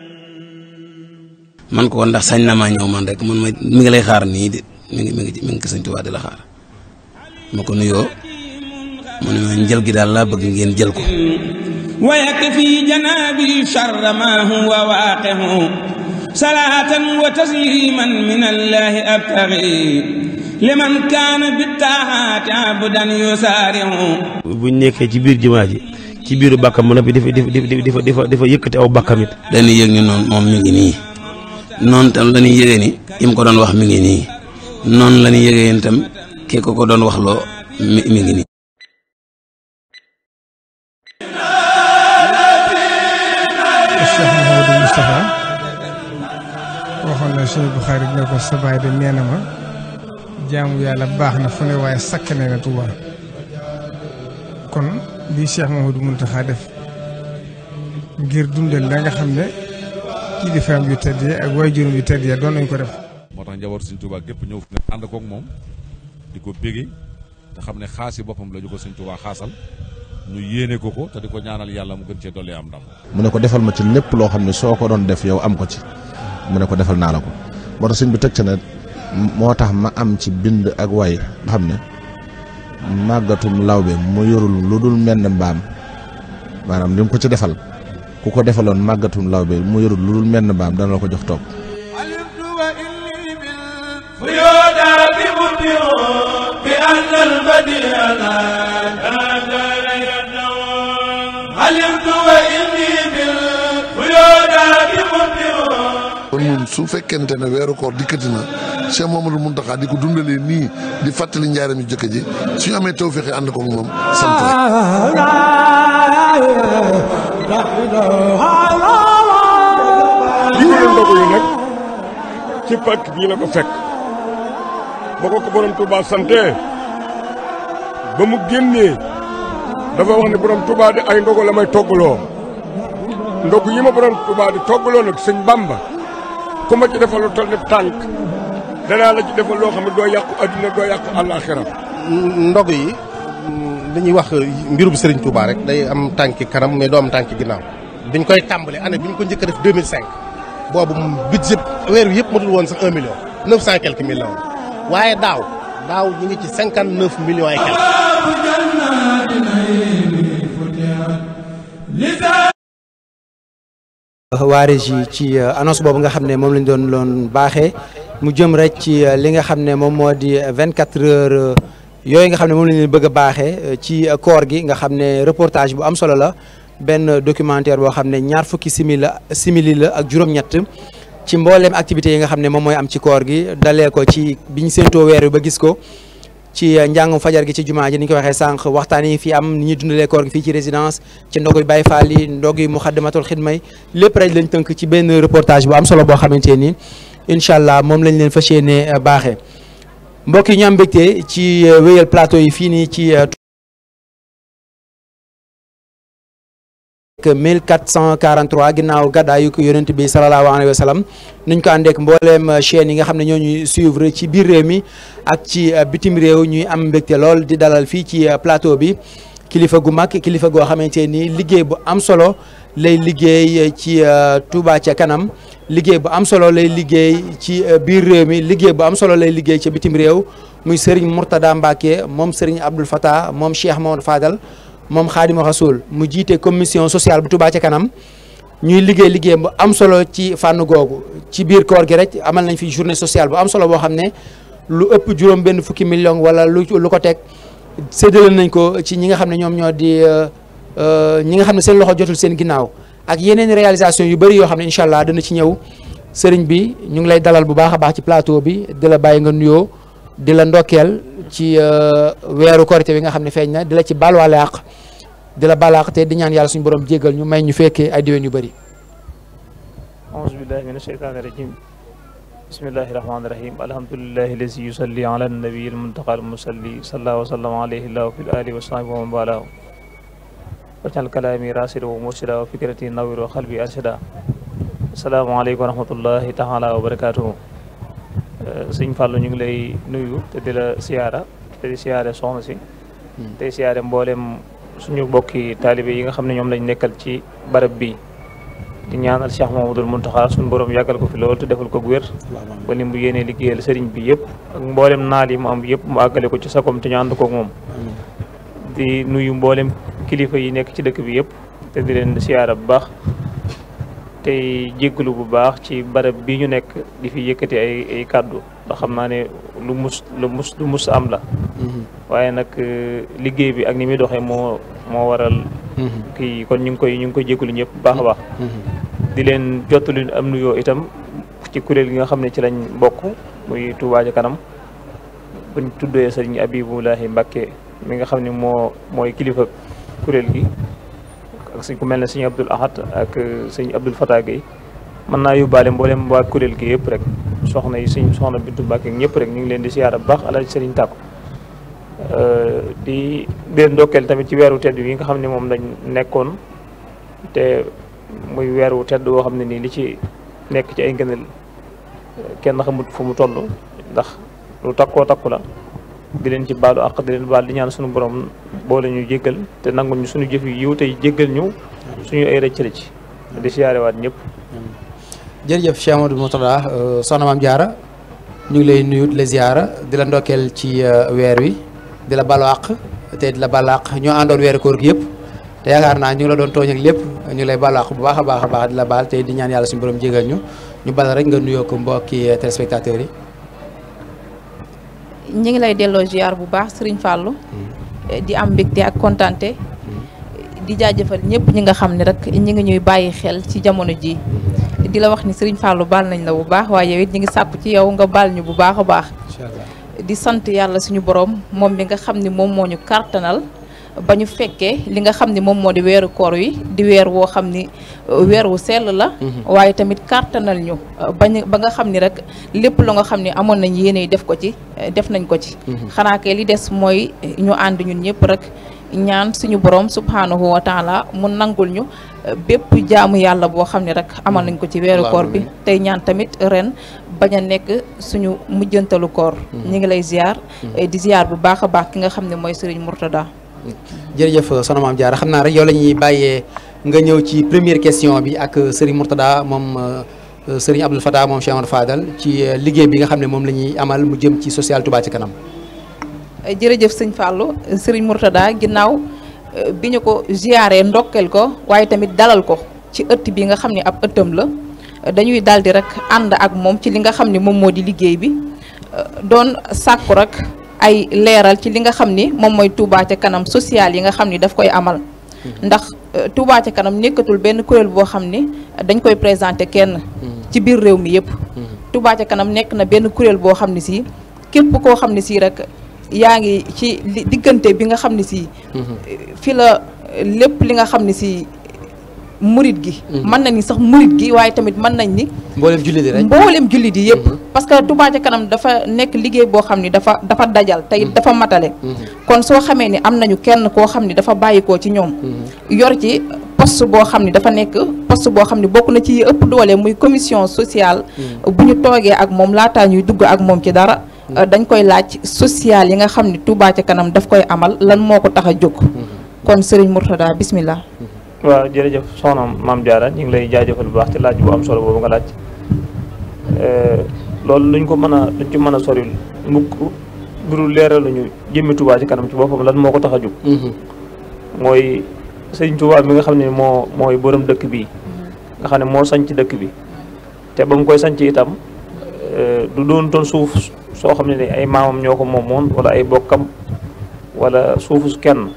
man ko ndax sañ na maa ñëw man rek man ma mi ngi lay xaar nii de mi ngi mi ngi mi ngi ko Sëñ Tuubaa di la xaar ma ko nuyoo mu ne ma njël gi daal laa bëgg ngeen jël ko. wa yakfi janaabi sharra maa huwa waaqi'un salaatan wa tasliman min allahi abtaxi liman kaana bi taaxaati abudan yusaariu buñ nekkee ci biir jumaa ji ci biiru bàkkam mu ne bi dafa dafa dafa yëkkati aw bàkkam it dañuy yëg ni noonu moom mi ngi nii noonu tam la ñuy yëgee ni im ko doon wax mi ngi nii noonu la ñuy yëgee itam kii ko ko doon wax loo mi ngi nii xam ne suñu Buxaari ne ko sa baay de nee na ma jaamu yàlla baax na fu ne waaye sakkane na Tuuba kon lii Cheikh Mouhamadou Mountakha def ngir dundal la nga xam ne kilifaam yu tedd ak waajuram yu tedd ya doon nañ ko def. moo tax njaboot Sëñ Tuuba gépp ñëw fi nga ànd koog moom di ko bége te xam ne xaasi boppam lañu ko Sëñ Tuuba xaasal. ñu yéene ko ko te di ko ñaanal yàlla mu gën cee dolli am ndam. mu ne ko defal ma ci lépp loo xam ne soo ko doon def yow am ko ci. mu ne ko defal naa la ko moo tax bi teg moo tax ma am ci bind ak way nga xam ne màggatum lawbe mu yorul lu dul menn mbaam maanaam li ko ci defal ku ko defaloon màggatum lawbe mu yorul lu dul menn mbaam dana ko jox toog ñun su fekkente ne weeru koor dikkati na Cheikh Mamadou Mountakha di ko dundalee nii di fàttali njaaram yu jëkk ji suñu amee tawféex ànd ko moom sant diwle ndogu yi nag ci pàkk bii la fekk ba ko ko borom sante ba mu génnee dafa wax ne borom Touba ay ndogu la ndogu yi ma borom Touba nag sëñ Bamba ku ma ci defal lu toll nii tànk danaa la ci defal loo xam ne doo yàqu adduna doo yàqu àllaaxira ndog yi dañuy wax mbirum Serigne Touba rek day am tànki kanam mais doo am tànki ginnaaw. biñ koy tàmbali année bi ñu ko njëkk a def 2005 boobu budget weer wi yëpp matul woon sax 1 million 900 quelque mille la waaye daaw daaw ñu ngi ci 59 millions et quelque. waa régie ci euh, annonce boobu nga xam ne moom lañu doon loon baaxee mu jëm rek ci euh, li nga xam ne moom moo di euh, vingt quatre heures yooyu nga xam ne moom lañ bëgg a baaxee ci coor gi nga xam ne reportage bu am solo la benn documentaire boo xam ne ñaar fukki simili simili la ak juróom-ñett ci mbooleem activités yi nga xam ne moom mooy am ci koor gi dalee ko ci biñ séentoo weer ba gis ko ci euh, njàngum fajar gi ci jumaa ji ni ñu ko waxee sànq waxtaan yi fi am ni ñuy dund koor gi fii ci résidence ci ndog yu Baye Fall yi ndog yu muxaddamatul xidma yi lépp rek lañ tënk ci benn reportage bu am solo boo xamante nii incha allah moom lañ leen fas yéenee euh, baaxee mbokk yi ñu am mbégte ci euh, wéyal plateau yi fii nii ci nekk 1443 ginnaaw gàddaayu yonent bi salallaahu alayhi wa sallam nuñ ko àndeek mbooleem chaîne yi nga xam ne ñoo ñuy suivre ci biir réew mi ak ci euh, bitim réew ñuy am mbégte lool di dalal fii ci euh, plateau bi kilifa gu mag kilifa goo xamante ni liggéey bu am solo lay liggéey euh, ci Touba ca kanam liggéey bu am solo lay liggéey ci biir réew mi liggéey bu am solo lay liggéey ci bitim réew muy Serigne Mourtada Mbacke moom Serigne Abdoul Fatah moom Cheikh Mamadou Fadal moom Xaadimu Rasuul mu jiite commission sociale bu Touba ca kanam ñuy liggéey liggéey bu am solo ci fànn googu ci biir koor gi rek amal nañ fi journée sociale bu am solo boo xam ne lu ëpp juróom benn fukki million wala lu lu ko teg séddale nañ ko ci ñi nga xam ne ñoom ñoo di euh, euh, ñi nga xam ne seen loxo jotul seen ginnaaw ak yeneen réalisation yu bëri yoo xam ne incha allah dana ci ñëw sëriñ bi ñu ngi lay dalal bu baax a baax ci plateau bi di la bàyyi nga nuyoo. di la ndokkeel ci euh, weeru korité bi nga xam ne feeñ na di la ci balwaale àq di la balaax te di ñaan yàlla suñu borom jéggal ñu may ñu fekkee ay diwéen yu bëri aouzu billahi min asheytaani rajim bismillahi rahmaani rahim alhamdulilahi lazi yusalli ala nabiyi almuntaqa almusalli salla wa sallama alayhi llahu fikrati nawir wa xalbi arsida asalaamaaleykum wa rahmatullahi taala wa barakatuhu sëñ Fallou ñu ngi lay nuyu te di la siyaara te di siyaare soxna si hmm. tey siyaare mboolem suñu bokki taalibe yi nga xam ne ñoom lañ nekkal ci barab bi di ñaanal Cheikh Mamadou taxa suñu borom yàggal ko fi loolu te defal ko bu wér ba ni mu yéenee liggéeyal sëriñ bi yëpp ak mboolem yi mu am yëpp mu àggale ci sakom te ñu ànd koog moom di nuyu mboolem kilifa yi nekk ci dëkk bi yëpp te di leen siyaara bu baax tey jégalu bu baax ci barab bi ñu nekk di fi yëkkati ay ay kàddu ndax naa ne lu mus lu mus lu mus am la. Mm-hmm. waaye nag euh, liggéey bi ak ni muy doxee moo moo waral. Mm-hmm. kii kon ñu ngi koy ñu ngi koy jégalu ñëpp baax a baax. Mm-hmm. di leen jottali am yoo itam ci kuréel gi nga xam ne ci lañ mbokk muy Touba ca kanam buñ tuddee sëriñ Abibulahi Mbacke mi nga xam ne moo mooy kilifa kuréel gi. ak suñ ku mel ne suñu Abdoul Ahad ak euh, suñu Abdoul Fatah Gueye mën naa yóbbaale mboolem waa kuréel gi yëpp rek soxna yi suñ soxna Bintu Mbàkke ñëpp rek ñu ngi leen di siyaara bu baax alaaji sëriñ tàkku di leen ndokkeel tamit ci weeru tedd yi nga xam ne moom lañ nekkoon te muy weeru tedd woo xam ne nii li ci nekk ci ay ngëneel kenn xamut fu mu toll ndax lu takkoo takku la di leen ci baalu àq di leen baal di ñaan suñu borom boole ñu jéggal te nangul ñu suñu jëf yu yiw tey jéggal ñu suñu ay rëcc rëcc di siyaarewaat ñëpp jërëjëf Cheikh Amadou Mourtada euh, soxna Maam Jaara ñu ngi lay nuyu di la ziyaara di la ndokkeel ci euh, weer wi di la balu àq te di la balu àq ñoo àndoon weeru koor gi yëpp te yaakaar naa ñu ngi la doon tooñ ak lépp ñu lay balu àq bu baax a baax baax di la baal te di ñaan yàlla suñu boroom jégal ñu ñu bala rek nga nuyoo ko mbokki euh, téléspectateurs yi ñu ngi lay delloo ziar bu baax sëriñ Fallou. Mm. di am mbégte ak kontante. Mm. di jaajëfal ñëpp ñi nga xam ne rek ñi ngi ñuy bàyyi xel ci jamono ji mm. di la wax ni Serigne Fallou baal nañ la bu baax waaye yow it ñu ngi sàpp ci yow nga baal ñu bu baax a baax. di sant yàlla suñu borom moom mi nga xam ni moom moo ñu kartanal. ba ñu fekkee li nga xam ni moom moo di weeru koor yi di weer woo xam ni euh, weer wu sell la mm-hmm. waaye tamit kàttanal ñu euh, bañ ba nga xam ni rek lépp la nga xam ni amoon nañ yéene def ko ci euh, def nañ ko ci mm-hmm. xanaa kay li des mooy ñu ànd ñun ñëpp rek ñaan suñu borom subhaanahu wa taala mu nangul ñu bépp jaamu yàlla boo xam ne rek amal nañ ko ci weeru koor bi tey ñaan tamit ren bañ a nekk suñu mujjantalu koor mm-hmm. ñu ngi lay ziar di ziar bu baax a baax ki nga xam ne mooy Serigne Mourtada jërëjëf soxna Maam Diarra xam naa rek yow la ñuy bàyyee nga ñëw ci première question bi ak euh, Serigne Mourtada moom euh, Serigne Abdoul Fattah moom Cheikh Omar Fadal ci euh, liggéey bi nga xam ne moom la ñuy amal mu jëm ci social Touba ci kanam. jërëjëf sëñ Fallou Serigne Mourtada ginnaaw bi ñu ko giyaaree ndokkeel ko waaye tamit dalal ko ci ëtt bi nga xam ne ab ëttam la dañuy daldi rek ànd ak moom ci li nga xam ne moom moo di liggéey bi doon sàkku rek. ay leeral ci li nga xam ni moom mooy Touba ca kanam sociale yi nga xam ni daf koy amal mm-hmm. ndax euh, Touba ca kanam nekkatul benn kuréel boo xam ni dañ koy présenté kenn mm-hmm. ci biir réew mi yëpp mm-hmm. Touba kanam nekk na benn kuréel boo xam ne si képp koo xam ne si rek yaa ngi ci diggante bi nga xam ne si fi la lépp li nga xam ne si murit gi mhm. mën nañ ni sax murit gi waaye tamit mën nañ ni mboolem jullit yi rek mboolem jullit yi yëpp mhm. parce que Touba ca kanam dafa nekk liggéey boo xam ni dafa dafa dajal tey mhm. dafa matale kon soo xamee ni am nañu kenn koo xam ne dafa bàyyikoo ci ñoom yor ci poste boo xam ne dafa nekk poste boo xam ne bokk na ci ëpp doole muy commission sociale bu ñu toogee ak moom laataa ñuy dugg ak moom ci dara euh, dañ koy laaj social yi nga xam ne Touba ca kanam daf koy amal lan moo ko tax a jóg kon Serigne Mourtada bismillah waaw jërëjëf soxna mam Diarra ñu ngi lay jaajëfal bu baax ci laaj bu am solo boobu nga laaj eh, loolu luñ ko mën a luñ ci mën a soril mukk bu dul leeraluñu jëmmi Touba kanam ci boppam lan moo ko tax a jóg mm-hmm. mooy sëñ Touba mi nga xam ne moo mooy borom dëkk bi nga xam ne moo sanc dëkk bi te ba mu koy sanc itam eh, du doon toon suuf soo xam ne ni ay maamam ñoo ko moom moom wala ay bokkam wala suufu kenn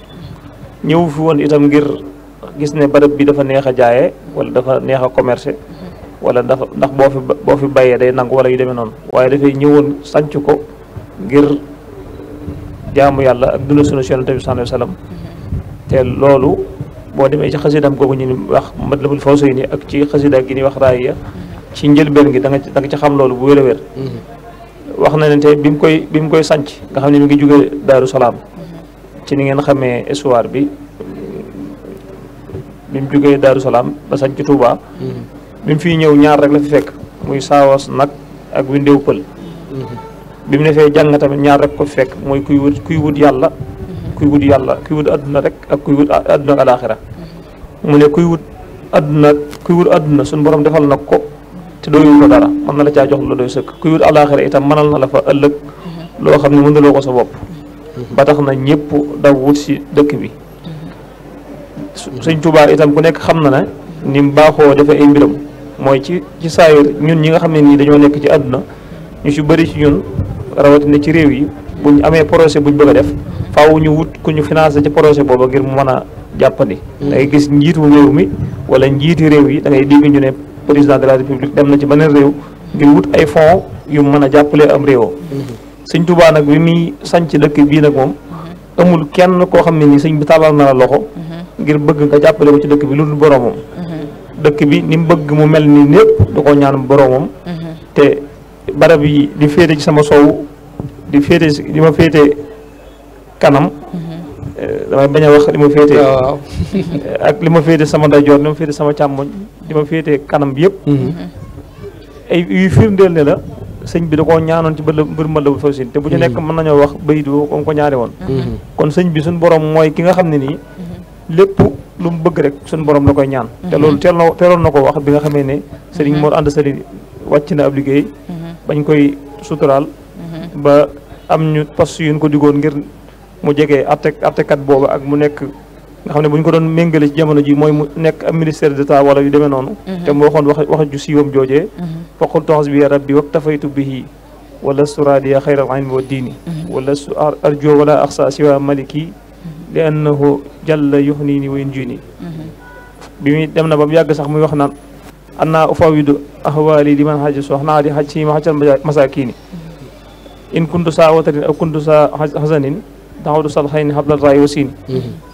ñëw fi woon itam ngir gis ne bërëb bi dafa neex a jaayee wala dafa neexa a commercé wala dafa ndax boo fi ba boo fi bayee day nangu wala yu demee noonu waaye dafay ñëwoon sanc ko ngir jaamu yàlla ak dund sunu yonent bi sallallahu alayhi te loolu boo demee ci xasidaam googu ñu ni wax Matlabul Fawzayni ak ci xasida gi ni wax raaya ci njëlbeen gi da nga ci xam loolu bu wér wér wax na ne te bi mu koy bi mu koy sanc nga xam ne mi ngi jóge Daaru Salaam ci ni ngeen xamee histoire bi bi mu jógee Daaru Salaam ba sañ ci Touba. bi mu fiy ñëw ñaar rek la fi fekk muy saawas nag ak windeew pël. bi mu ne fee jàng tamit ñaar rek ko fi fekk mooy kuy wut kuy wut yàlla. kuy wut yàlla kuy wut adduna rek ak kuy wut adduna ak alaaxira mu ne kuy wut adduna kuy wut adduna suñu defal na ko te doyul ko dara mën na la caa jox lu doy sëkk kuy wut alaaxira itam mënal na la fa ëllëg loo xam ne mënuloo ko sa bopp. ba tax na ñëpp daw wut si dëkk bi. suñ Tuubaa itam ku nekk xam na ne ni mu baaxoo defee ay mbiram mooy ci ci saayir ñun ñi nga xam ne nii dañoo nekk ci àdduna ñu ci bëri ci ñun rawatina ci réew yi buñ amee projet buñ bëgg a def faw ñu wut ku ñu financé ci projet booba ngir mu mën a jàppale mm. da gis njiitu réew mi wala njiiti réew yi da ngay dégg ñu ne président de la république dem na ci beneen réew ngir wut ay fonds yu mën a jàppale am réewam. Mm-hmm. sëñ Tuubaa nag bi muy ci dëkk bii nag moom mm-hmm. amul kenn koo xam ne nii sëñ bi na la ngir bëgg nga jàppale ko ci dëkk bi lu dul boromam. dëkk bi ni bëgg mu mel nii népp da koo ñaan boromam. yi di féete ci sama sow di féete di ma féete kanam. Eh, a wax ma féete. Ah, eh, li ma féete sama ndeyjoor li ma sama càmmoñ li ma kanam bi yëpp. Mm-hmm. ay yu bi da koo ci bërëb mbir ma la bu faw sin te bu ci mm-hmm. nekk mën nañoo wax bayit boobu ko ñaari mm-hmm. kon sëñ bi suñ borom mooy ki nga xam ne nii. lépp lu mu bëgg rek suñu borom la koy ñaan. Mhm. te loolu na teeloon na ko wax bi nga xamee ne. Mhm. Serigne Mor Anta Sali wàcc na ab liggéey. Mhm. bañ koy suturaal. ba am ñu poste yu ñu ko digoon ngir mu jege atte attekat boobu ak mu nekk nga xam ne bu ko doon méngale ci jamono ji mooy mu nekk ab de d'état wala yu demee noonu. te mu waxoon wax wax ju siiwam joojee. foqul toxas bi yarab bi wak tafaytu bihi wala a xayral ilmi wa diini. wala su arjo wala axsa li annahu jalla yuxnini wa yunjini bi muy dem na ba mu yàgg sax muy wax naan anna ufawidu ahwaali liman xaj su wax naa di xaj si ma xajal masakini in kuntu saa watarin aw kuntu saa xasanin daxawdu sal xëy ni xablal raay wa siini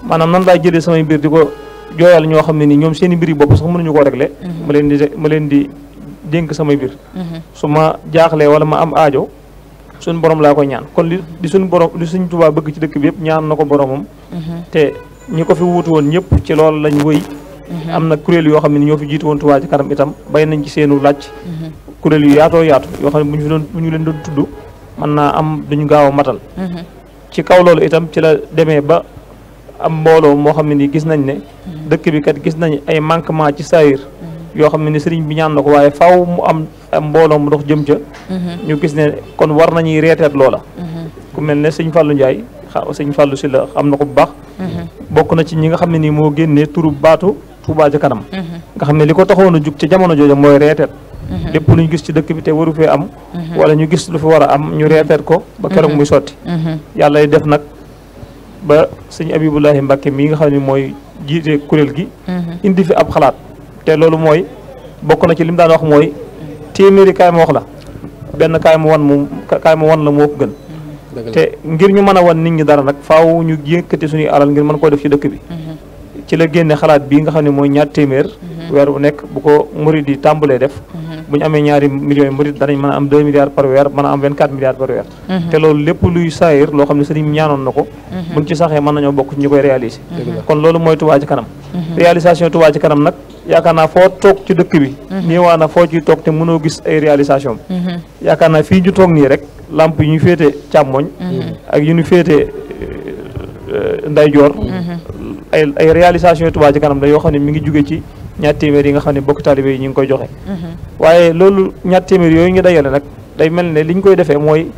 maanaam nan laay jëlee samay mbir di ko jooyal ñoo xam ne nii ñoom seen i mbir yi bopp sax mënuñu a régler mhm. ma leen di ma leen di dénk samay mbir mhm. su ma jaaxlee wala ma am aajo suñu borom laa koy ñaan kon li li suñu borom li suñ Tuubaa bëgg ci dëkk bi yëpp ñaan na ko boromam. Mm-hmm. te ñi ko fi wuutu woon ñëpp ci loolu lañ wëy. Mm-hmm. am na kuréel yoo xam ne ñoo fi jiitu woon Tuubaa ci kanam itam bay nañ ci seenu laaj. Mm-hmm. kuréel yu yaatoo yaatu yoo xam ne bu ñu doon bu ñu leen doon tudd mën naa am duñu gaaw a matal. ci kaw loolu itam ci la demee ba am mbooloo moo xam ne nii gis nañ ne. dëkk bi kat gis nañ ay manquement ci saayir yoo xam ne ni sëriñ bi ñaan na ko waaye faw mu am mbooloo mu dox jëm ca mhm. ñu gis ne kon war nañuy reeteet loola mhm. ku mel ne sëñ Fallou Ndiaye sëñ Fallou si la am na ko bu baax mhm. bokk na ci ñi nga xam ne ni moo génnee turu baatu Touba ca kanam nga xam ne li ko taxoon a jug ca jamono jooja mooy reeteet lépp lu ñu gis ci dëkk bi te waru fee am wala ñu gis lu fi war a am ñu reeteet ko ba keroog muy sotti yàlla yi def nag ba sëñ Abibulahi Mbacke mii nga xam ne mooy jiite kuréel fi ab xalaat te loolu mooy bokk na ci li mu daan wax mooy téeméeri kaay ma wax la benn kaay mu wan mu kaay mu wan la moo gën. te ngir ñu mën a wan nit ñi dara nag faaw ñu yëkkati suñuy alal ngir mën koo def ci dëkk bi. Mm-hmm. ci la génne xalaat bii nga xam ne mooy ñaar téeméer. Mm-hmm. weer bu nekk bu ko murid di tàmbalee def. Mm-hmm. bu ñu amee ñaari millions yi murit danañ mën a am 2 milliards par weer mën a am 24 milliards par weer mhm. te loolu lépp luy saayir loo xam ne sëriñ ñaanoon na ko mhm. buñ ci saxee mën nañoo bokk ci ñi koy réaliser mhm. kon loolu mooy Touba ci kanam réalisation Touba ci kanam yi ñu ci euh, euh, kanam la yoo xam ne mi ngi jóge ci ñaar téeméer yi nga xam ne bokk taalibe yi ñu ngi koy joxe mhm. waaye loolu ñaar téeméer yooyu ñu dajale nag day mel ne li ñu koy defee mooy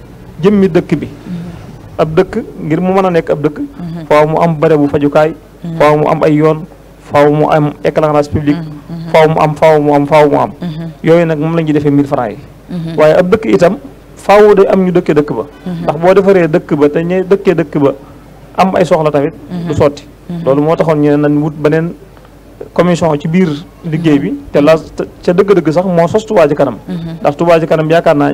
jëmmi dëkk bi mhm. ab dëkk ngir mu mën a nekk ab dëkk mhm. faaw mu am bare bu fajukaay faaw mu am ay yoon faaw mu am éclairage public faaw mu am faaw mu am faaw mu am yooyu nag moom la ñuy defee mille francs yi waaye ab dëkk itam faaw day am ñu dëkkee dëkk ba ndax boo defaree dëkk ba te ñe dëkkee dëkk ba am ay soxla tamit du sotti loolu moo taxoon ñu ne nañ wut beneen commission ci biir liggéey bi te la ca dëgg-dëgg sax moo sos Touba Ca Kanam mhm. ndax Touba Ca Kanam yaakaar naa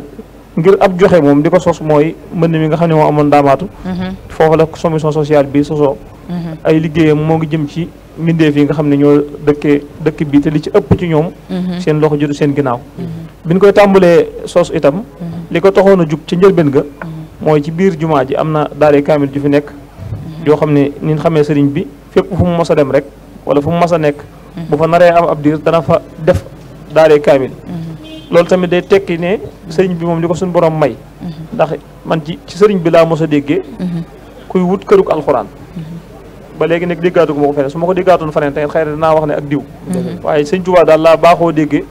ngir ab joxe moom di ko sos mooy mën mi nga xam ne moo amoon daamaatu mhm. foofu la commission sociale bi sosoo mhm. ay liggéeyam moo ngi jëm ci mbindeef yi nga xam ne ñoo dëkkee dëkk bi te li ci ëpp ci ñoom seen loxo jotu seen ginnaaw biñ koy tàmbalee sos itam li ko taxoon a jug ci njëlbeen ga mooy ci biir jumaa ji am na daare kaamil ju fi nekk a wala fu mu mas a nekk bu fa naree am ab diir dana fa def daaree kaamil mhm. loolu tamit day tekki ne sëriñ bi moom li ko suñu borom may mhm. ndax man ci ci sëriñ bi laa mos a déggee mhm. kuy wut këruk alxuraan ba léegi nag déggaatu ko ma ko feneen su ma ko déggaatoon feneen tamit xëy na dinaa wax ne ak diw waaye sëñ Tuubaa daal laa baaxoo déggee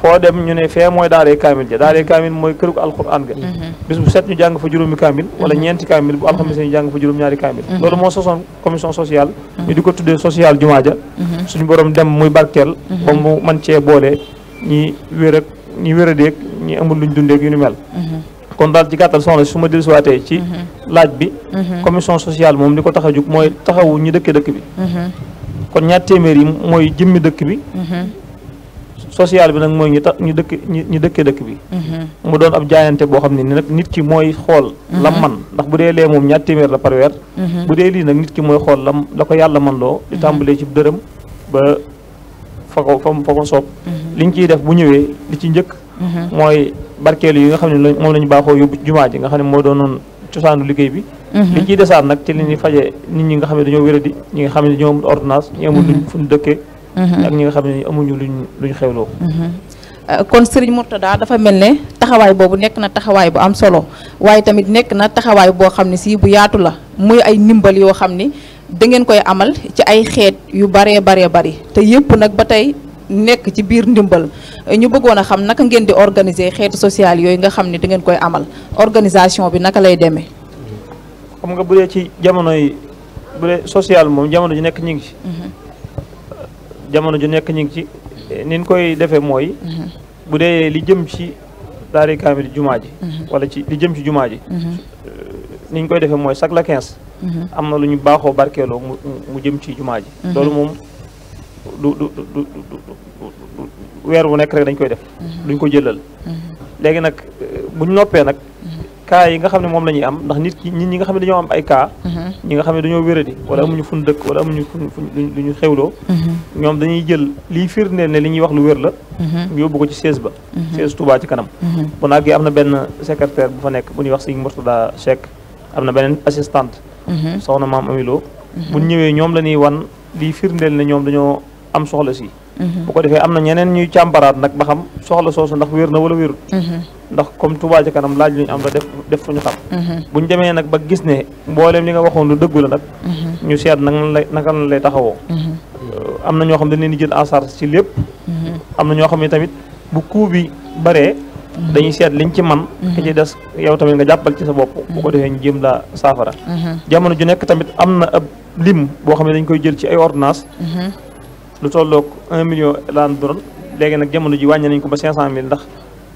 foo dem ñu ne fee mooy daaree kaamil ja daaree kaamil mooy kërug alquran ga mhm. bis bu set ñu jàng fa juróomi kaamil wala mhm. ñeenti kaamil bu alxames ñu jàng fa juróom-ñaari kaamil mhm. loolu di ko tuddee sociale jumaa ja suñu borom dem muy barkeel ba mu man cee boole ñi wér ak ñi wéradeeg ñi amul luñ dundeeg yu ni mel kon daal ci gàttal soxna su ma dellusiwaatee ci laaj bi commission sociale moom li ko a jug mooy taxawu ñu dëkke dëkk bi kon ñaar téeméer yi mooy jëmmi dëkk bi social bi nag mooy ñu tax ñu dëkk ñu dëkke dëkk bi mhm. mu doon ab jaayante boo xam ni nit ki mooy xool mhm. lam man ndax bu dee lee moom ñaar téeméer la par weer mhm. bu dee lii nag nit ki mooy xool lam la ko yàlla man loo di tàmbalee ci dërëm ba fa ko fa fa ko soob liñ ciy def bu ñëwee li ci njëkk mooy barkeelu yi nga xam ne moom la ñu baaxoo yóbbu jumaa ji nga xam ne moo doonoon cosaanu liggéey bi li ciy desaat nag ci li ñuy faje nit ñi nga xam ne dañoo wéradi ñi nga Mm-hmm. ak ñi nga xam ne amuñu luñ luñ xewloo. Mm-hmm. Uh, kon Serigne daal dafa mel ne taxawaay boobu nekk na taxawaay bu am solo waaye tamit nekk na taxawaay boo xam ne si bu yaatu la muy ay ndimbal yoo xam ni dangeen koy amal ci ay xeet yu baree baree bari te yëpp nag ba tey nekk ci biir ndimbal ñu bëggoon a xam naka ngeen di organiser xeetu sociale yooyu nga xam ne da ngeen koy amal organisation bi naka lay demee. xam nga bu dee ci jamono yi bu dee social moom jamono ji nekk ñu ngi. jamono ju nekk ñu ci niñ koy defee mooy mhm. bu dee li jëm ci daari kaamil jumaa ji mhm. wala ci li jëm ci jumaa ji mhm. euh, niñ koy defee mooy chaque la quinze am na lu ñu baaxoo barkeeloo mu jëm ci jumaa ji loolu moom du du du weer bu nekk rek dañ koy def duñ ko jëlal léegi nag euh, buñ noppee nag cas yi nga xam ne moom la ñuy am ndax nit ki nit ñi nga xam ne dañoo am ay cas mhm. ñi nga xam ne dañoo wéradi wala amuñu fun dëkk wala amuñu fun lu ñu xewloo mhm. ñoom dañuy jël liy firndeel ne li ñuy wax lu wér la mhm. ñu yóbbu ko ci siège ba siège Touba ci kanam bu naag yi am na benn secrétaire bu fa nekk bu ñuy wax Sëñ Mourtada Cheikh am na beneen assistante soxna maam amiloo bu ñëwee ñoom la ñuy wan liy firndeel ne ñoom dañoo am soxla si Mm-hmm. bu ko defee am na ñeneen ñuy càmbaraat mm-hmm. la def def fu ñu xam mm-hmm. buñ demee nag ba gis ne mbooleem li nga waxoon la nag ñu seet nag lay naka la lay taxawoo euh, am na ñoo xam ne dañ leen bi baree dañuy seet liñ ci man ki ci des yow tamit nga jàppal ci sa bopp bu ko defee ñu jéem la saafara jamono ju nekk tamit am na ab lim boo xam ne dañ koy jël ci ay ordonnance lu tolloog 1 million laan doon léegi nag jamono ji wàññi nañ ko ba 500000 ndax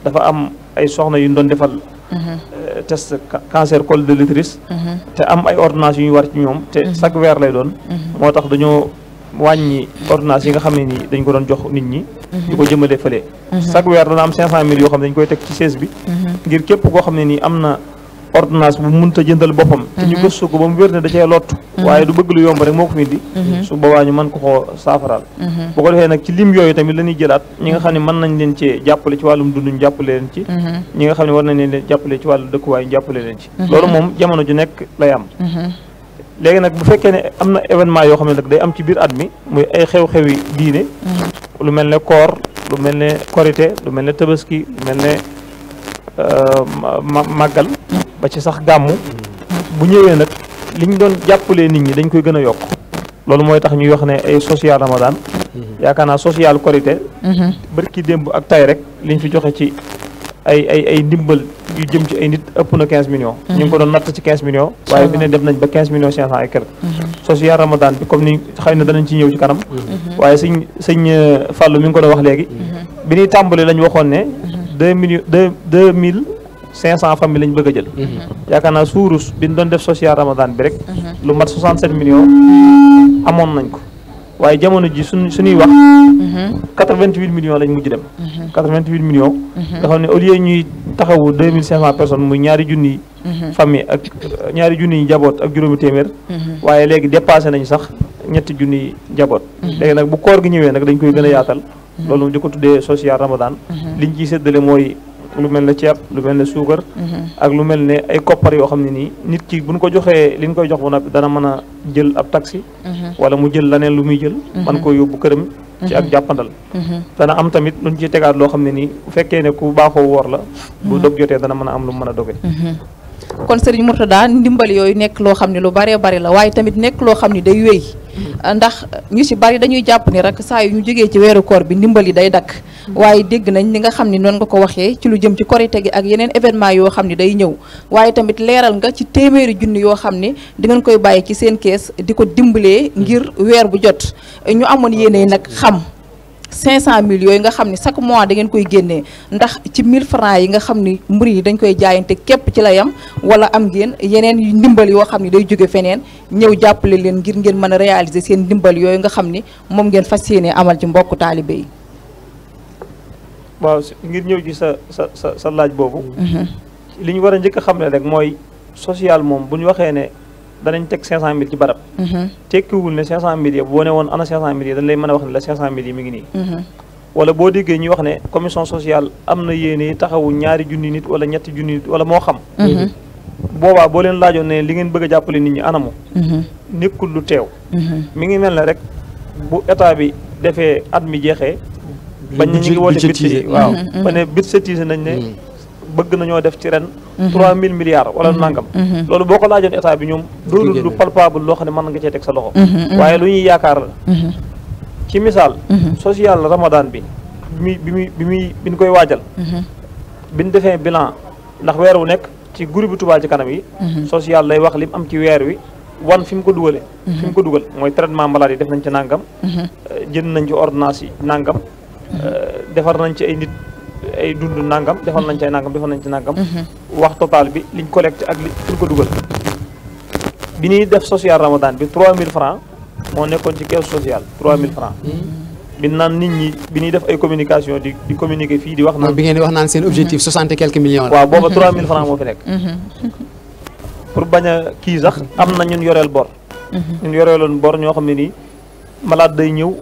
dafa am ay soxna yu ñu doon defal. Mhm. Euh, test cancer col de l'utérus. Mhm. te am ay ordonnances yu ñu war ci ñoom. te mhm. chaque weer lay doon. moo tax dañoo wàññi ordonnances yi nga xam ne nii dañ ko doon jox nit ñi. di ko jëmale fële. chaque weer dana am 500000 yoo xam ne dañ koy teg ci 16 bi. ngir képp koo xam ne nii am na. ordonnance bu mënta jëndal boppam te ñu mhm. gëstu ko ba mu wér ne da cee lott mhm. waaye du bëgg lu yomb rek moo ko fi indi mhm. su boobaa ñu mën ko koo saafaraal bu ko defee nag ci lim yooyu tamit la ñuy jëlaat ñi nga xam ne mën nañ leen ci jàppale ci wàllum dund ñu jàppale leen ci ñi nga xam ne war nañ leen jàppale ci wàllu dëkkuwaay ñu jàppale leen ci loolu moom jamono ju nekk lay am léegi nag bu fekkee ne am na événement yoo xam ne nag day am ci biir at mi muy ay xew-xewi diine lu mel ne lu mel ne korité lu mel ne tabaski lu mel euh, ba ci sax gàmmu bu ñëwee nag liñ doon jàppalee nit ñi dañ koy gën a yokk loolu mooy tax ñuy wax ne ay social ramadan mhm. yaakaar naa social korité mhm. barki démb ak tay rek liñ fi joxe ci ay ay ay ndimbal yu jëm ci ay nit ëpp na quinze millions mhm. ñu ngi ko doon natt ci quinze millions waaye fi ne dem nañ ba quinze millions cinq cent et quelque social ramadan bi comme ni xëy na danañ ci ñëw ci kanam waaye sëñ sëñ euh, Fallou mi ngi ko doon wax léegi bi ñuy tàmbali lañ waxoon ne deux mille cinq cent famille lañ bëgg a jël mhm. yaakaar naa suurus bi ñu doon def social ramadan bi rek mhm. lu mat soixante-sept millions amoon nañ ko waaye jamono ji suñ suñuy wax mhm. quatre-vingt-huit millions lañ mujj dem quatre-vingt-huit millions nga xam ne au ñuy taxawu deux mille cinq cent personnes muy ñaari junni famille ak euh, ñaari junni njaboot ak juróomi téeméer waaye léegi dépassé nañ sax ñetti junni njaboot léegi nag bu koor gi ñëwee nag dañ koy gën a yaatal loolu di ko lu mel ne ceeb lu mel ne suukar mm-hmm. ak lu mel ne ay koppar yoo xam ne nii nit ki buñ ko joxee liñ koy jox bu noppi dana mën a jël ab taxi mm-hmm. wala mu jël leneen lu muy jël man mm-hmm. ko yóbbu këram ci ak jàppandal dana am tamit luñ ci tegaat loo xam ne nii bu fekkee ne ku baaxoo woor la bu dog jotee dana mën a am lu mën a doge kon Serigne Mourtada ndimbal yooyu nekk loo xam ne lu baree bari la waaye tamit nekk loo xam ne day wéy ndax ñu si bari dañuy jàpp ni rek saa yu ñu jógee ci weeru cor bi ndimbal yi day dakk waaye dégg nañ li nga xam ni noonu nga ko waxee ci lu jëm ci korite gi ak yeneen événement yoo xam ni day ñëw waaye tamit leeral nga ci téeméeri junni yoo xam ni di koy bàyyi ci seen kees di ko dimbalee ngir weer bu jot ñu amoon yéene nag xam cent mille yooyu nga xam ni chaque mois da ngeen koy génnee ndax ci 1000 francs yi nga xam ni mbir yi dañ koy jaayante képp ci la yam wala am ngeen yeneen ndimbal yoo xam ni day jóge feneen ñëw jàppale leen ngir ngeen mën a réaliser seen ndimbal yooyu nga xam ni moom ngeen fas yéenee amal ci mbokk taalibe yi. waaw ngir ñëw ci sa sa sa sa laaj boobu. Mm-hmm. li ñu war a njëkk a xam ne rek mooy sociale moom bu ñu waxee ne. danañ teg 500000 ci barab. Mhm. tekkiwul ne 500000 ya boo ne woon ana 500000 ya dañ lay mën wax ne la 500000 yi mi ngi nii. Mhm. wala boo déggee ñuy wax ne commission sociale am na yéene taxawu ñaari junni nit wala ñetti junni nit wala moo xam. Mhm. boobaa boo leen laajoon ne li ngeen bëgg a jàppale nit ñi anamu. nekkul lu teew. mi ngi mel na rek bu état bi defee at mi jeexee. bañ na ñu ngi woote si waaw ba ne budgétiser nañ ne. bëgg nañoo def ci ren. 3000 mhm. milliards wala mhm. nangam. Mhm. loolu boo ko laajoon état bi ñoom. loolu du palpable loo xam ne mën nga cee teg sa loxo. waaye lu ñuy yaakaar la. ci misaal. social Ramadan bi bi muy bi muy bi ñu koy waajal. bi ñu defee bilan ndax weer wu nekk ci groupe bi Touba ci kanam yi. social lay wax lim am ci weer wi. wan fi mu ko dugalee. fi mu ko dugal mooy traitement malade yi def nañ ci nangam. Euh, jënd nañ ci ordonnance yi nangam. Euh, defar nañ ci ay dund nangam defoon nañ ci ay nangam defoon nañ ci nangam. Mm-hmm. wax total bi liñ collecté ak li ñu ko dugal. bi ñuy def social ramadan bi 3000 francs moo nekkoon ci caisse sociale 3000 mm-hmm. francs bi naan nit ñi bi ñuy def ay communication di di communiquer fii di wax. naan bi ngeen di wax naan seen objectif 60 mm-hmm. et quelques millions la. waaw booba 3000 francs moo fi nekk. pour bañ a kii sax am na ñun yoreel bor. ñun yoreeloon bor ñoo xam ne nii malade day ñëw.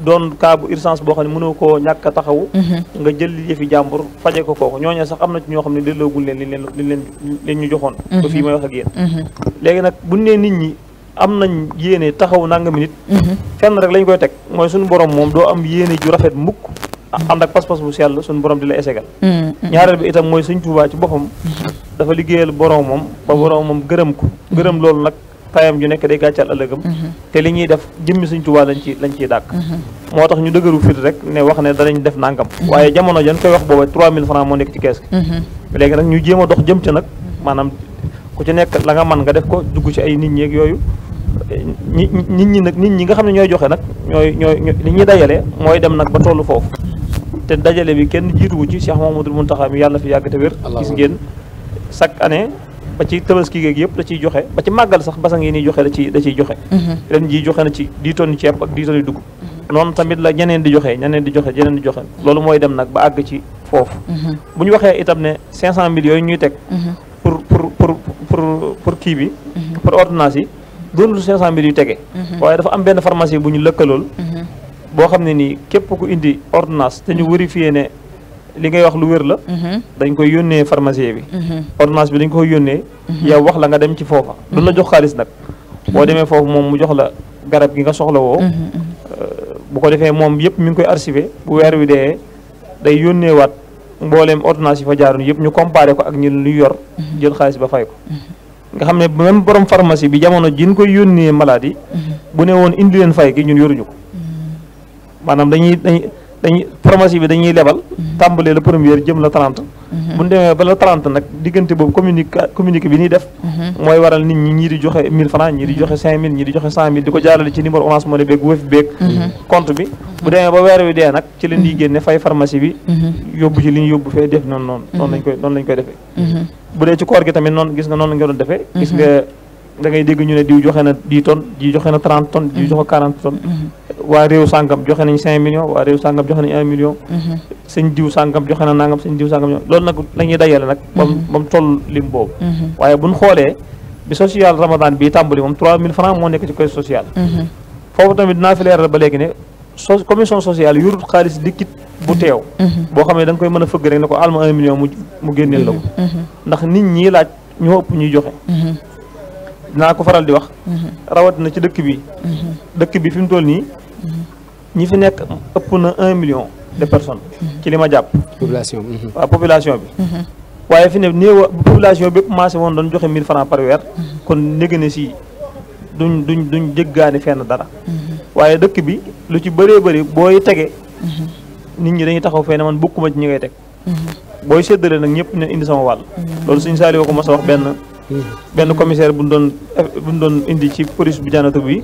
doon cas bu urgence boo xam ne mënoo koo ñàkk a taxawu mhm. nga jël yëfi jàmbur faje ko kooku ñooñu sax am na ci ñoo xam ne dellooguñ leen liñ leen liñ leen liñ ñu joxoon mhm. ba fii may wax ak yéen mhm. léegi nag buñ nee nit koy teg mooy suñu borom moom doo am yéene ju rafet mukk ànd ak pas-pas bu sell suñu borom di la esegal ñaareel bi itam mooy suñ Tuubaa ci boppam dafa liggéeyal borom moom ba borom moom gërëm ko gërëm loolu nag tayam ju nekk mhm. ñuy def jëmmi suñ tubaa lañ ci lañ ciy dàkk mhm. moo tax ñu dëgëru fit rek ne wax ne danañ def nangam mhm. waaye jamono jan koy wax booba trois mille francs moo nekk ci kees gi léegi nag ñu jéem a dox jëm ci nag maanaam ku ci nekk la nga mën nga def ko dugg ci ay nit ñeeg yooyu ñi nit ñi nag nit ñi nga xam ne ñooy joxe nag ñooy ñooy li ñuy dajale mooy dem nag ba tollu foofu te dajale bi kenn jiituwu ci Cheikh Mamadou Mountakha mi yàlla na fi yàgg te wér gis ngeen chaque année ba ci tabaski geeg yëpp da ciy joxe ba ci màggal sax basang yi ni joxe da ciy joxe mhm. ren ji joxe na ci dix tonnes ceeb mhm. noonu tamit la ñeneen di joxe ñeneen di joxe ñeneen di joxe loolu mooy dem nag ba àgg ci foofu mhm. bu ñu waxee itam ne cinq cent mille yooyu ñuy teg pour pour pour pour pour kii bi pour ordonnance yi doonul cinq cent mille yu tegee waaye dafa am benn pharmacie bu ñu lëkkalool boo xam ne nii képp ku indi ordonnance te ñu vérifié ne li ngay wax lu wér la mhm. dañ koy yónnee pharmacien bi mhm. ordonnance bi dañ koy yónnee mhm. yow wax la nga dem ci foofa du la jox xaalis nag boo demee foofu moom mu jox la garab gi nga soxla woo euh, bu ko defee moom yëpp mi ngi koy archivé bu weer wi dee day yónnee waat mbooleem ordonnance yi fa jaaroon yëpp ñu comparé ko ak ñu lu yor jël xaalis ba fay ko nga xam ne même borom pharmacie bi jamono jin koy yónnee maladie bu ne woon indi leen fay gi ñun yoruñu ko maanaam dañuy promesse bi dañuy lebal. Mm-hmm. tàmbalee la première jëm la 30. bu ñu demee ba la 30 nag diggante boobu communique communiqué bi ñuy def. Mm-hmm. mooy waral nit ñi ñii di joxe 1000F mm-hmm. ñii di joxe 5000 ñii di joxe 100000 di ko jaarale ci numéro Orange Money beeg Wave beeg. compte bi bu demee ba weer wi dee nag ci leen di génne fay pharmacie bi. yóbbu ci li yóbbu fee def noonu noonu. lañ koy noonu bu dee ci koor gi tamit noonu gis nga. da ngay dégg ñu ne diw joxe na 10 tonnes di joxe na 30 tonnes di joxe 40 tonnes. Mm-hmm. waa réew sàngam joxe nañ 5 millions waa réew sàngam joxe nañ 1 million. Mm-hmm. sëñ diw sàngam joxe na nangam sëñ diw sàngam loolu nag la ñuy nag. ba mu mm-hmm. toll lim boobu. waaye bu ñu xoolee bi social Ramadan bi tàmbali moom 3000 francs moo nekk ci côté social. foofu tamit dinaa fi ba léegi ne so commission sociale yorut xaalis liquide bu teew. boo xam ne da a ko alma 1 million mu la ko. ndax nit naa ko faral di wax. Mhm. rawat na ci dëkk bi. Mhm. dëkk bi fi mu toll nii. ñi fi nekk ëpp na un million de personnes. Mhm. ci li ma jàpp. population bi. bi. waaye fi ne néew population bépp maase woon doon joxe 1000 francs par weer. kon léegi ne si duñ duñ duñ jéggaani fenn dara. waaye dëkk bi lu ci bëree bëri booy tege. nit ñi dañuy taxaw fee ne man bokkuma ci ñi ngay teg. booy séddale nag ñëpp ne indi sama wàll. loolu suñu saali ko mos a wax benn. benn commissaire bu ñu doon bu ñu doon indi ci police bu jaanatu bi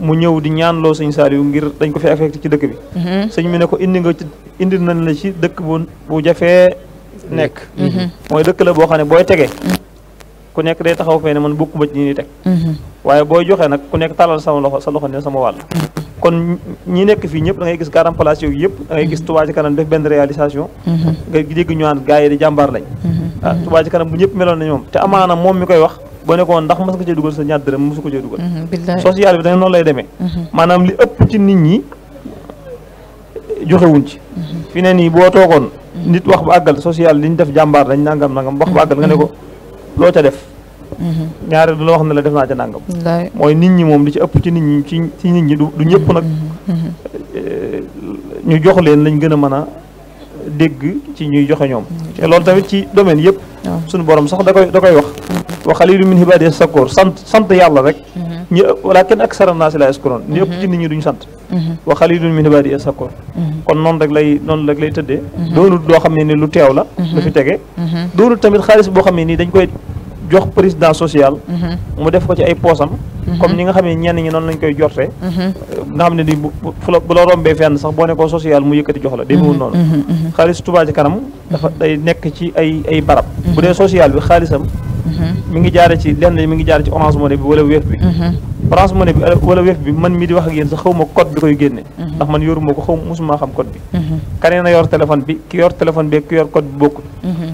mu ñëw di ñaanloo sëñ Saliou ngir dañ ko fi affecté ci dëkk bi mhm. sëñ mi ne ko indi nga ci indi nañ la ci dëkk bu bu jafee nekk mhm. mooy dëkk la boo xam ne booy tege mhm. ku nekk day taxaw fee ne man bokk ma ci ñi ni teg mhm. waaye booy joxe nag ku nekk talal sama loxo sa loxo ne sama wàll kon ñi nekk fii ñëpp da ngay gis garam place yooyu yëpp da ngay gis mhm. Touba Ca Kanam def benn réalisation mhm. nga dégg ñu naan gars yi di jàmbaar lañ ah nañ moom te amaana koy wax boo nekkoon ndax mas sa ñaar dërëm mosu ko cee dugal social bi dañ noonu lay demee maanaam li ëpp ci nit ñi joxewuñ ci fi ne nii boo toogoon nit wax ba àggal social li ñu def jàmbaar lañ nangam nangam wax ba àggal nga ne ko loo ca def. Mm-hmm. ñaare du la wax ne la def naa ca nangam. mooy nit ñi moom li ci ëpp ci nit ñi ci ci nit ñi du ñëpp nag. Mm-hmm. Mm-hmm. Eh, ñu jox leen lañ gën a mën a dégg ci ñuy joxe ñoom. te loolu tamit ci domaine yëpp. Oh. suñu borom sax da koy da koy wax. wa xaliilun min ibaadiya sakoor sant sant yàlla rek. ñu walakin aksara naasi laa yaskuruun ñu ëpp ci nit ñi duñ sant. Mm-hmm. wa xalilun min ibaadiya sakoor mm-hmm. kon noonu rek lay noonu rek lay tëddee mm-hmm. ni lu teew la lu fi tege doonut tamit xaalis boo xam ne nii dañ koy jox président social mu def ko ci ay poosam comme ñi nga xam ne ñenn ñi noonu lañ koy jorte nga xam la rombee fenn sax boo mu yëkkati jox ci ay ay bu dee social bi xaalisam mi ngi jaare ci lenn mi ngi jaare ci Orange Money bi wala Wave bi Orange Money bi euh, wala Wave bi man mii di wax ak yéen sax xaw ma code bi koy génne mhm. ndax man yoruma ko xaw mosuma xam code bi mhm. kanee na yor téléphone bi ki yor téléphone bi ki yor code bi bokkul mhm.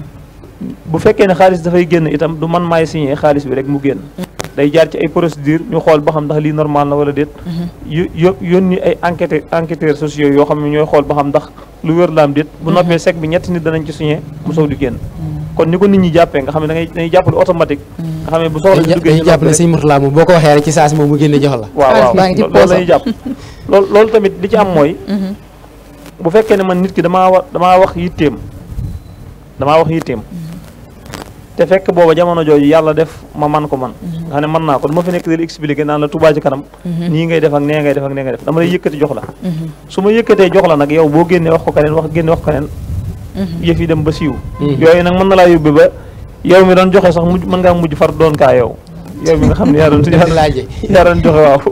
bu fekkee ne xaalis dafay génn itam du man maay signé xaalis bi rek mu génn day jaar ci ay procédure ñu xool ba xam ndax lii normal na wala déet yu yo yónni ay enquêteurs enquêteurs sociaux yoo xam ñooy xool ba xam ndax lu wér laam déet bu noppee sec bi ñetti kon ni ko nit ñi jàppee nga xam ne da jàpp ne automatique mm. nga xam ne bu soxla si duggee dañuy jàpp ne sëñ moom boo ko waxee rek ci saasi moom mu génne jox la waaw waaw loolu lañuy jàpp loolu loolu tamit li ci am mooy mm-hmm. bu fekkee ne man nit ki damaa wa damaa wax yitteem damaa wax yitteem mm-hmm. te fekk booba jamono jooju yàlla def ma man ko man mm-hmm. nga xam ne mën naa ko ma fi nekk di expliqué naan la Touba ci kanam nii ngay def nee ngay def ak nee ngay def dama lay yëkkati jox la su ma yëkkatee jox la nag yow boo génnee wax ko keneen wax génne wax Mm-hmm. yëf yi dem ba siiw mm-hmm. yooyu nag mën na laa yóbbe ba yow mi doon joxe sax mujj mën ngaa mujj far doon kaa yow yow mi nga xam ne yaa doon yaa doon joxe waaw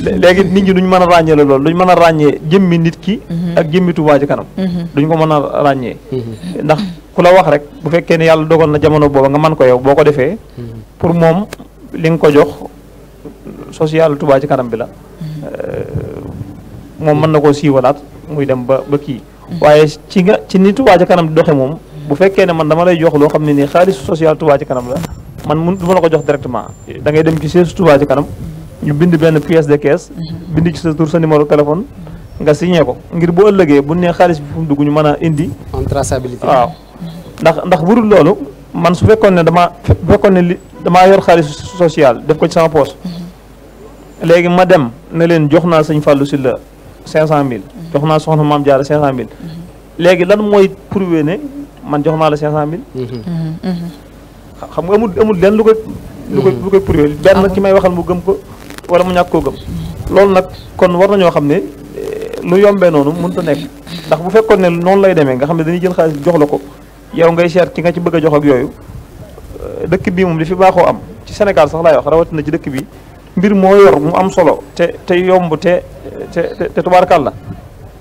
léegi nit ñi duñ mën a ràññee la loolu a ràññee jëmmi nit ki mm-hmm. ak jëmmi Touba Ca Kanam duñ ko mën a ràññee ndax ku la wax rek bu fekkee ne yàlla dogal na jamono booba nga man ko yow boo ko defee pour moom li ko jox social Touba Ca Kanam bi la euh, moom mën na koo siiwalaat muy dem ba ba waaye ci nga ci ni Touba Ca Kanam di doxe moom bu fekkee ne man dama lay jox loo xam ne nii xaalis social Touba Ca Kanam la man mun du ma la ko jox directement dangay dem ci siège Touba Ca Kanam ñu bind benn pièce de caisse mhm. bind ci sa tur sa numéro téléphone nga signé ko ngir bu ëllëgee bu nee xaalis bi fu mu dugg ñu mën a indi en traçabilité waaw ndax ndax bu loolu man su fekkoon ne damaa bu fekkoon ne li damaa yor xaalis social def ko ci sama poche mhm. léegi ma dem ne leen jox naa sëñ Fallou Sylla cinq cent mille jox naa soxna maam jaara cinq cent mille léegi lan mooy prouvé ne man jox naa la cinq cent mille xam nga amul amul lenn lu koy lu koy lu benn ki may waxal mu gëm ko wala mu ñàkk koo loolu nag kon war nañoo xam ne eh, lu yombee noonu mënut a nekk ndax bu fekkoon ne noonu lay demee nga xam ne dañuy jël xaalis jox la ko yow ngay seet ki nga ci bëgg a jox ak yooyu eh, dëkk bii moom li fi baaxoo am ci Sénégal sax laay wax rawatina ci dëkk bi mbir moo yor mu am solo te te yomb te te te la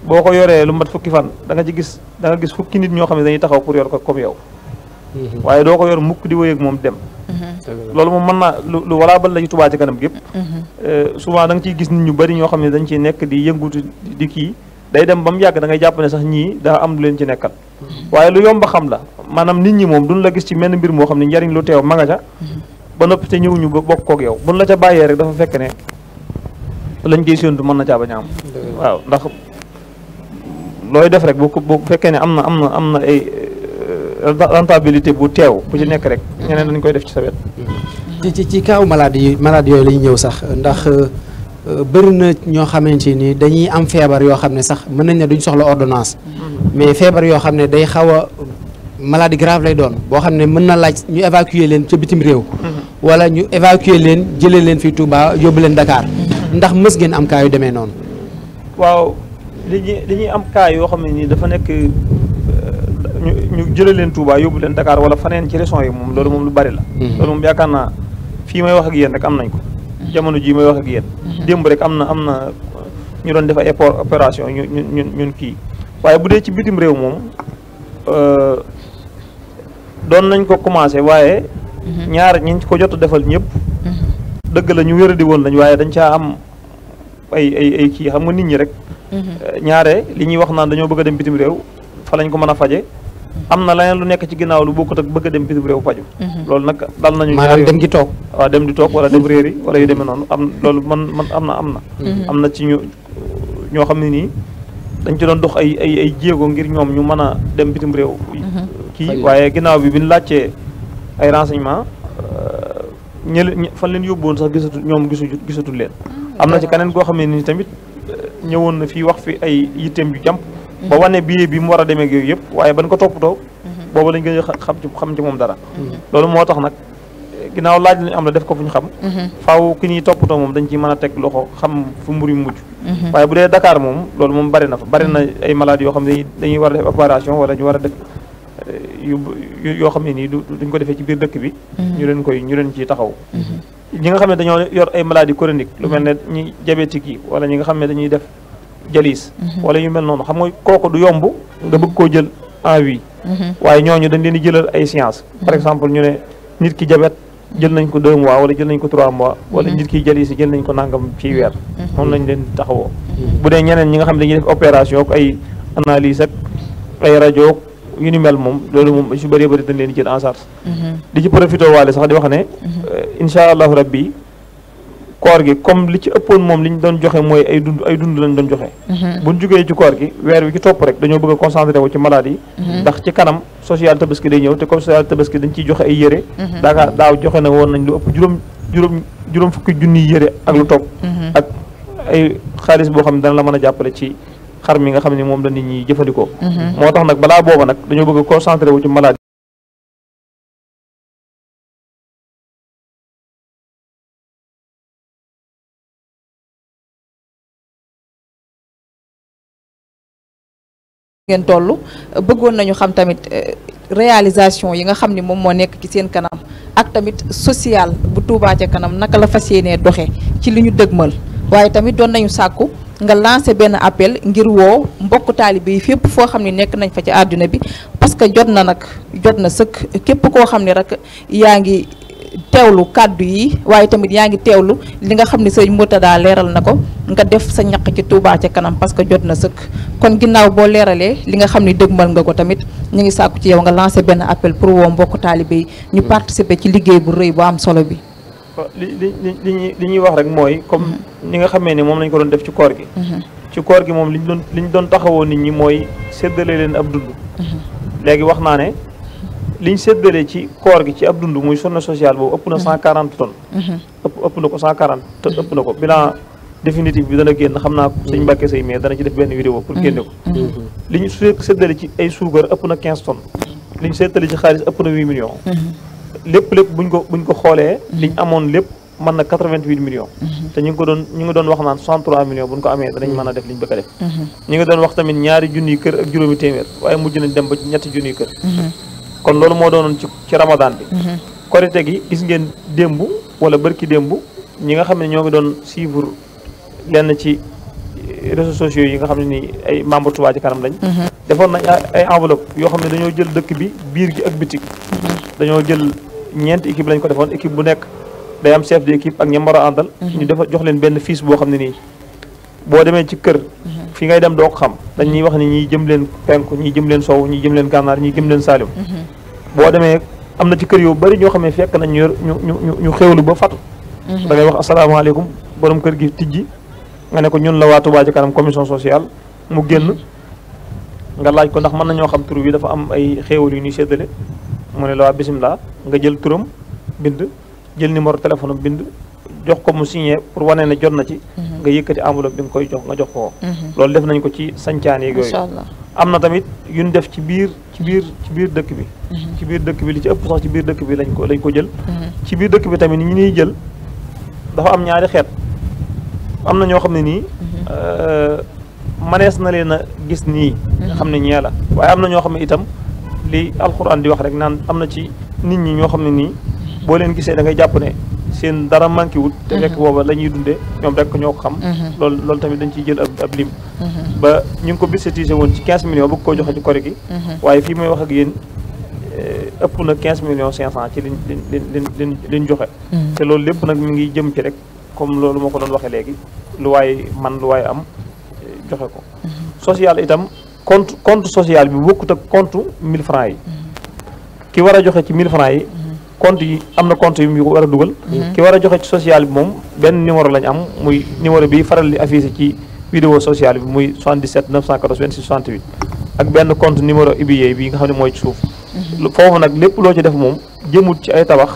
boo ko yoree lu mat fukki fan da nga ci gis da gis fukki nit ñoo xam ne dañuy taxaw pour yor ko comme mm-hmm. waaye doo ko yor mukk di wéyeeg moom dem. Mm-hmm. loolu moom mën naa lu lu walaa la ci tubaa ci kanam gépp mm-hmm. euh, souvent da nga ciy gis nit ñu bari ñoo xam ne dañ ciy nekk di yëngutu di kii day dem ba mu yàgg da ngay jàpp sax ñii daa am lu leen ci nekkal. waaye lu yomb a xam la maanaam nit ñi moom duñ la gis ci menn mbir moo xam ne njariñ lu teew ma ba noppi te ñëwuñu ba bokk koog yow buñ la ca bàyyee rek dafa fekk ne lañ koy séentu mën na caa bañ a am waaw ndax looy def rek bu bu fekkee ne am na am na am na ay euh, rentabilité bu teew bu ci nekk rek ñeneen dañ koy def ci sa wet ci ci kaaw malade yi malade yooyu ñëw sax ndax euh, euh, bëri na ñoo xamante ni dañuy am feebar yoo xam ne sax mën nañ ne duñ soxla ordonnance mm-hmm. mais feebar yoo xam ne day xaw a maladie grave lay doon boo xam ne mën na laaj ñu évacuer leen ca bitim réew wala ñu évacuer leen jëlee leen fii Touba yóbbu leen Dakar ndax mës ngeen am cas yu demee noonu waaw dañuy dañuy am cas yoo xam ne nii dafa nekk euh, ñu ñu jëlee leen tuubaa yóbbu leen dakaar wala faneen ci régions yi moom loolu moom lu bari la hmm. loolu moom yaakaar naa fii may wax ak yéen rek am nañ ko jamono jii may wax ak hmm. démb rek am na am na ñu doon def ay opération ñu ñun ñun kii waaye bu dee ci bitim réew moom euh, doon nañ ko commencé waaye. Mhm. ñaar ñi ko jot defal ñëpp. Mhm. dëgg la ñu wéradi woon lañ waaye dañ caa am ay ay ay kii xam nga nit ñi rek. Mhm. Eh, ñaare li ñuy wax naan dañoo bëgg a dem bitim réew fa lañ ko mën a faje am na leneen lu nekk ci ginnaaw lu bokkut ak bëgg dem bitim réew faju loolu nag dal nañu. maanaam dem di toog waaw dem di toog wala dem réer yi demee noonu am loolu man man am na am na. na ci ñu ñoo xam ne nii dañ ci doon dox ay ay ay jéego ngir ñoom ñu mën a dem bitim réew kii waaye ginnaaw bi bi ñu laajtee ay renseignement euh, ñële fan leen yóbboon sax gisatu ñoom gisu gisatul leen hmm. am na ci keneen koo xam ne ni tamit euh, ñëwoon na fi wax fi ay yitteem yu jàmp hmm. ba wane billet bi mu war a demee yooyu yëpp waaye ban ko toppatoo hmm. booba lañ gën a xam ci xam ci moom dara loolu moo tax nag ginnaaw laaj lañu am la def ko fu xam faaw ki ñuy toppatoo moom dañ ci mën a teg loxo xam fu mbir yi mujj waaye bu dee Dakar moom loolu moom bari na fa bari na ay malade yoo xam ne dañuy war a def opération ñu war a def Eh, yu yoo xam ni nii du duñ ko defee bi. Mm-hmm. ñu leen koy ñu leen ciy taxaw. Mm-hmm. ñi nga xam ne dañoo yor ay maladies chroniques lu mel ne ñi diabétique yi wala ñi nga xam ne dañuy def jalis mm-hmm. wala yu mel noonu xam nga kooku du yomb nga bëgg koo jël en vie. waaye ñooñu dañ leen di jëlal ay science par exemple ñu ne nit ki diabète jël nañ ko deux mois wala jël nañ ko trois mois wala nit ki jalis yi jël nañ ko nangam ci weer. noonu lañ leen taxawoo. bu dee ñeneen ñi nga xam ne dañuy def opération ak ay yu ni mel moom loolu moom su bëree bëri dañ leen jël en charge di ci profité waale sax di wax ne mhm. incha allahu rabbi koor gi comme li ci ëppoon moom li ñu doon joxe mooy ay dund ay dund lañ doon joxe mhm. buñ jógee ci koor gi weer wi ci topp rek dañoo bëgg a concentré ci malade yi mhm. ndax ci kanam social tabaski day ñëw te comme social tabaski dañ ciy joxe ay yére daaka daa joxe na woon nañ lu ëpp juróom juróom juróom fukki junniy yére ak lu topp ak ay xaalis boo xam ne dana la mën a jàppale ci xar mi nga xam ne moom la nit ñi jëfandikoo. Mhm. moo tax nag balaa booba nag dañoo bëgg a wu ci maladie. ngeen toll bëggoon nañu xam tamit euh, réalisation yi nga xam ni moom moo nekk ci seen kanam ak tamit social bu Touba ca kanam naka la fas yéenee doxe ci li ñu dëgmal waaye tamit doon nañu sàkku. nga lancé benn appel ngir woo mbokk taalibe yi fépp foo xam ne nekk nañ fa ci àdduna bi parce que jot na nag jot na sëkk képp koo xam ne rek yaa ngi teewlu kàddu yi waaye tamit yaa ngi teewlu li nga xam ne sëñ daa leeral na ko nga def sa ñaq ci Touba ca kanam parce que jot na sëkk kon ginnaaw boo leeralee li nga xam ne dëgmal nga ko tamit ñu ngi sàkku ci yow nga lancé benn appel pour woo mbokk taalibe ñu participer ci liggéey bu rëy bu am solo bi li li li li ñuy wax rek mooy comme mm-hmm. ni nga xamee ne moom lañ ko doon def ci koor gi mm-hmm. ci koor gi moom liñ doon liñ doon taxawoo nit ñi mooy séddale leen ab dund mm-hmm. léegi wax naa ne li ñu séddale ci koor gi ci ab dund muy sonne sociale boobu ëpp na cent quarante ton ëpp na ko cent quarante ëpp na ko bilan définitif bi dana génn xam naa sëñ Mbàkke say mais dana ci def benn vidéo pour génne ko li ñu séddale ci ay suukar ëpp na quinze tonnes li ñu séddale ci xaalis ëpp na huit millions lépp lépp buñ ko buñ ko xoolee mhm. liñ amoon lépp man na 88 millions mhm. te ñu ngi ko doon ñu ngi doon wax naan 63 millions buñ ko amee danañ mën a def liñ bëgg a def mhm. ñu ngi doon wax tamit ñaari junniy kër ak juróomi téeméer waaye mujj nañ dem ba ñetti junniy kër kon loolu moo doonoon ci ci ramadan bi korite gi gis ngeen démb wala bërki démb ñi nga xam ne ñoo ngi doon suivre lenn ci réseaux sociaux yi nga xam ne ni ay membre Touba ci kanam lañ defoon nañ ay enveloppe yoo xam ne dañoo jël dëkk bi biir gi ak bitik dañoo jël ñeenti équipe lañ ko defoon équipe bu nekk day am chef d'équipe ak ñam war a àndal. Mhm. ñu defa jox leen benn fiche boo xam ne nii boo demee ci kër. Mhm. fii ngay dem doog ko xam dañuy wax ni ñii jëm leen penku ñii jëm leen sow ñii jëm leen gànnaar ñii jëm leen saalim. Mhm. boo demee am na ci kër yu bari ñoo xam ne fekk nañ ñu ñu ñu xéwlu ba fatu. da ngay wax asalaamaaleykum borom kër gi tijji nga ne ñun la waa Touba Kanam commission sociale mu génn nga laaj ko ndax mën nañoo xam tur bi dafa am ay xéewal yu ñuy séddale mu ne la waa bisimilah nga jël turam bind jël numéro téléphone am bind jox ko mu signé pour wane ne jot na ci. Mhm. nga yëkkati enveloppe bi nga koy jox nga jox ko. Mhm. loolu def nañ ko ci sancaan yeeg yooyu. am na tamit yu def ci biir ci biir ci biir dëkk bi. Mhm. ci biir dëkk bi li ci ëpp ci biir dëkk bi lañ ko lañ ko jël. ci biir dëkk bi tamit ñi ñuy jël dafa am ñaari xeet na ñoo xam ne nii. Euh, manees na leen a gis nii. xam ne ñee la waaye am na ñoo xam ne itam. li alxuraan di wax rek naan am na ci nit ñi ñoo xam ne nii boo leen gisee da ngay jàpp ne seen dara manqué wut te fekk mhm. booba la ñuy dunde ñoom rek ñoo ko xam mhm. loolu loolu tamit dañ ciy jël ab ab mhm. ba ñu ngi ko budgétisé woon ci quinze millions bëgg koo joxe ci kori gi waaye fii may wax ak yéen eh, ëpp na quinze millions ci liñ liñ liñ joxe te loolu lépp nag mi ngi jëm ci rek comme loolu ma ko doon waxee léegi lu waaye man lu waaye am eh, joxe ko social itam compte compte social bi bokkut ak compte 1000 francs yi. ki war a joxe ci 1000 francs yi. compte yi am na compte yu mu war a dugal. ki war a joxe ci social bi moom benn numéro lañ am muy numéro bi faral di affiché ci vidéo sociale bi muy 77 914 26 68 ak benn compte numéro UBA bi nga xam ne mooy ci suuf. foofu nag lépp loo ci def moom jëmut ci ay tabax.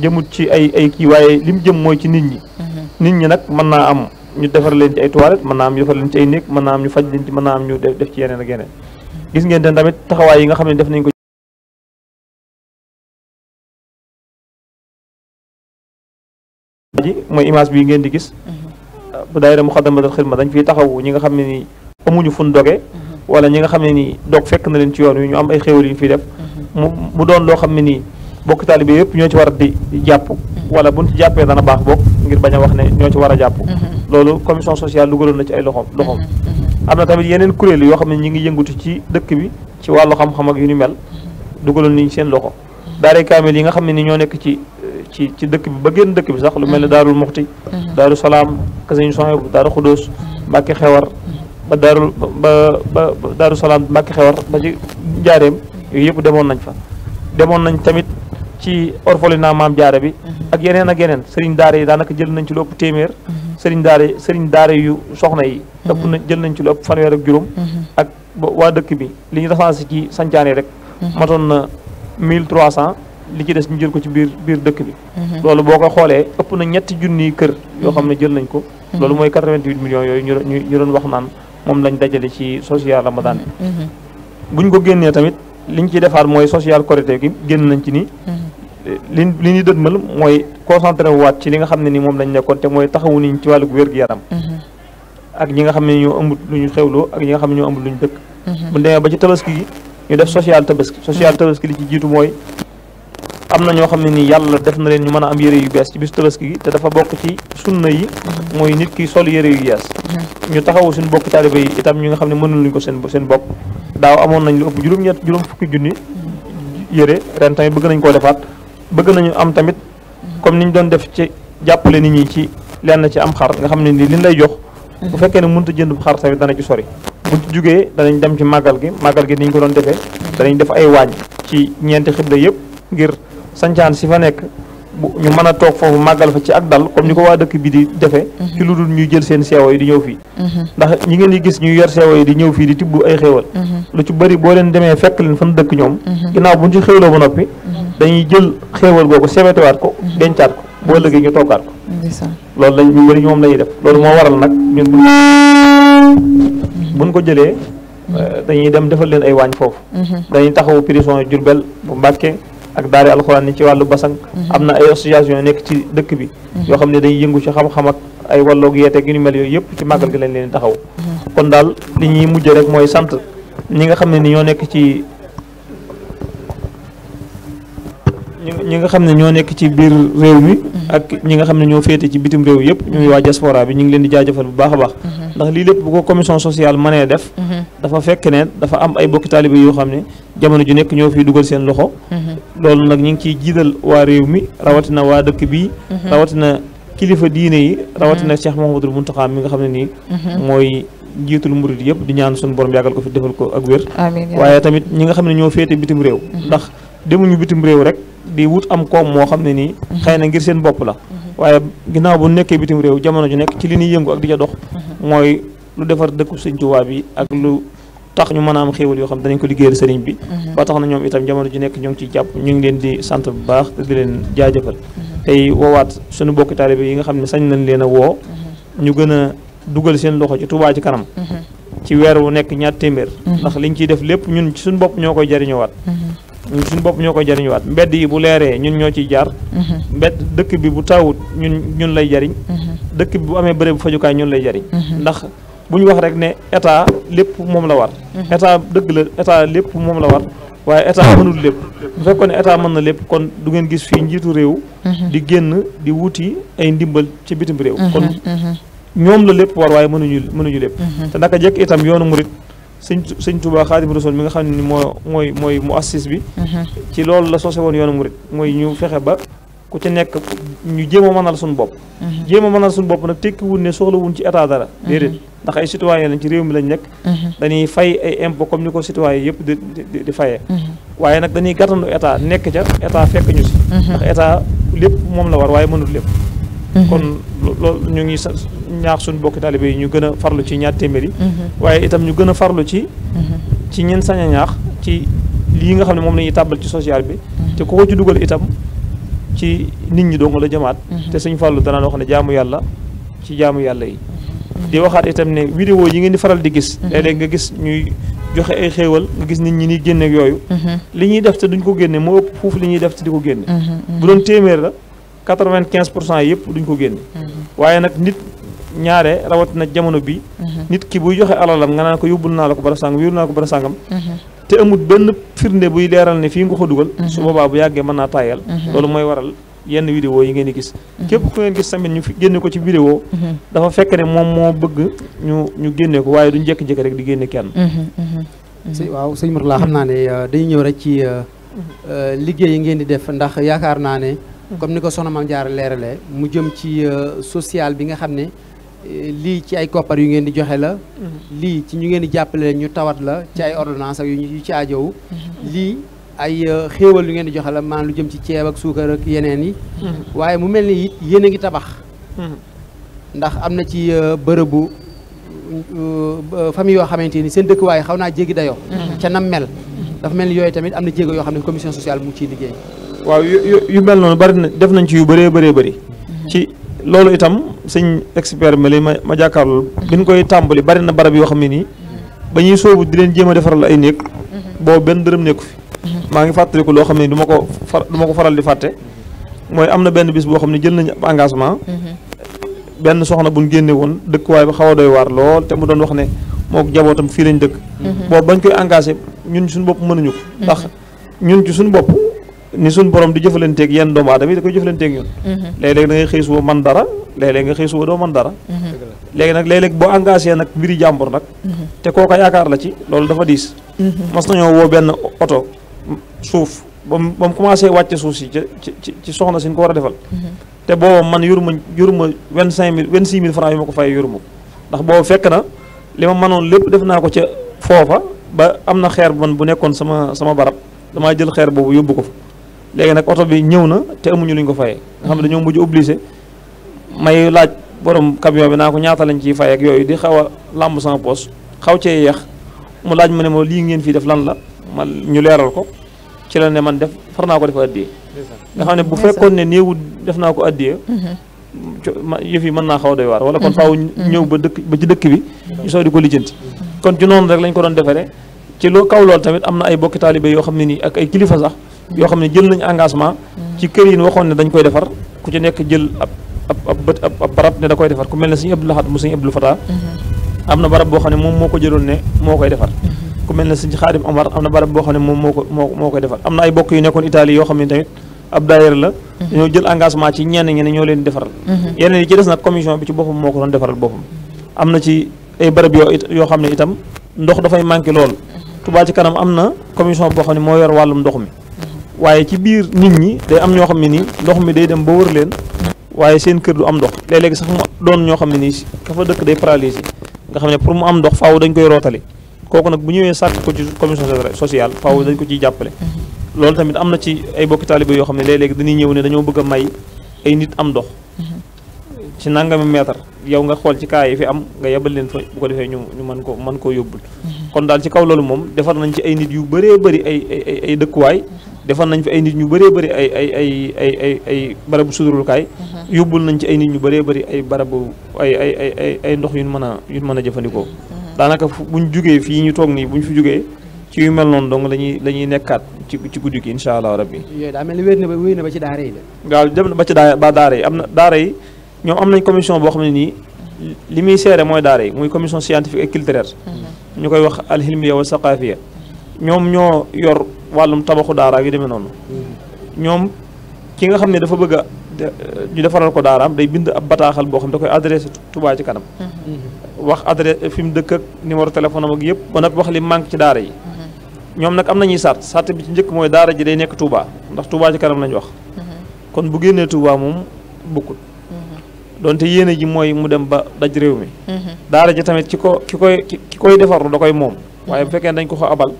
jëmut ci ay ay kii waaye lim jëm mooy ci nit ñi. nit ñi nag mën naa am. ñu defar leen ci ay toilettes mën naa am ñu ñu faj leen ci mën naa am ñu def gis ngeen ten tamit taxawaay yi xam ne def nañ ko ji mooy image bi ngeen di gis mm-hmm. bu daayira Muxaddamatul Xidma dañ fiy taxawu ñi nga xam ne ni amuñu fun doge mm-hmm. wala ñi nga xam ne ni doog fekk na leen ci yoon wi ñu am ay xéwal yu fi fiy def mm-hmm. mu mu doon loo xam ne nii bokk taalibe yëpp ñoo ci war a di jàpp wala buñ ci jàppee dana baax bokk ngir bañ a wax ne ñoo ci war a jàpp loolu commission sociale dugaloon na ci ay loxoom loxoom mhm, mhm. am na tamit yeneen kuréel yoo xam ne ñi ngi yëngutu ci dëkk bi ci wàllu xam-xam ak yu ni mel mhm. dugaloon nañ seen loxo daare kaamil yi nga xam ne ni ñoo nekk ci ci ci dëkk bi ba génn dëkk bi sax lu mel ne daarul muxti daaru salaam kasañu soxebu daaru xudóos mbàkke xewar ba daarul ba ba daaru salaam mbàkke xewar ba ci njaareem yooyu yëpp demoon nañ fa demoon nañ tamit ci orphelinat maam jaare bi mhm. ak yeneen ak yeneen sëriñ daare yi daanaka jël nañ ci lu ëpp téeméer mhm. sëriñ daara sëriñ daara yu soxna yi mhm. ëpp na jël nañ ci lu ëpp fanweer ak juróom ak dëkk bi li ñu recensé ci sancaane rek matoon na mille trois cent li ci des ñu jël ko ci biir biir dëkk bi loolu boo ko xoolee ëpp na ñetti junniy kër yoo xam ne jël nañ ko loolu mooy 88 millions yooyu ñu ñu doon wax naan moom lañ dajale ci social ramadan bi buñ ko génnee tamit liñ ciy defaat mooy social korité gi génn nañ ci nii li li ñu dëtmal mooy concentré waat ci li nga xam ne ni moom lañ nekkoon te mooy taxawu niñ ci wàllug wér-gu-yaram mm-hmm. ak ñi nga xam ne ñoo ëmb lu ñu xewloo ak ñi nga xam ne ñoo ëmb lu ñu dëkk mm-hmm. bu demee ba mm-hmm. li ci jiitu mooy am na ñoo xam ne nii yàlla def na leen ñu mën a am yére yu bees ci bisu tabaski gi te dafa bokk ci sunna yi mooy nit ki sol yére yu yees ñu taxawu suñu bokk taaliba yi itam ñi nga xam ne mënul luñ ko seen seen bopp daaw amoon nañ lu ëpp juróom-ñett juróom fukki junni yére ren tamit bëgg bëgg nañu am tamit comme ñu doon def ci jàppale nit ñi ci lenn ci am xar nga xam ne ni liñ lay jox bu mhm. fekkee ne mënut a jënd xar tamit dana ci sori bu ci jugee danañ dem ci màggal gi màggal gi niñ ko doon defee danañ def ay waañ ci ñeenti xibla yëpp ngir sancaan si fa nekk bu ñu mën a toog foofu màggal fa ci ak dal comme ni ko waa dëkk bi di defee mhm. ci lu dul ñuy jël seen seewo yi di ñëw fii mhm. ndax ñi ngeen di gis ñuy yor seewo yi di ñëw fii di tibb ay xéewal lu boo leen demee fekk leen fan dëkk ñoom ginnaaw ba noppi dañuy jël xéewal googu sebetewaat ko mhm. dencaat ko boo ëllëgee ñu toggaat ko loolu lañ ñu bëri moom lañuy def loolu moo waral nag ñun mhm. ko jëlee mhm. euh, dañuy dem defal leen ay waañ foofu dañuy taxawu prison Jurbel bu Mbàkke ak daari alxuraan ni ci wàllu basang am na ay association nekk ci dëkk bi yoo xam ne dañuy yëngu ci xam-xam ak ay walloog yeete gi ñu mel yooyu yëpp ci màggal gi lañ leen taxaw kon daal li ñuy mujj rek mooy sant ñi nga xam ne ni ñoo nekk ci ñi nga xam ne ñoo nekk ci biir réew mi ak ñi nga xam ne ñoo féete ci bitim réew yëpp ñuy waa diaspora bi ñu ngi leen di jaajëfal bu baax a baax mhm. ndax lii lépp bu ko commission sociale mënee def mhm. dafa fekk ne dafa am ay bokki taalibe yoo xam ne jamono ju nekk ñoo fiy dugal seen loxo mhm. loolu nag ñu ngi ciy jiital waa réew mi rawatina waa dëkk bii rawatina kilifa nga xam ne nii mooy jiitul murid yëpp di ñaan suñu borom yàggal ko fi defal ko ak wér waaye tamit ñi nga xam ne ñoo féete bitim réew ndax demuñu bitim di wut am koom moo xam ne nii xëy na ngir seen bopp la waaye ginnaaw bu nekkee bitim réew jamono ju nekk ci li ñuy yëngu ak di ca dox mooy lu defar dëkku sëñ Tuubaa bi ak lu tax ñu mën a am xéewal yoo xam danañ ko liggéeyal sëriñ bi tax na ñoom itam jamono ju nekk ñu ngi ciy jàpp ñu ngi leen di sant bu baax di leen jaajëfal tey woowaat suñu bokki taalibe yi nga xam ne sañ nañ leen a woo ñu gën a dugal seen loxo ci Tuubaa ci kanam ci weer wu nekk ñaar téeméer ndax liñ ciy def lépp ñun suñ suñu bopp ñoo koy jariñoowaat suñu bopp ñoo koy jariñuwaat mbedd yi bu leeree ñun ñoo ciy jaar mhm. mbedd dëkk bi bu tawut ñun ñun lay jariñ mhm. dëkk bi bu amee bërëb bu fajukaay ñun lay jariñ mhm. ndax bu ñu wax rek ne état lépp moom la war état dëgg la état lépp la war waaye état mënul lépp bu fekkoon ne état mën na lépp kon du ngeen gis fii njiitu réew di génn di wuti ay ndimbal ci bitim réew kon ñoom la lépp war waaye mënuñu mënuñu lépp te naka jekk itam yoonu murit sëñ sëñ Touba Xaadimu Rasuul mi nga xam ne moo mooy mooy mu assis bi mm-hmm. ci loolu la sose woon yoonu murit mooy ñu fexe ba ku ci nekk ñu jéem a mënal suñu bopp mm-hmm. jéem a mënal suñu bopp nag tekki wun ne soxla wun ci état dara mm-hmm. déedéet ndax ay citoyen lañ ci réew mi lañ nekk dañuy fay ay impôt comme ni ko citoyen yëpp di di fayee waaye nag dañuy gàttandu état nekk ca état fekk ñu si ndax état lépp moom la war waaye mënul lépp kon loolu ñu ngi ñaax suñu bokki taalibe yi ñu gën a farlu ci ñaar téeméer yi waaye itam ñu gën a farlu ci ci ñen sañ a ñaax ci lii nga xam ne moom la ñuy tàbbal ci social bi te ku ko ci dugal itam ci nit ñi dong la jëmaat te suñu fàllu danaan wax ne jaamu yàlla ci jaamu yàlla yi di waxaat itam ne vidéo yi ngeen di faral di gis léeg-léeg nga gis ñuy joxe ay xéewal nga gis nit ñi ni génne ak yooyu li ñuy def te duñ ko génne moo ëpp foofu li ñuy def te di ko génne bu doon la quatre-vingt-quinze pour cent yëpp duñ ko ñaare na jamono bi mhm. nit ki buy joxe alalam nga naan ko yóbbul naa la ko bara sàngam yóbbul naa ko bara sàngam mhm. te amul benn firnde buy leeral ne fii nga ko dugal mhm. su bu yàggee mën naa tàyyal loolu mooy waral yenn vidéo yi ngeen di gis képp ku ngeen gis tamit ñu génne ko ci vidéo dafa fekk ne moom moo bëgg ñu ñu génne ko waaye duñ jékki-jékki rek di génne kenn waaw sëñ Mourtalla xam naa ne euh, dañu ñëw rek ci euh, euh, liggéey yi ngeen di def ndax yaakaar naa ne comme ni ko soxna Maam Jaara leeralee mu jëm ci social bi nga xam ne lii ci ay koppar yu ngeen di joxe la mm-hmm. lii ci ñu ngeen di jàppale ñu tawat la ci ay ordonnance ak yu ci aajowu mm-hmm. lii ay euh, xéewal lu ngeen di joxe la maanaam lu jëm ci ceeb ak suukar ak yeneen yi mm-hmm. waaye mu mel ni it yéen a ngi tabax ndax am na ci euh, bërëbu euh, famille yoo xamante ni seen dëkkuwaay xaw naa jéggi dayoo ca nam mel dafa mel ni yooyu tamit am na jéego yoo xam ne commission sociale mu ciy liggéey waaw yu mel noonu bari na def nañ ci yu bëree bëree bëri loolu itam sëñ expert meli ma ma jàkkaarloo bi ñu koy tàmbali bari na barab yoo xam ne nii ba ñuy soobu di leen jéem a defaral ay néeg mhm. boo benn dërëm nekku fi mhm. maa ngi fàttaliku loo xam ne du ko far du ma ko faral di fàtte mooy am na benn bis boo xam ne jël nañu ab engagement mhm. benn soxna buñ génne woon dëkkuwaay bi xaw a doy waar lool te mu doon wax ne mook jabootam fii lañ dëkk boo bañ koy engage ñun suñu bopp mënuñu ko ndax ñun ci suñu bopp ni suñ borom di jëfalanteeg yenn doomu aadama yi da koy jëfalanteeg ñun mhm. léeg-léeg da ngay xëy suba man dara léeg-léeg nga xëy suba doo man dara mhm. léegi nag léeg-léeg boo engagé nag mbiri jàmbur nag mhm. te kooka yaakaar la ci loolu dafa diis mas nañoo woo benn oto suuf ba mu ba commencé wàcce suuf si ci ci ci soxna si ñu ko war a defal te booba man yoruma yoruma vingt cinq mille vingt six mille francs yu ma ko fay yoruma ndax booba fekk na li ma manoon lépp def naa ko ca foofa ba am na xeer bu bu nekkoon sama sama barab damaa jël xeer boobu yóbbu ko fa léegi nag oto bi ñëw na te amuñu lu ko fayee nga xam ne dañoo mujj obligé may laaj borom camion bi naa ko ñaata lañ ciy fay ak yooyu di xaw a làmb sama poos xaw cee yeex mu laaj ma ne moo lii ngeen fii def lan la ma ñu leeral ko ci la ne man def far naa ko def addiye nga bu fekkoon ne néewu def naa ko addiye mhm. yëf yi mën naa xaw a doy waar wala mhm. Mhm. ñëw ba dëkk ba dëkk bi ñu soo di ko lijjanti kon ci noonu rek lañ ko doon defere ci loo kaw lool tamit am na ay bokki taalibe yoo xam ne nii ak ay kilifa sax yoo xam ne jël nañ engagement ci kër yi waxoon ne dañ koy defar ku ci nekk jël ab ab ab bët ab barab ne da koy defar ku mel ne sëñ Abdou Lahad mu sëñ Abdou Fata mhm. am na barab boo xam ne moom moo ko jëloon ne moo koy defar mhm. ku mel ne sëñ Xaadim Omar am na barab boo xam ne moom moo ko moo moo koy defar am na ay bokk yu nekkoon Italie yoo xam ne tamit ab daayir la mhm. dañoo jël engagement ci ñeen ñi ne ñoo leen defaral yeneen yi ci des nag commission bi ci boppam moo ko doon defaral boppam am na ci ay barab yoo yoo xam ne itam ndox dafay manqué lool Touba ci kanam am na commission boo xam ne moo yor wàllum ndox mi waaye ci biir nit ñi day am ñoo xam ne nii ndox mi day dem ba wër leen waaye seen kër du am ndox léeg-léeg sax mu doon ñoo xam ne nii ka dëkk day paralysé nga xam ne pour mu am ndox faaw dañ koy rootale kooku nag bu ñëwee sàkk ko ci commission sociale faaw dañ ko ciy jàppale mm-hmm. loolu tamit am na ci ay bokki taalibe yoo xam ne léeg-léeg dañuy ñëw ne dañoo bëgg a may ay nit am ndox mm-hmm. ci nangami meetar yow nga xool ci kaa yi fi am nga yebal leen fa bu ko defee ñu ñu mën ko mën koo yóbbul mhm. kon daal ci kaw loolu moom defar nañ ci ay nit yu bëree bëri ay ay dëkkuwaay defar nañ fi ay nit ñu bëree bëri ay ay ay ay ay ay barabu sudurlukaay mhm. yóbbul nañ ci ay nit ñu bëree bëri ay barabu ay ay ay ay ay ndox yun mën a yun mën a jëfandikoo mhm. daanaka bu ñu jógee fii ñu toog nii buñ fi jugee ci yu mel noonu donc lañuy la nekkaat ci ci guddi gi incha allah rabbi yooyu daa mel ni wéy na ba wéy na ba ci ci daa ba daara yi am na daara yi ñoom am nañ commission boo xam ne nii li muy seere mooy daara yi muy commission scientifique et culturelle mm-hmm. ñu koy wax alhilmiya wa saqaafiya ñoom ñoo yor wàllum tabaxu daara yu demee noonu mm-hmm. ñoom ki nga xam ne dafa bëgg a euh, ñu defaral ko am day bind ab bataaxal boo xam da koy adressé Touba ci kanam mm-hmm. wax adresse fi mu dëkk ak numéro téléphone am ak yëpp ba nag wax li manque ci daara yi ñoom nag am nañuy sart sart bi ci njëkk mooy daara ji day nekk Touba ndax Touba ci kanam lañ wax kon bu génnee Touba moom bokkut donte yéene ji mooy mu dem ba daj réew mi. Mm-hmm. daara ja tamit ci ko ki koy ki koy defarlu da koy moom. Mm-hmm. waaye bu fekkee dañ ko ko abal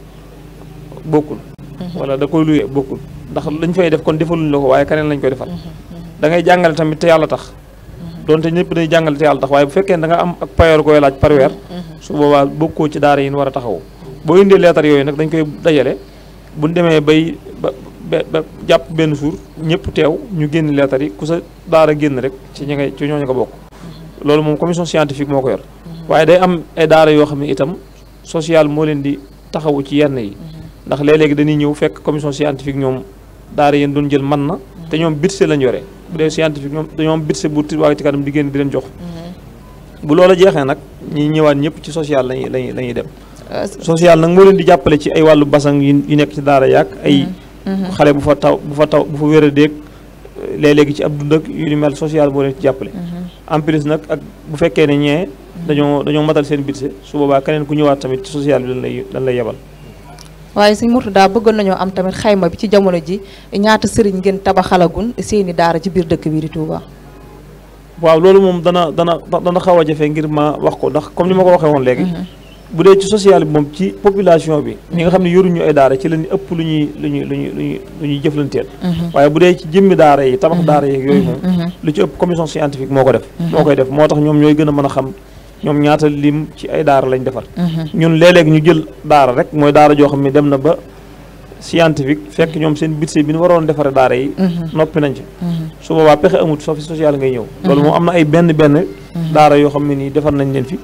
bokkul. Mm-hmm. wala da koy luyee bokkul ndax lañ fay def kon defaluñ la ko waaye keneen lañ koy defal. da ngay jàngale tamit te yàlla tax. donte ñëpp dañuy jàngale te yàlla tax waaye bu fekkee da nga am ak payoor koy laaj par su boobaa bokkoo ci daara yi ñu war a taxawu. boo indee leetar yooyu nag dañ koy dajale bu ñu demee ba jàpp benn suur ñëpp teew ñu génn leetar yi ku sa daara génn rek ci ñi nga ci ñooñu ko bokk loolu moom commission scientifique moo ko yor waaye day am ay daara yoo xam ne itam social moo leen di taxawu ci yenn yi ndax léeg-léegi dañuy ñëw fekk commission scientifique ñoom daara yéen doon jël man na te ñoom budget lañ yore bu dee scientifique ñoom dañoo am budget bu ti waa ci kanam di génn di leen jox ci social lañuy lañuy la ñuy dem euh, social nag moo leen di jàppale ci ay wàllu basang yu nekk ci daara yàq ay mm-hmm. Mm-hmm. xale bu fa taw bu fa taw bu fa wéradéeg léeg-léegi ci ab dëkk ak yu ni mel social boo leen ci jàppale mm-hmm. en plus nag ak bu fekkee ne ñee mm-hmm. dañoo dañoo matal seen budget su boobaa keneen ku ñëwaat tamit ci social bi dañ lay dañ lay yebal waaye sëñ daa bëggoon nañoo am tamit xayma bi ci jamono ji ñaata sëriñ ngeen tabaxalagun seeni daara ci biir dëkk bi di Touba. waaw loolu moom dana dana dana xaw a jafe ngir ma wax ko ndax comme ni ma ko waxee woon léegi bu dee ci social bi moom ci population bi ñi nga xam ne yoruñu ay daara ci lañ ëpp lu ñuy lu ñuy lu ñuy luñu lu ñuy jëflanteel mhm. waaye bu dee ci jëmmi daara yi tabax mhm. daara yi yooyu mhm. moom lu ci ëpp commission scientifique moo ko def moo koy def moo tax ñoom ñooy gën a mën a xam ñoom ñaata lim ci ay daara lañ defar ñun léeg ñu jël daara rek mooy daara joo xam ne dem na ba scientifique fekk ñoom seen budget bi ñu waroon defaree daara yi. Mhm. noppi nañ ci. Mhm. su boobaa pexe amut soo fi social ngay ñëw. Mhm. loolu moom am na ay benn benn. daara yoo xam ne nii defar nañ leen fi.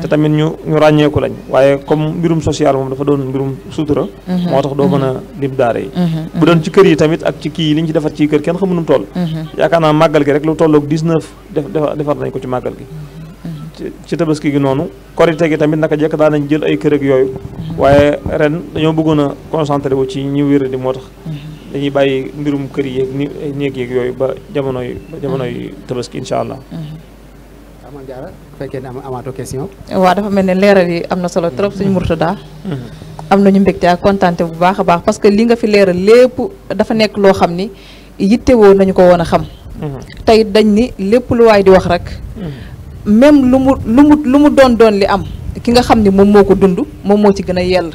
te tamit ñu ñu ràññeeku lañ waaye comme mbirum social moom dafa doon mbirum suutura. moo tax doo mën a lim daara yi. bu doon ci kër yi tamit ak ci kii yi li ñu ci defar ci kër kenn xamu toll. yaakaar naa màggal gi rek lu tolloog 19 def defar nañ ko ci màggal gi. ci tabaski gi noonu korite gi tamit naka jekk daan nañ jël ay kër ak yooyu mhm. waaye ren dañoo bëggoon a concentré wu ci ñi wér moo tax mhm. dañuy bàyyi mbirum kër yi ni néeg yeeg yooyu ba jamonoy ba jamonoy mhm. tabaski incha allah aman jaara fekkee ne amaato question waaw dafa mel ne leeral yi am na solo trop suñu murtadaa am nañu mbégte ak kontaante bu baax a baax parce que li nga fi leeral lépp dafa nekk loo xam ni yittewoo nañu ko woon a xam tey dañ ni lépp lu waay di wax rek même lu mu lu mu lu mu doon doon li am ki nga xam ni moom moo ko dund moom moo ci gën a yell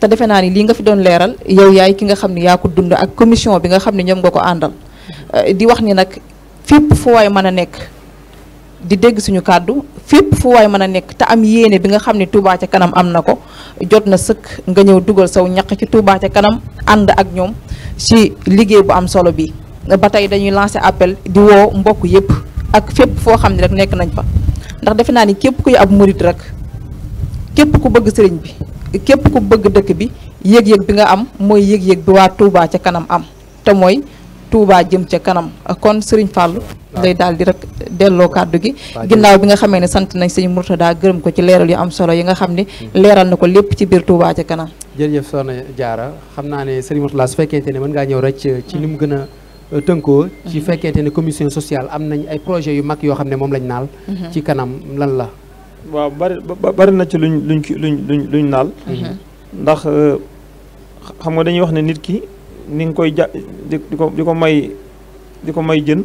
te defe naa ni lii nga fi doon leeral yow yaay ki nga xam ni yaa ko dund ak commission bi nga xam ni ñoom nga ko àndal eh, di wax ni nag fépp fu mën a nekk di dégg suñu kàddu fépp fu mën a nekk te am yéene bi nga xam ni Touba ca kanam am na ko jot na sëkk nga ñëw dugal saw ñaq ci Touba ca kanam ànd ak ñoom ci liggéey bu am solo bi ba tey dañuy lancer appel di woo mbokk yépp ak fépp foo xam ne rek nekk nañ fa ndax defe naa ni képp kuy ab murit rek képp ku bëgg sëriñ bi képp ku bëgg dëkk bi yëg-yëg bi nga am mooy yëg-yëg bi waa Touba ca kanam am te mooy Touba jëm ca kanam kon sëriñ Fallou lay daal di rek delloo kàddu gi ginnaaw bi nga xamee ne sant nañ sëñ Mourtada gërëm ko ci leeral yu am solo yi nga xam ne leeral na ko lépp ci biir tuubaa ca kanam jërëjëf soxna Diarra xam naa ne sëriñ Mourtada su fekkente ne mën ngaa ñëw rek ci li mu gën a Euh, tënkoo ci mhm. fekkente ne commission sociale am nañ ay projet yu mag yoo xam ne moom lañ naal mhm. ci kanam lan la waaw bari bari na ci luñ luñ luñ luñ luñ naal mhm. ndax euh, xam nga dañuy wax ne nit ki ni nga koy ja di ko may di ko may jën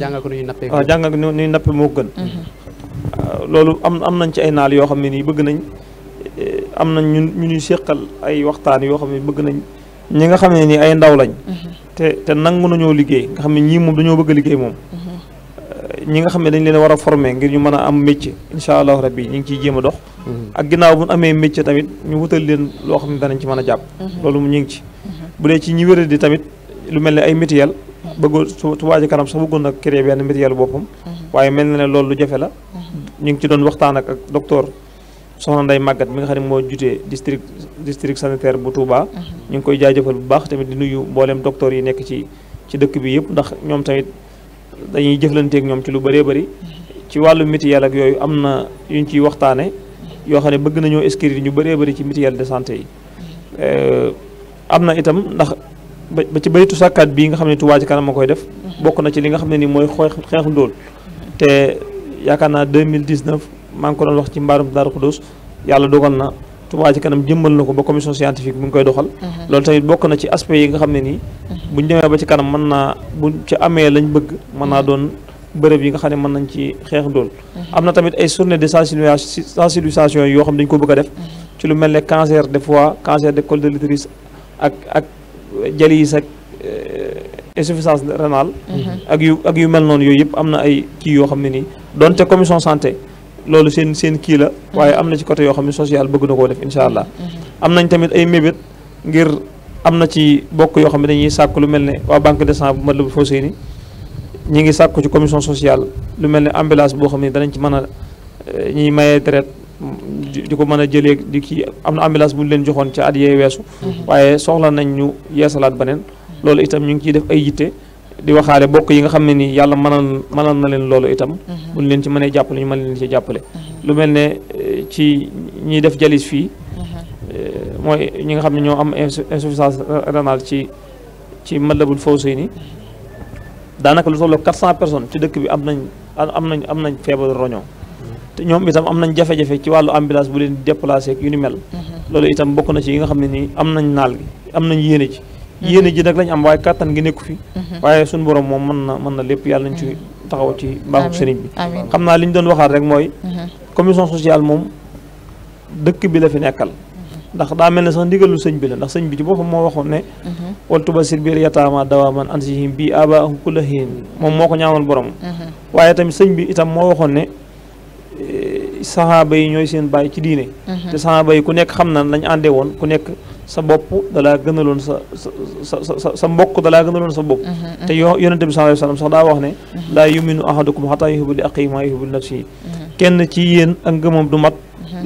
jàngal ko nuy nappe jàngal ko nuy nappe moo gën loolu am am nañ ci ay naal yoo xam ne nii bëgg nañ eh, am nañ ñu ñuy séqal ay waxtaan yoo xam ne bëgg nañ ñi nga xam ne nii ay ndaw lañ te te nangu nañoo liggéey nga xam ne ñii moom dañoo bëgg liggéey moom mm-hmm. ñi nga xam ne dañ leen war a forme ngir ñu mën a am métier incha allahu rabbi ñu ngi ciy jéem a dox mm-hmm. ak ginnaaw bu amee métier tamit ñu wutal leen loo xam ne danañ ci man a jàpp mm-hmm. loolu mu ñu ngi ci bu dee ci ñi wéra di tamit lu mel ne ay mutuelle bëggoon su Touba Ca Kanam sax bëggoon na créer benn mutuelle boppam waaye mel na ne loolu lu jafe la ñu ngi ci doon waxtaan ak ak docteur soxna Ndeye Maguette mi nga xam ne moo jutee district district sanitaire bu Touba. Mhm. ñu ngi koy jëfal bu baax tamit di nuyu mboolem docteur yi nekk ci ci dëkk bi yëpp ndax ñoom tamit dañuy jëflanteeg ñoom ci lu bëree bëri. Mhm. ci wàllu mutuelle ak yooyu am na yuñ ciy waxtaane yoo xam ne bëgg nañoo inscrire ñu bëree bari ci mutuelle de santé yi. Mhm. Euh, am na itam ndax ba ci baytu sàkkaat bi nga xam ne Touba ci kanam ma koy def. bokk na ci li nga xam ne nii mooy xeex xeexu ndóol te yaakaar naa 2019. maa ngi ko doon wax ci mbaarum Daaru Xudoos yàlla dogal na Touba ci kanam jëmmal na ko ba commission scientifique mu ngi koy doxal mhm. loolu tamit bokk na ci aspect yi nga xam ne nii mhm. buñ demee ba ci kanam mën naa bu ci amee lañ bëgg mën naa mhm. doon bërëb yi nga xam ne mën nañ ci xeex doon am na tamit ay journée de sensibilisation yoo xam ne dañ ko bëgg a def ci lu mel ne cancer des fois cancer de col de l'utérus ak ak jalis ak euh, insuffisance rénale ak yu ak yu mel noonu yooyu yëpp am na ay kii yoo xam ne nii donte commission santé loolu seen seen kii la mm-hmm. waaye am na ci côté yoo xam ne sociale bëgg na koo def incha allah mm-hmm. am nañ tamit ay mébét ngir am na ci bokk yoo xam ne dañuy sàkk lu mel ne waa banque de sang bu mat la bu fausé ni ñi ngi sàkku ci commission sociale lu mel ne ambulance boo xam ne danañ ci mën a eh, ñuy mayee deret di ko mën a jëlee di kii am na ambulance bu ñu leen joxoon ci at yee weesu mm-hmm. waaye soxla nañ ñu yeesalaat ba beneen loolu itam ñu ngi ciy def ay yitte di waxaale bokk yi nga xam ne nii yàlla mënal mënal na leen loolu itam mm-hmm. buñ leen ci mënee jàppale ñu mën leen ci jàppale mm-hmm. lu mel ne eh, ci ñiy def jalis fii mm-hmm. eh, mooy ñi nga xam ne ñoo am insuffisance rénale ci ci Matlaboul Fawzayni daanaka lu tolloo cent personnes ci dëkk bi am nañ am nañ am nañ feebaru roñoo te ñoom itam am nañ jafe-jafe ci wàllu ambulance bu leen déplacé ak yu ni mel loolu itam bokk na ci yi nga xam ne nii am nañ naal gi am nañ yéene ci Mm-hmm. yéene ji nag lañ am waaye kàttan ngi nekku fi mm-hmm. waaye suñu borom moom mën na mën na lépp yàlla nañ ci mm-hmm. taxaw ci baaxu sëriñ bi xam naa li ñu doon waxaat rek mooy commission sociale moom dëkk bi la fi nekkal ndax daa mel na sax ndigalu sëñ bi la ndax sëñ bi ci boppam moo waxoon ne wal tubasir biir yataama dawa man ansihim bi aba kula hiin moom moo ko ñaanal borom waaye tamit sëñ bi itam moo waxoon ne eh, saxaaba yi ñooy seen bàyyi ci diine te saxaaba yi ku na sa bopp dalaa gënaloon sa sa sa sa mbokk dalaa gënaloon sa bopp mm-hmm, mm-hmm. te yo yonente bi sallallahu alayhi wasallam sax daa wax ne mm-hmm. laa yuminu ahadukum xataa yuhibbu li aqihi maa yuhibbu li nafsihi kenn ci yéen ak ngëmam du mat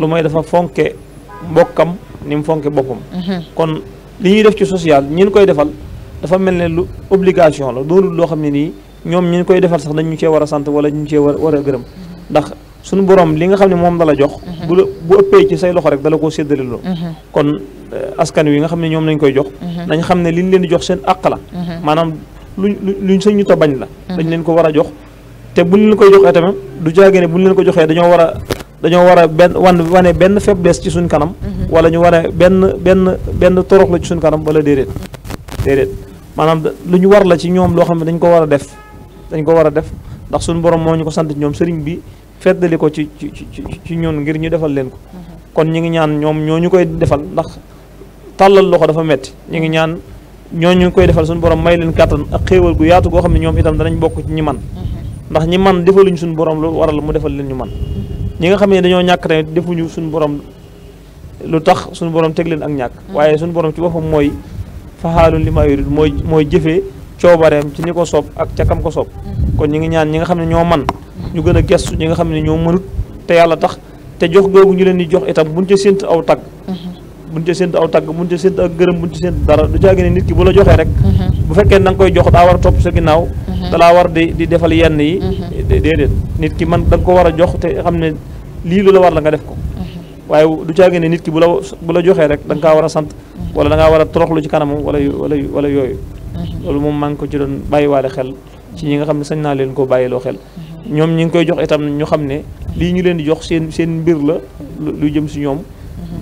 lu may dafa fonke mbokkam ni mu fonke boppam kon li ñuy def ci social ñin koy defal dafa mel ne lu obligation la doonul loo xam ne nii ñoom ñu ñin koy defal sax dañu cee war a sant wala ñu cee war war gërëm ndax suñu borom li nga xam ne moom dala jox bu bu ëppee say loxo rek dala koo séddale loo Euh, askan wi nga xam ne ñoom lañ koy jox mhm. nañ xam ne liñ leen di jox seen àq la mhm. maanaam lu luñ sañ ñu ta bañ la mhm. dañ leen ko war a jox te buñ leen koy joxee tamit du jaage ne buñ leen ko joxee dañoo war dañoo war a benn wan wane benn faiblesse ci suñ kanam wala ñu wane benn benn benn torox la ci suñ kanam wala déedéet déedéet maanaam lu ñu war la ci ñoom loo xam ne dañ ko war a def dañ ko war a def ndax suñu borom moo ñu ko sant ñoom sëriñ bi feddali ko ci ci ci ci ñun ngir ñu defal leen ko kon ñu ngi ñaan ñoom ñoo ñu koy defal ndax tàllal loxo dafa metti ñu ngi ñaan ñoo ñu ngi koy defal suñu borom may leen kàttan ak xéewal gu yaatu goo xam ne ñoom itam danañ bokk ci ñi man mm-hmm. ndax ñi man defaluñ suñu borom lu waral mu defal leen ñu man mm-hmm. ñi nga xam ne dañoo ñàkk tamit defuñu suñu borom lu tax suñu borom teg leen ak ñàkk mm-hmm. waaye suñu borom ci boppam mooy faxaalun li ma yurid mooy mooy jëfee coobareem ci ni ko soob ak ca kam ko soob kon ñi ngi ñaan ñi nga xam ne ñoo man ñu gën a gestu ñi nga xam ne ñoo mënut te yàlla tax te jox googu ñu leen di jox itam buñ ca sént aw tagg buñ ci séntu aw tagg buñ ci séntu ak gërëm buñ ci séntu dara du caagi ne nit ki bu la joxee rek mm-hmm. bu fekkee na koy jox daa war a topp sa ginnaaw mm-hmm. da laa war di defal yenn yi mm-hmm. déedéet nit ki man da ko war a jox te xam ne lii lu la war la nga def ko waaye du caagi ne nit ki bu la bu la joxee rek da nga kaa war a sant wala da war a toroxlu ci kanamam wala wala wala yooyu loolu moom maa ngi ko ci doon bàyyiwaale xel ci ñi nga xam ne sañ naa leen koo bàyyiloo xel ñoom ñi ngi ko jox itam ñu xam ne lii ñu leen di jox seen seen mbir la lu jëm si ñoom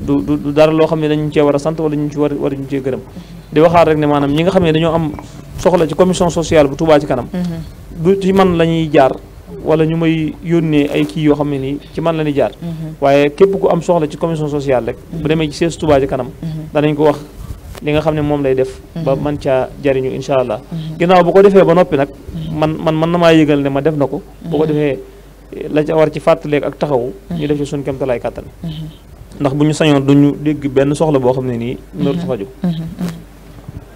du du dara loo xam ne dañu cee war a sant wala ñu ci war war ñu cee gërëm di waxaat rek ne maanaam ñi nga xam ne dañoo am soxla ci commission sociale bu Touba ci kanam mm-hmm. du ci man la ñuy jaar ñu may yónnee ay kii yoo xam ne nii ci man la ñuy jaar mm-hmm. waaye képp ku am soxla ci commission sociale rek bu mm-hmm. demee ci sees Touba ci kanam danañ ko wax li nga xam ne moom lay def ba man caa jariñu incha allah ginnaaw bu ko defee ba noppi nag man man na maa yëgal ne ma def na ko bu ko defee la ca war ci fàttaleeg ak taxawu ñu def ci suñ kemtalaay kàttan ndax bu ñu sañoon duñu dégg benn soxla boo xam ne nii. Mhm. loolu sa faju mhm, mhm.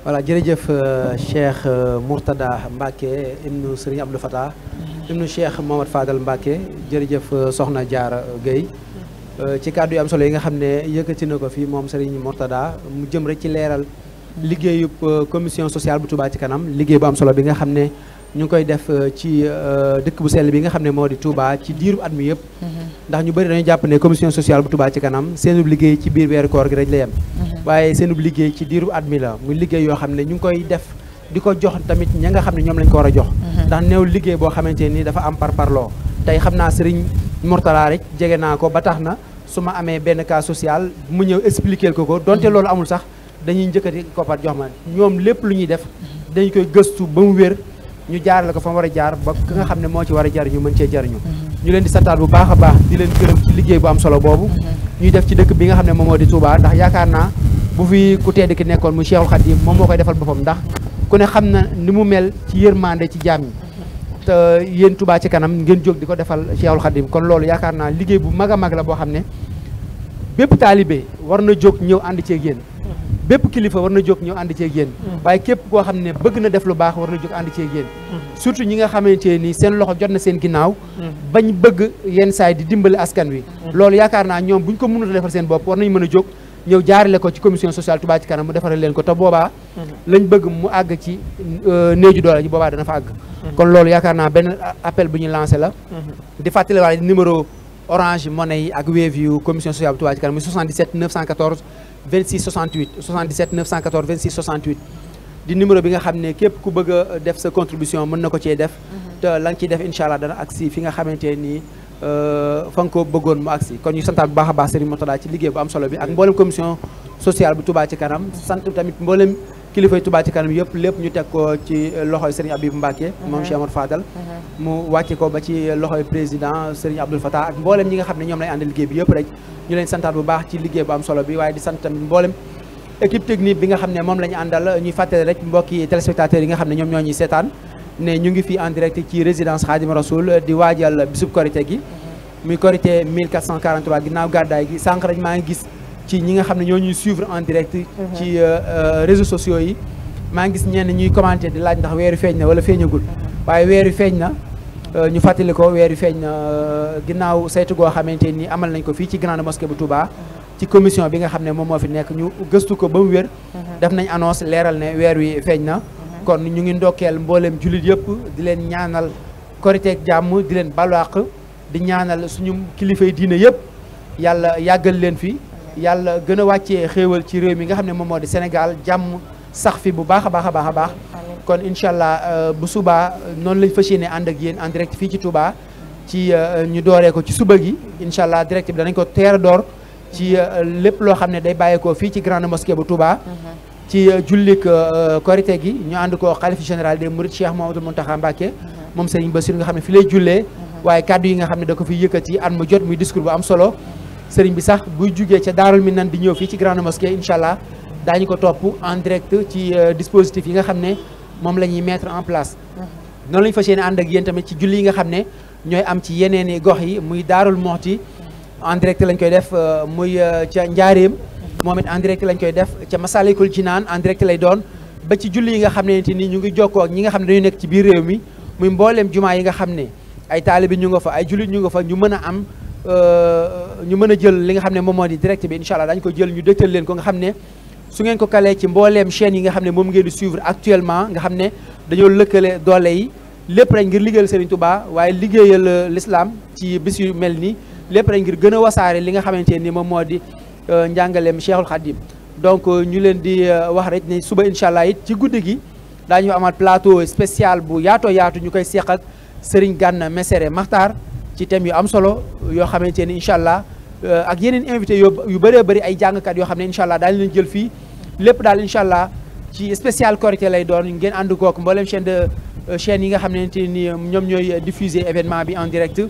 voilà jërëjëf euh, Cheikh euh, Mourtada Mbacke ibnu Serigne Abdou Fatah ibnu Cheikh Mohamad Fadal Mbacke jërëjëf euh, Soxna Diarra géey ci kàddu yu am solo yi nga xam ne yëkkati na ko fii moom Serigne Mourtada mu jëm rek ci leeral liggéeyub commission sociale bu Touba ci kanam liggéey bu am solo bi nga xam ne. ñu ngi koy def euh, ci euh, dëkk bu sell bi nga xam ne moo di Touba ci diiru at mi yëpp. Mm-hmm. ndax ñu bëri dañu jàpp ne commission sociale bu Touba ci kanam seenub liggéey ci biir weeru koor gi rek la yem. Mm-hmm. waaye seenub liggéey ci diiru at mi la mu liggéey yoo xam ne ñu ngi koy def di ko jox tamit ña nga xam ne ñoom lañ ko war a jox. Mm-hmm. ndax néew liggéey boo xamante ni dafa am par parloo tey xam naa Serigne Mourtala rek jege naa ko ba tax na su ma amee benn cas social mu ñëw expliquer ko ko donte loolu amul sax dañuy njëkkati koppar jox ma ñoom lépp lu ñuy def dañ koy gëstu ba mu wér ñu jaarale ko fa mu war a jaar ba ki nga xam ne moo ci war a jariñu mën cee jariñu mhm. ñu leen di santaat bu baax a baax di leen gërëm liggéey bu am solo boobu mhm. ñuy def ci dëkk bi nga xam ne moom moo di Touba ndax yaakaar naa bu fi ku tedd ki nekkoon mu Cheikhul Khadim moom moo koy defal boppam ndax ku ne xam na ni mu mel ci yërmande ci jaam yi mhm. te yéen ci kanam ngeen jóg di ko defal Cheikhul Khadim kon loolu yaakaar naa liggéey bu mag a mag la boo xam ne bépp taalibe war na jóg ñëw ànd ceeg yéen bépp kilifa war na jóg ñëw ànd ceeg yéen mm. waaye képp koo xam ne bëgg na def lu baax war na jóg ànd ceeg yéen mm. surtout ñi nga xamante ni seen loxo jot na seen ginnaaw mm. bañ bëgg yenn saay di dimbali askan wi loolu yaakaar naa ñoom buñ ko mënut a defal seen bopp war nañ mën a jóg ñëw jaarale ko ci commission sociale Touba ci kanam mu defaral leen ko te boobaa lañ bëgg mu àgg ci euh, néeju doole ji boobaa dana fa àgg kon loolu yaakaar naa benn appel bu ñu 26 68 77 914 26 68 di numéro bi nga xam ne képp ku bëgg a def sa contribution mën na ko cee def. Mhm. te la nga ciy def incha allah dana agsi fi nga xamante ni euh, fa nga ko bëggoon mu agsi kon ñu santaat bu baax a baax Serigne Mourtada ci liggéey bu am solo bi ak mboolem commission sociale bu Touba ci kanam sant tamit mboolem. kilifay Touba ci yëpp lépp ñu teg ko ci loxoy Serigne Abib Mbacke moom Cheikh Amadou mu wàcce ko ba ci loxoy président Serigne Abdoul Fatah ak mboolem ñi nga xam ne ñoom lay àndal liggéey bi yëpp rek ñu leen santaat bu baax ci liggéey bu am solo bi waaye di sant tamit mboolem équipe technique bi nga xam ne moom la ñu àndal ñuy fàttali rek mbokki téléspectateurs yi nga xam ne ñoom ñoo ñuy seetaan ne ñu ngi fii en direct ci résidence Khadim Rasoul di waajal bisub korité gi muy korité 1443 ginnaaw gàddaay gi sànq rek maa ngi gis ci ñi nga xam ne ñoo ñuy suivre en direct. ci euh, euh, réseaux sociaux yi. maa ngi gis ñenn ñuy commenter di laaj ndax weeru feeñ na wala feeñagul waaye weeru feeñ na euh, ñu fàttali ko weer weeru feeñ na ginnaaw saytu goo xamante ni amal nañ ko fii ci grande mosquée bu Touba. ci commission bi nga xam ne moom moo fi nekk ñu gëstu ko ba mu wér. Mhm. def nañ annonce leeral ne weer wi feeñ na. Mhm. kon ñu ngi ndokkeel mbooleem jullit yëpp di leen ñaanal koriteeg jàmm di leen balwaq di ñaanal suñu kilifay diine yëpp yàlla yàggal leen fi. yàlla gën a wàccee xéewal ci réew mi nga xam ne moom moo di Sénégal jàmm sax fi bu baax a baax a baax a baax kon incha allah euh, bu subaa noonu lañ fas yéene ànd ak yéen en direct fii ci Touba ci euh, ñu dooree ko ci suba gi incha allah direct bi danañ ko teer a door ci euh, lépp loo xam ne day bàyyeekoo fii ci grande mosquée bu Touba. Mm-hmm. ci jullik korite gi ñu ànd ko xalif général des mourides Cheikh Mouhamadou Mountakha Mbacké mm-hmm. moom Serigne Bassirou nga xam ne fi lay jullee mm-hmm. waaye kàddu yi nga xam ne da ko fi yëkkati at mu jot muy discours bu am solo sëriñ bi sax buy jugee ca Daarul Minan di ñëw fii ci grande mosquée incha allah daañu ko topp en direct ci euh, dispositif yi nga xam ne moom la ñuy mettre en place. Mm-hmm. noonu la ñu fas ànd ak yéen tamit ci julli yi nga xam ne ñooy am ci yeneen i gox yi muy Daarul Moxti en direct lañ koy def euh, muy euh, ca Njaareem. Mm-hmm. moom it en lañ koy def ca Masalikul Jinaan en direct lay doon ba ci julli yi xam ne ni ñu ngi jokkook ñi nga xam ne dañu nekk ci biir réew mi muy mbooleem jumaa yi nga xam ne ay taalibe ñu nga fa ay jullit ñu nga fa ñu mën a am. ñu mën a jël li nga xam ne moom moo di direct bi incha dañ ko jël ñu dégtal leen ko nga xam ne su ngeen ko kalee ci mbooleem chaîne yi nga xam ne moom ngeen di suivre actuellement nga xam ne dañoo lëkkale doole yi lépp rek ngir liggéeyal Serigne Touba waaye liggéeyal euh, lislaam ci bis yu mel nii lépp rek ngir gën a wasaare li nga xamante nii moom moo di euh, njàngaleem Cheikhul Khadim donc euh, ñu leen di wax rek ne suba incha allah it ci guddi gi daañu amal plateau spécial bu yaatoo yaatu ñu koy seq Serigne Gana Messere Makhtar ci thèmes yu am solo yoo xamante ni incha allah euh, ak yeneen invité yu bëree bëri ay jàngkat yoo xam ne incha allah daal leen jël fii lépp daal incha allah ci spécial Korité lay doon ngeen ànd kook mboolem chaîne de euh, chaîne yi nga xam xamante ni ñoom ñooy diffuser événement bi en direct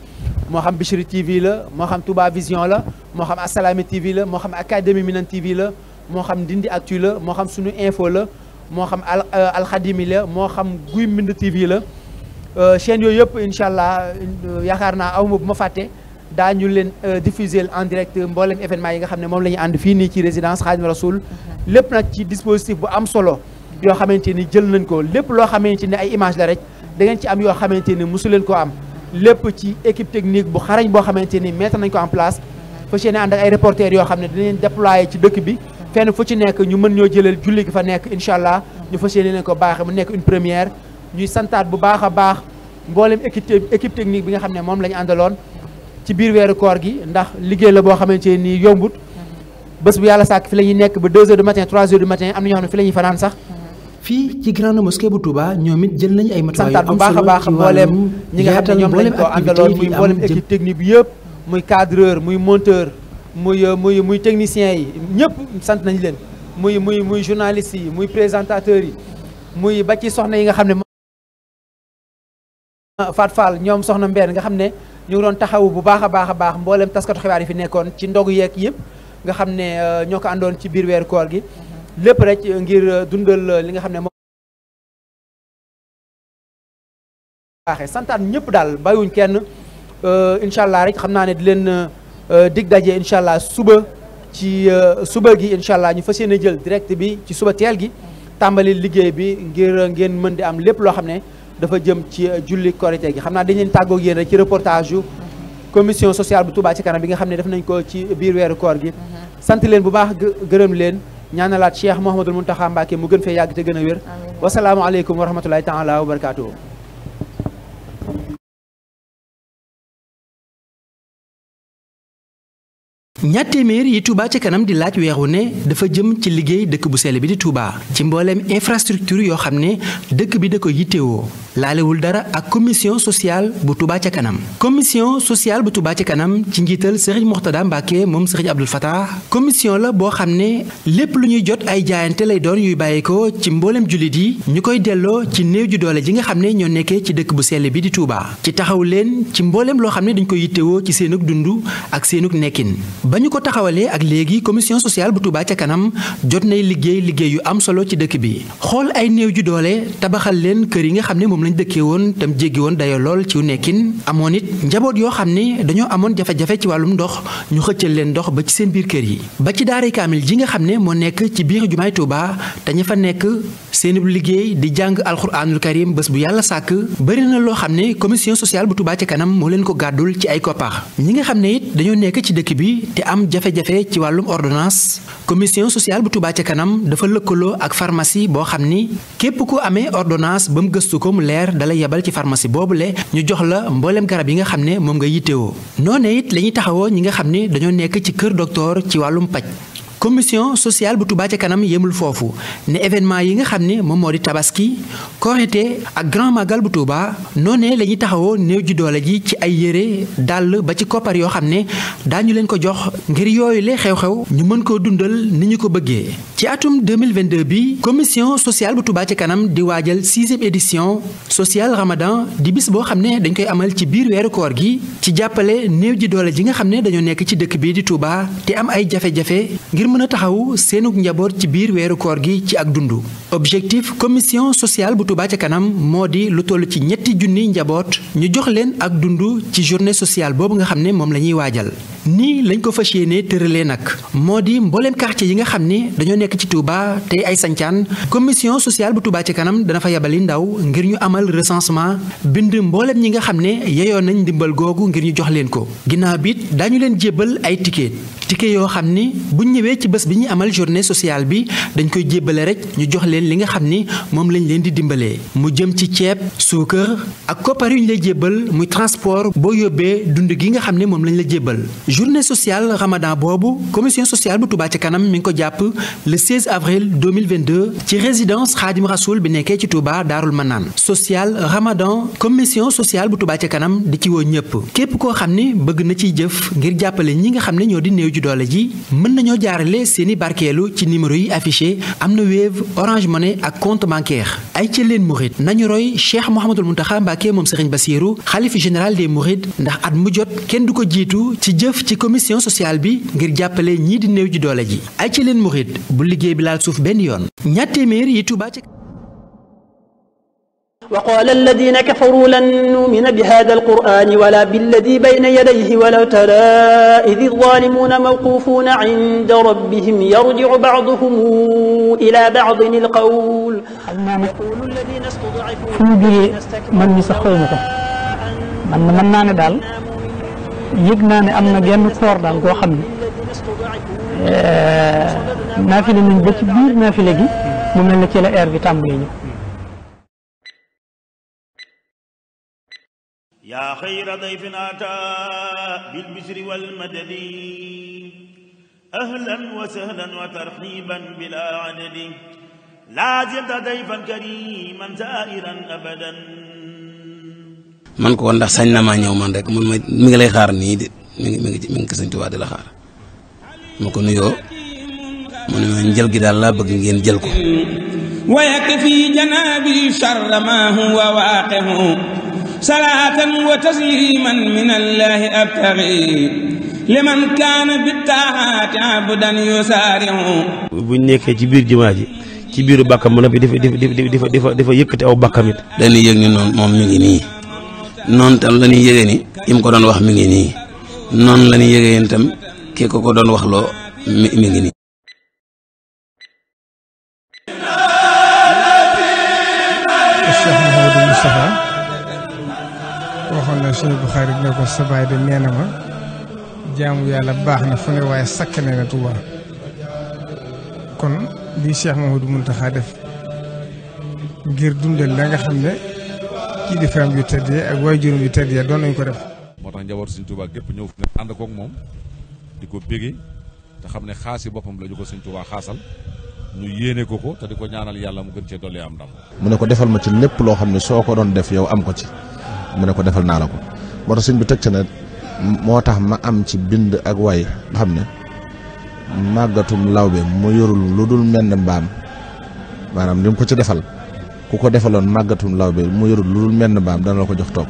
moo xam Bichri TV la moo xam Touba Vision la moo xam Assalaamy TV la moo xam Académie Minan TV la moo xam Ndindy Actu la moo xam Sunu Info la moo xam Al euh, Alxadimi la moo xam Guy la Euh, chaîne yooyu yëpp incha allah euh, yaakaar naa aw ma bu ma fàtte daañu leen euh, diffuser en direct mboolem événement yi nga xam ne moom la ñu ànd fii nii ci résidence Khadim Rasoul mhm. lépp na ci dispositif bu am solo yoo xamante ni jël nañ ko lépp loo xamante ni ay image la rek da ngeen ci am yoo xamante ni mosu leen koo am lépp ci équipe technique bu xarañ boo xamante ni mettre nañ ko en place mhm. fas yéene ànd ay reporters yoo xam ne dinañ déployer ci dëkk bi mhm. fenn fu ci nekk ñu mën ñoo jëlal julli gi fa nekk incha allah ñu fas yéene leen ko baaxee mu nekk une première ñuy santaat bu baax a baax mboolem équipe équipe technique bi nga xam ne moom la ñu àndaloon ci biir weeru koor gi ndax liggéey la boo xamante ni yombut bés bu yàlla sàkk fi la ñuy nekk ba 2 heures du matin 3 heures du matin am na ñoo xam ne fi la ñuy fanaan sax. fii ci grande mosquée bu Touba ñoom jël nañu ay matuwaay yu am solo ci wàllum yaatal mboolem activité yi am équipe technique bi yëpp muy cadreur muy monteur muy euh, muy muy yi ñëpp sant nañu leen muy muy muy journaliste yi muy présentateur yi muy ba ci soxna Fat Fall ñoom soxna Mbène nga xam ne ñu doon taxawu bu baax a baax a baax mboolem taskatu xibaar yi fi nekkoon ci yëpp nga xam ne euh, ñoo ko ci biir weeru gi mm-hmm. lépp rek ngir euh, dundal euh, li nga xam ne moom baaxee santaan ñëpp daal bàyyiwuñ kenn incha allah rek xam naa ne di leen dig daje incha suba ci suba gi incha allah ñu fas yéene jël direct bi ci suba teel gi mm-hmm. tàmbali liggéey bi ngir ngeen mën di am lépp loo xam ne dafa jëm ci euh, julli korité gi xam naa dañu leen tàggoog yéen rek ci reportage yu commission sociale bu Touba ci kanam bi nga xam ne def nañ ko ci biir weeru koor gi mhm. sant leen bu baax gë gërëm leen ñaanalaat Cheikh Mouhamadul Mountakha Mbacké mu gën fee yàgg te gën a wér wasalaamualeykum wa rahmatulahi taala wa barakatuhu ñaar téeméer yi Touba ca kanam di laaj weeru ne dafa jëm ci liggéey dëkk bu sell bi di Touba ci mbooleem infrastructure yoo xam ne dëkk bi da ko yittewoo laalewul dara ak commission sociale bu Touba ca kanam commission sociale bu Touba kanam ci njiital Serigne Mourtada Mbacke moom Serigne Abdoul Fattah commission la boo xam ne lépp lu ñuy jot ay jaayante lay doon yuy ko ci mbooleem jullit yi ñu koy delloo ci néew ju doole ji nga xam ne ñoo nekkee ci dëkk bu sell bi di Touba ci taxaw leen ci mbooleem loo xam ne dañ ko yittewoo ci seenug dund ak nekkin ba ñu ko taxawalee ak léegi commission sociale bu Touba ca kanam jot nay liggéey liggéey yu am solo ci dëkk bi xool ay néew ju doole tabaxal leen kër yi nga xam ne moom lañu dëkkee woon tam jéggi woon dayo lool ci nekkin amoon it njaboot yoo xam ne dañoo amoon jafe-jafe ci wàllum ndox ñu xëccal leen ndox ba ci seen biir kër yi ba ci daara kaamil ji nga xam ne moo nekk ci biir jumaay Touba te ña fa nekk seen liggéey di jàng alxuraanul karim bés bu yàlla sàkk bëri na loo xam ne commission sociale bu Touba kanam moo leen ko gàddul ci ay koppar ñi nga xam ne it dañoo nekk ci dëkk bi te am jafe-jafe ci wàllum ordonnance commission sociale bu Touba ca kanam dafa lëkkaloo ak pharmacie boo xam ni képp ku amee ordonnance ba mu gëstu ko mu leer dala yebal ci boobu boobule ñu jox la mboolem garab yi nga xam ne moom nga yittewoo noonu it la ñuy taxawoo ñi nga xam ni dañoo nekk ci kër docteur ci wàllum paj commission sociale bu Touba ci kanam yemul foofu ne événement yi nga xam ne moom moo di tabaski korité ak grand magal bu Touba noonee la ñuy taxawoo néew ji doole ji ci ay yére dàll ba ci koppar yoo xam ne daañu leen ko jox ngir yooyu le xew-xew ñu mën koo dundal ni ñu ko bëggee. ci atum 2022 bi commission sociale bu Touba ci kanam di waajal sixième édition social Ramadan di bis boo xam ne dañ koy amal ci biir weeru koor gi ci jàppale néew ji doole ji nga xam ne dañoo nekk ci dëkk bii di Touba te am ay jafe ngir mën a taxawu seenug njaboot ci biir weeru koor gi ci ak dund objectif commission sociale bu Touba ca kanam moo di lu toll ci ñetti junni njaboot ñu jox leen ak dund ci journée sociale boobu nga xam ne moom la ñuy waajal nii lañ ko fas yéenee tëralee nag moo di mbooleem quartier yi nga xam ni dañoo nekk ci Touba te ay sancaan commission sociale bu Touba ca kanam dana fa yabali ndaw ngir ñu amal recensement bind mbooleem ñi nga xam ne yeyoon nañ ndimbal googu ngir ñu jox leen ko ci bés bi ñuy amal journée sociale bi dañ koy jébbale rek ñu jox leen li nga xam ni moom lañ leen di dimbalee mu jëm ci ceeb suukar ak koppar yu ñu lay jébbal muy transport boo yóbbee dund gi nga xam ne moom lañ la jébbal journée sociale ramadan boobu commission sociale bu Touba ca kanam mi ngi ko jàpp le 16 avril 2022 ci résidence Xaadim Rasoul bi nekkee ci Touba Daarul Manaan social ramadan commission sociale bu Touba ca kanam di ci woo ñëpp képp koo xam ne bëgg na ciy jëf ngir jàppale ñi nga xam ne ñoo di néew ju doole ji leerle seeni barkeelu ci numéro yi affiché am na Wave Orange Money ak compte bancaire ay ci leen murit nañu roy Cheikh Mouhamadul Mountakha Mbacké moom Serigne Bassirou xalif général de mourides ndax at mu jot kenn du ko jiitu ci jëf ci commission sociale bi ngir jàppale ñii di new ji doole ji ay ci leen murit bu liggéey bi laal suuf benn yoon ñaar yi Touba ca وقال الذين كفروا لن نؤمن بهذا القرآن ولا بالذي بين يديه ولو ترى إذ الظالمون موقوفون عند ربهم يرجع بعضهم إلى بعض القول يقول الذين استضعفوا الذين استكبروا man mën naa ne daal yëg naa ne am na genn koor daal goo xam ne naafile nañ ba ci biir naafile gi mu mel ne ci la air bi tàmbalee ñëw yaa xayra dayfin ataa bil bishri wal madadi ahlan wa sahlan wa tarxiiban bilaa adadi laa zilta dayfan kariman zaa'iran abadan man ko ndax sañ na maa ñëw man rek mun ma mi ngi lay xaar nii de mi ngi mi ngi mi ngi ko Sëñ Tuubaa di la xaar ma ko nuyoo mu ne ma njël gi daal laa bëgg ngeen jël ko. wa yakfi janaabi sharra maa huwa waaqi salaatan wa tasliman min allahi abtaxi liman kaana bi taaxaati abdan yusaariu buñ nekkee ci biir jumaa ji ci biiru bàkkam ba noppi difa difa difa difa yëkkati aw bàkkam it dañuy yëg ni noonu moom mi ngi nii noonu tam la ñuy yëgee ni im ko doon wax mi ngi nii noonu la ñuy yëgee tam kii ko ko doon wax loo mi ngi nii waxoon na Cheikh Bukhari ne ko sa baay de na ma jaamu yàlla baax na fu ne waaye sakk ne na Tuuba kon lii du Mouhamadou Mountakha def ngir dundal la nga xam ne kilifaam yu tedd ya ak waajuram yu tedd ya doon nañ ko def. moo tax njaboot siñ Tuuba gépp ñëw fi ànd koog moom di ko bége te xam ne xaasi boppam la ñu ko Sëñ Tuuba xaasal. ñu yéene ko ko te di ko ñaanal yàlla mu gën cee dolli am ndam. mu ne ko defal ma ci lépp loo xam ne soo ko doon def yow am ko ci mu ne ko defal naa la ko moo tax sëñ bi teg moo tax ma am ci bind ak waay nga xam ne màggatum lawbe mu yorul lu dul menn mbaam maanaam li ko ci defal ku ko defaloon màggatum lawbe mu yorul lu dul menn mbaam dana ko jox toog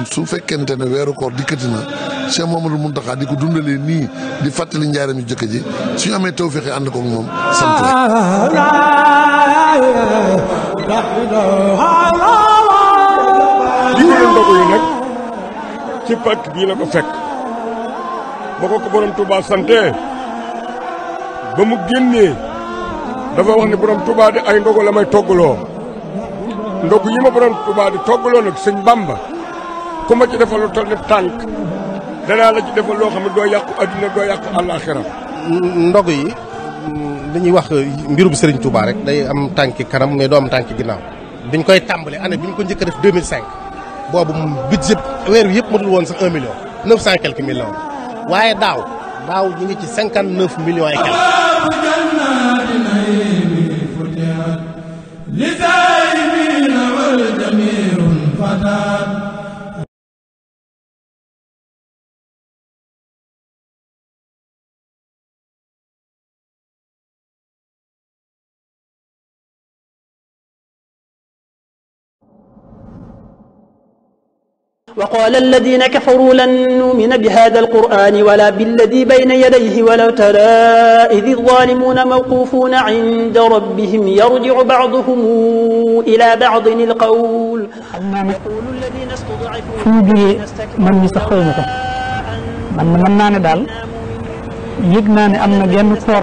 ñun su fekkente ne weeru koor dikkati na Cheikh Mouhamadou Mountakha di ko dundalee nii di fàttali njaaram yu jëkk ji suñu amee tawféex yi ànd koog moom sant rek. ci pàkk bii la ko fekk ba ko ko sante ba mu génnee dafa wax ne borom Touba ay ndogo la may toggaloo ndogu yi ma borom Touba di toggaloo nag sëñ ku ma ci defal lu tànk danaa la ci defal loo xam ne doo yàqu adduna doo yàqu àllaaxira ndog yi dañuy wax mbirum Serigne Touba rek day am tànki kanam mais doo am tànki ginnaaw biñ koy tàmbali année bi ñu ko njëkk a def 2005 boobu budget weer wi yëpp matul woon sax 1 million 900 quelques mille waaye daaw daaw ñu ngi ci 59 millions et quelques. وقال الذين كفروا لن نؤمن بهذا القرآن ولا بالذي بين يديه ولو ترى إذ الظالمون موقوفون عند ربهم يرجع بعضهم إلى بعض القول يقول الذين استضعفوا fu jógee man mi sax xawma ko man mën naa ne daal yëg naa ne am na genn koor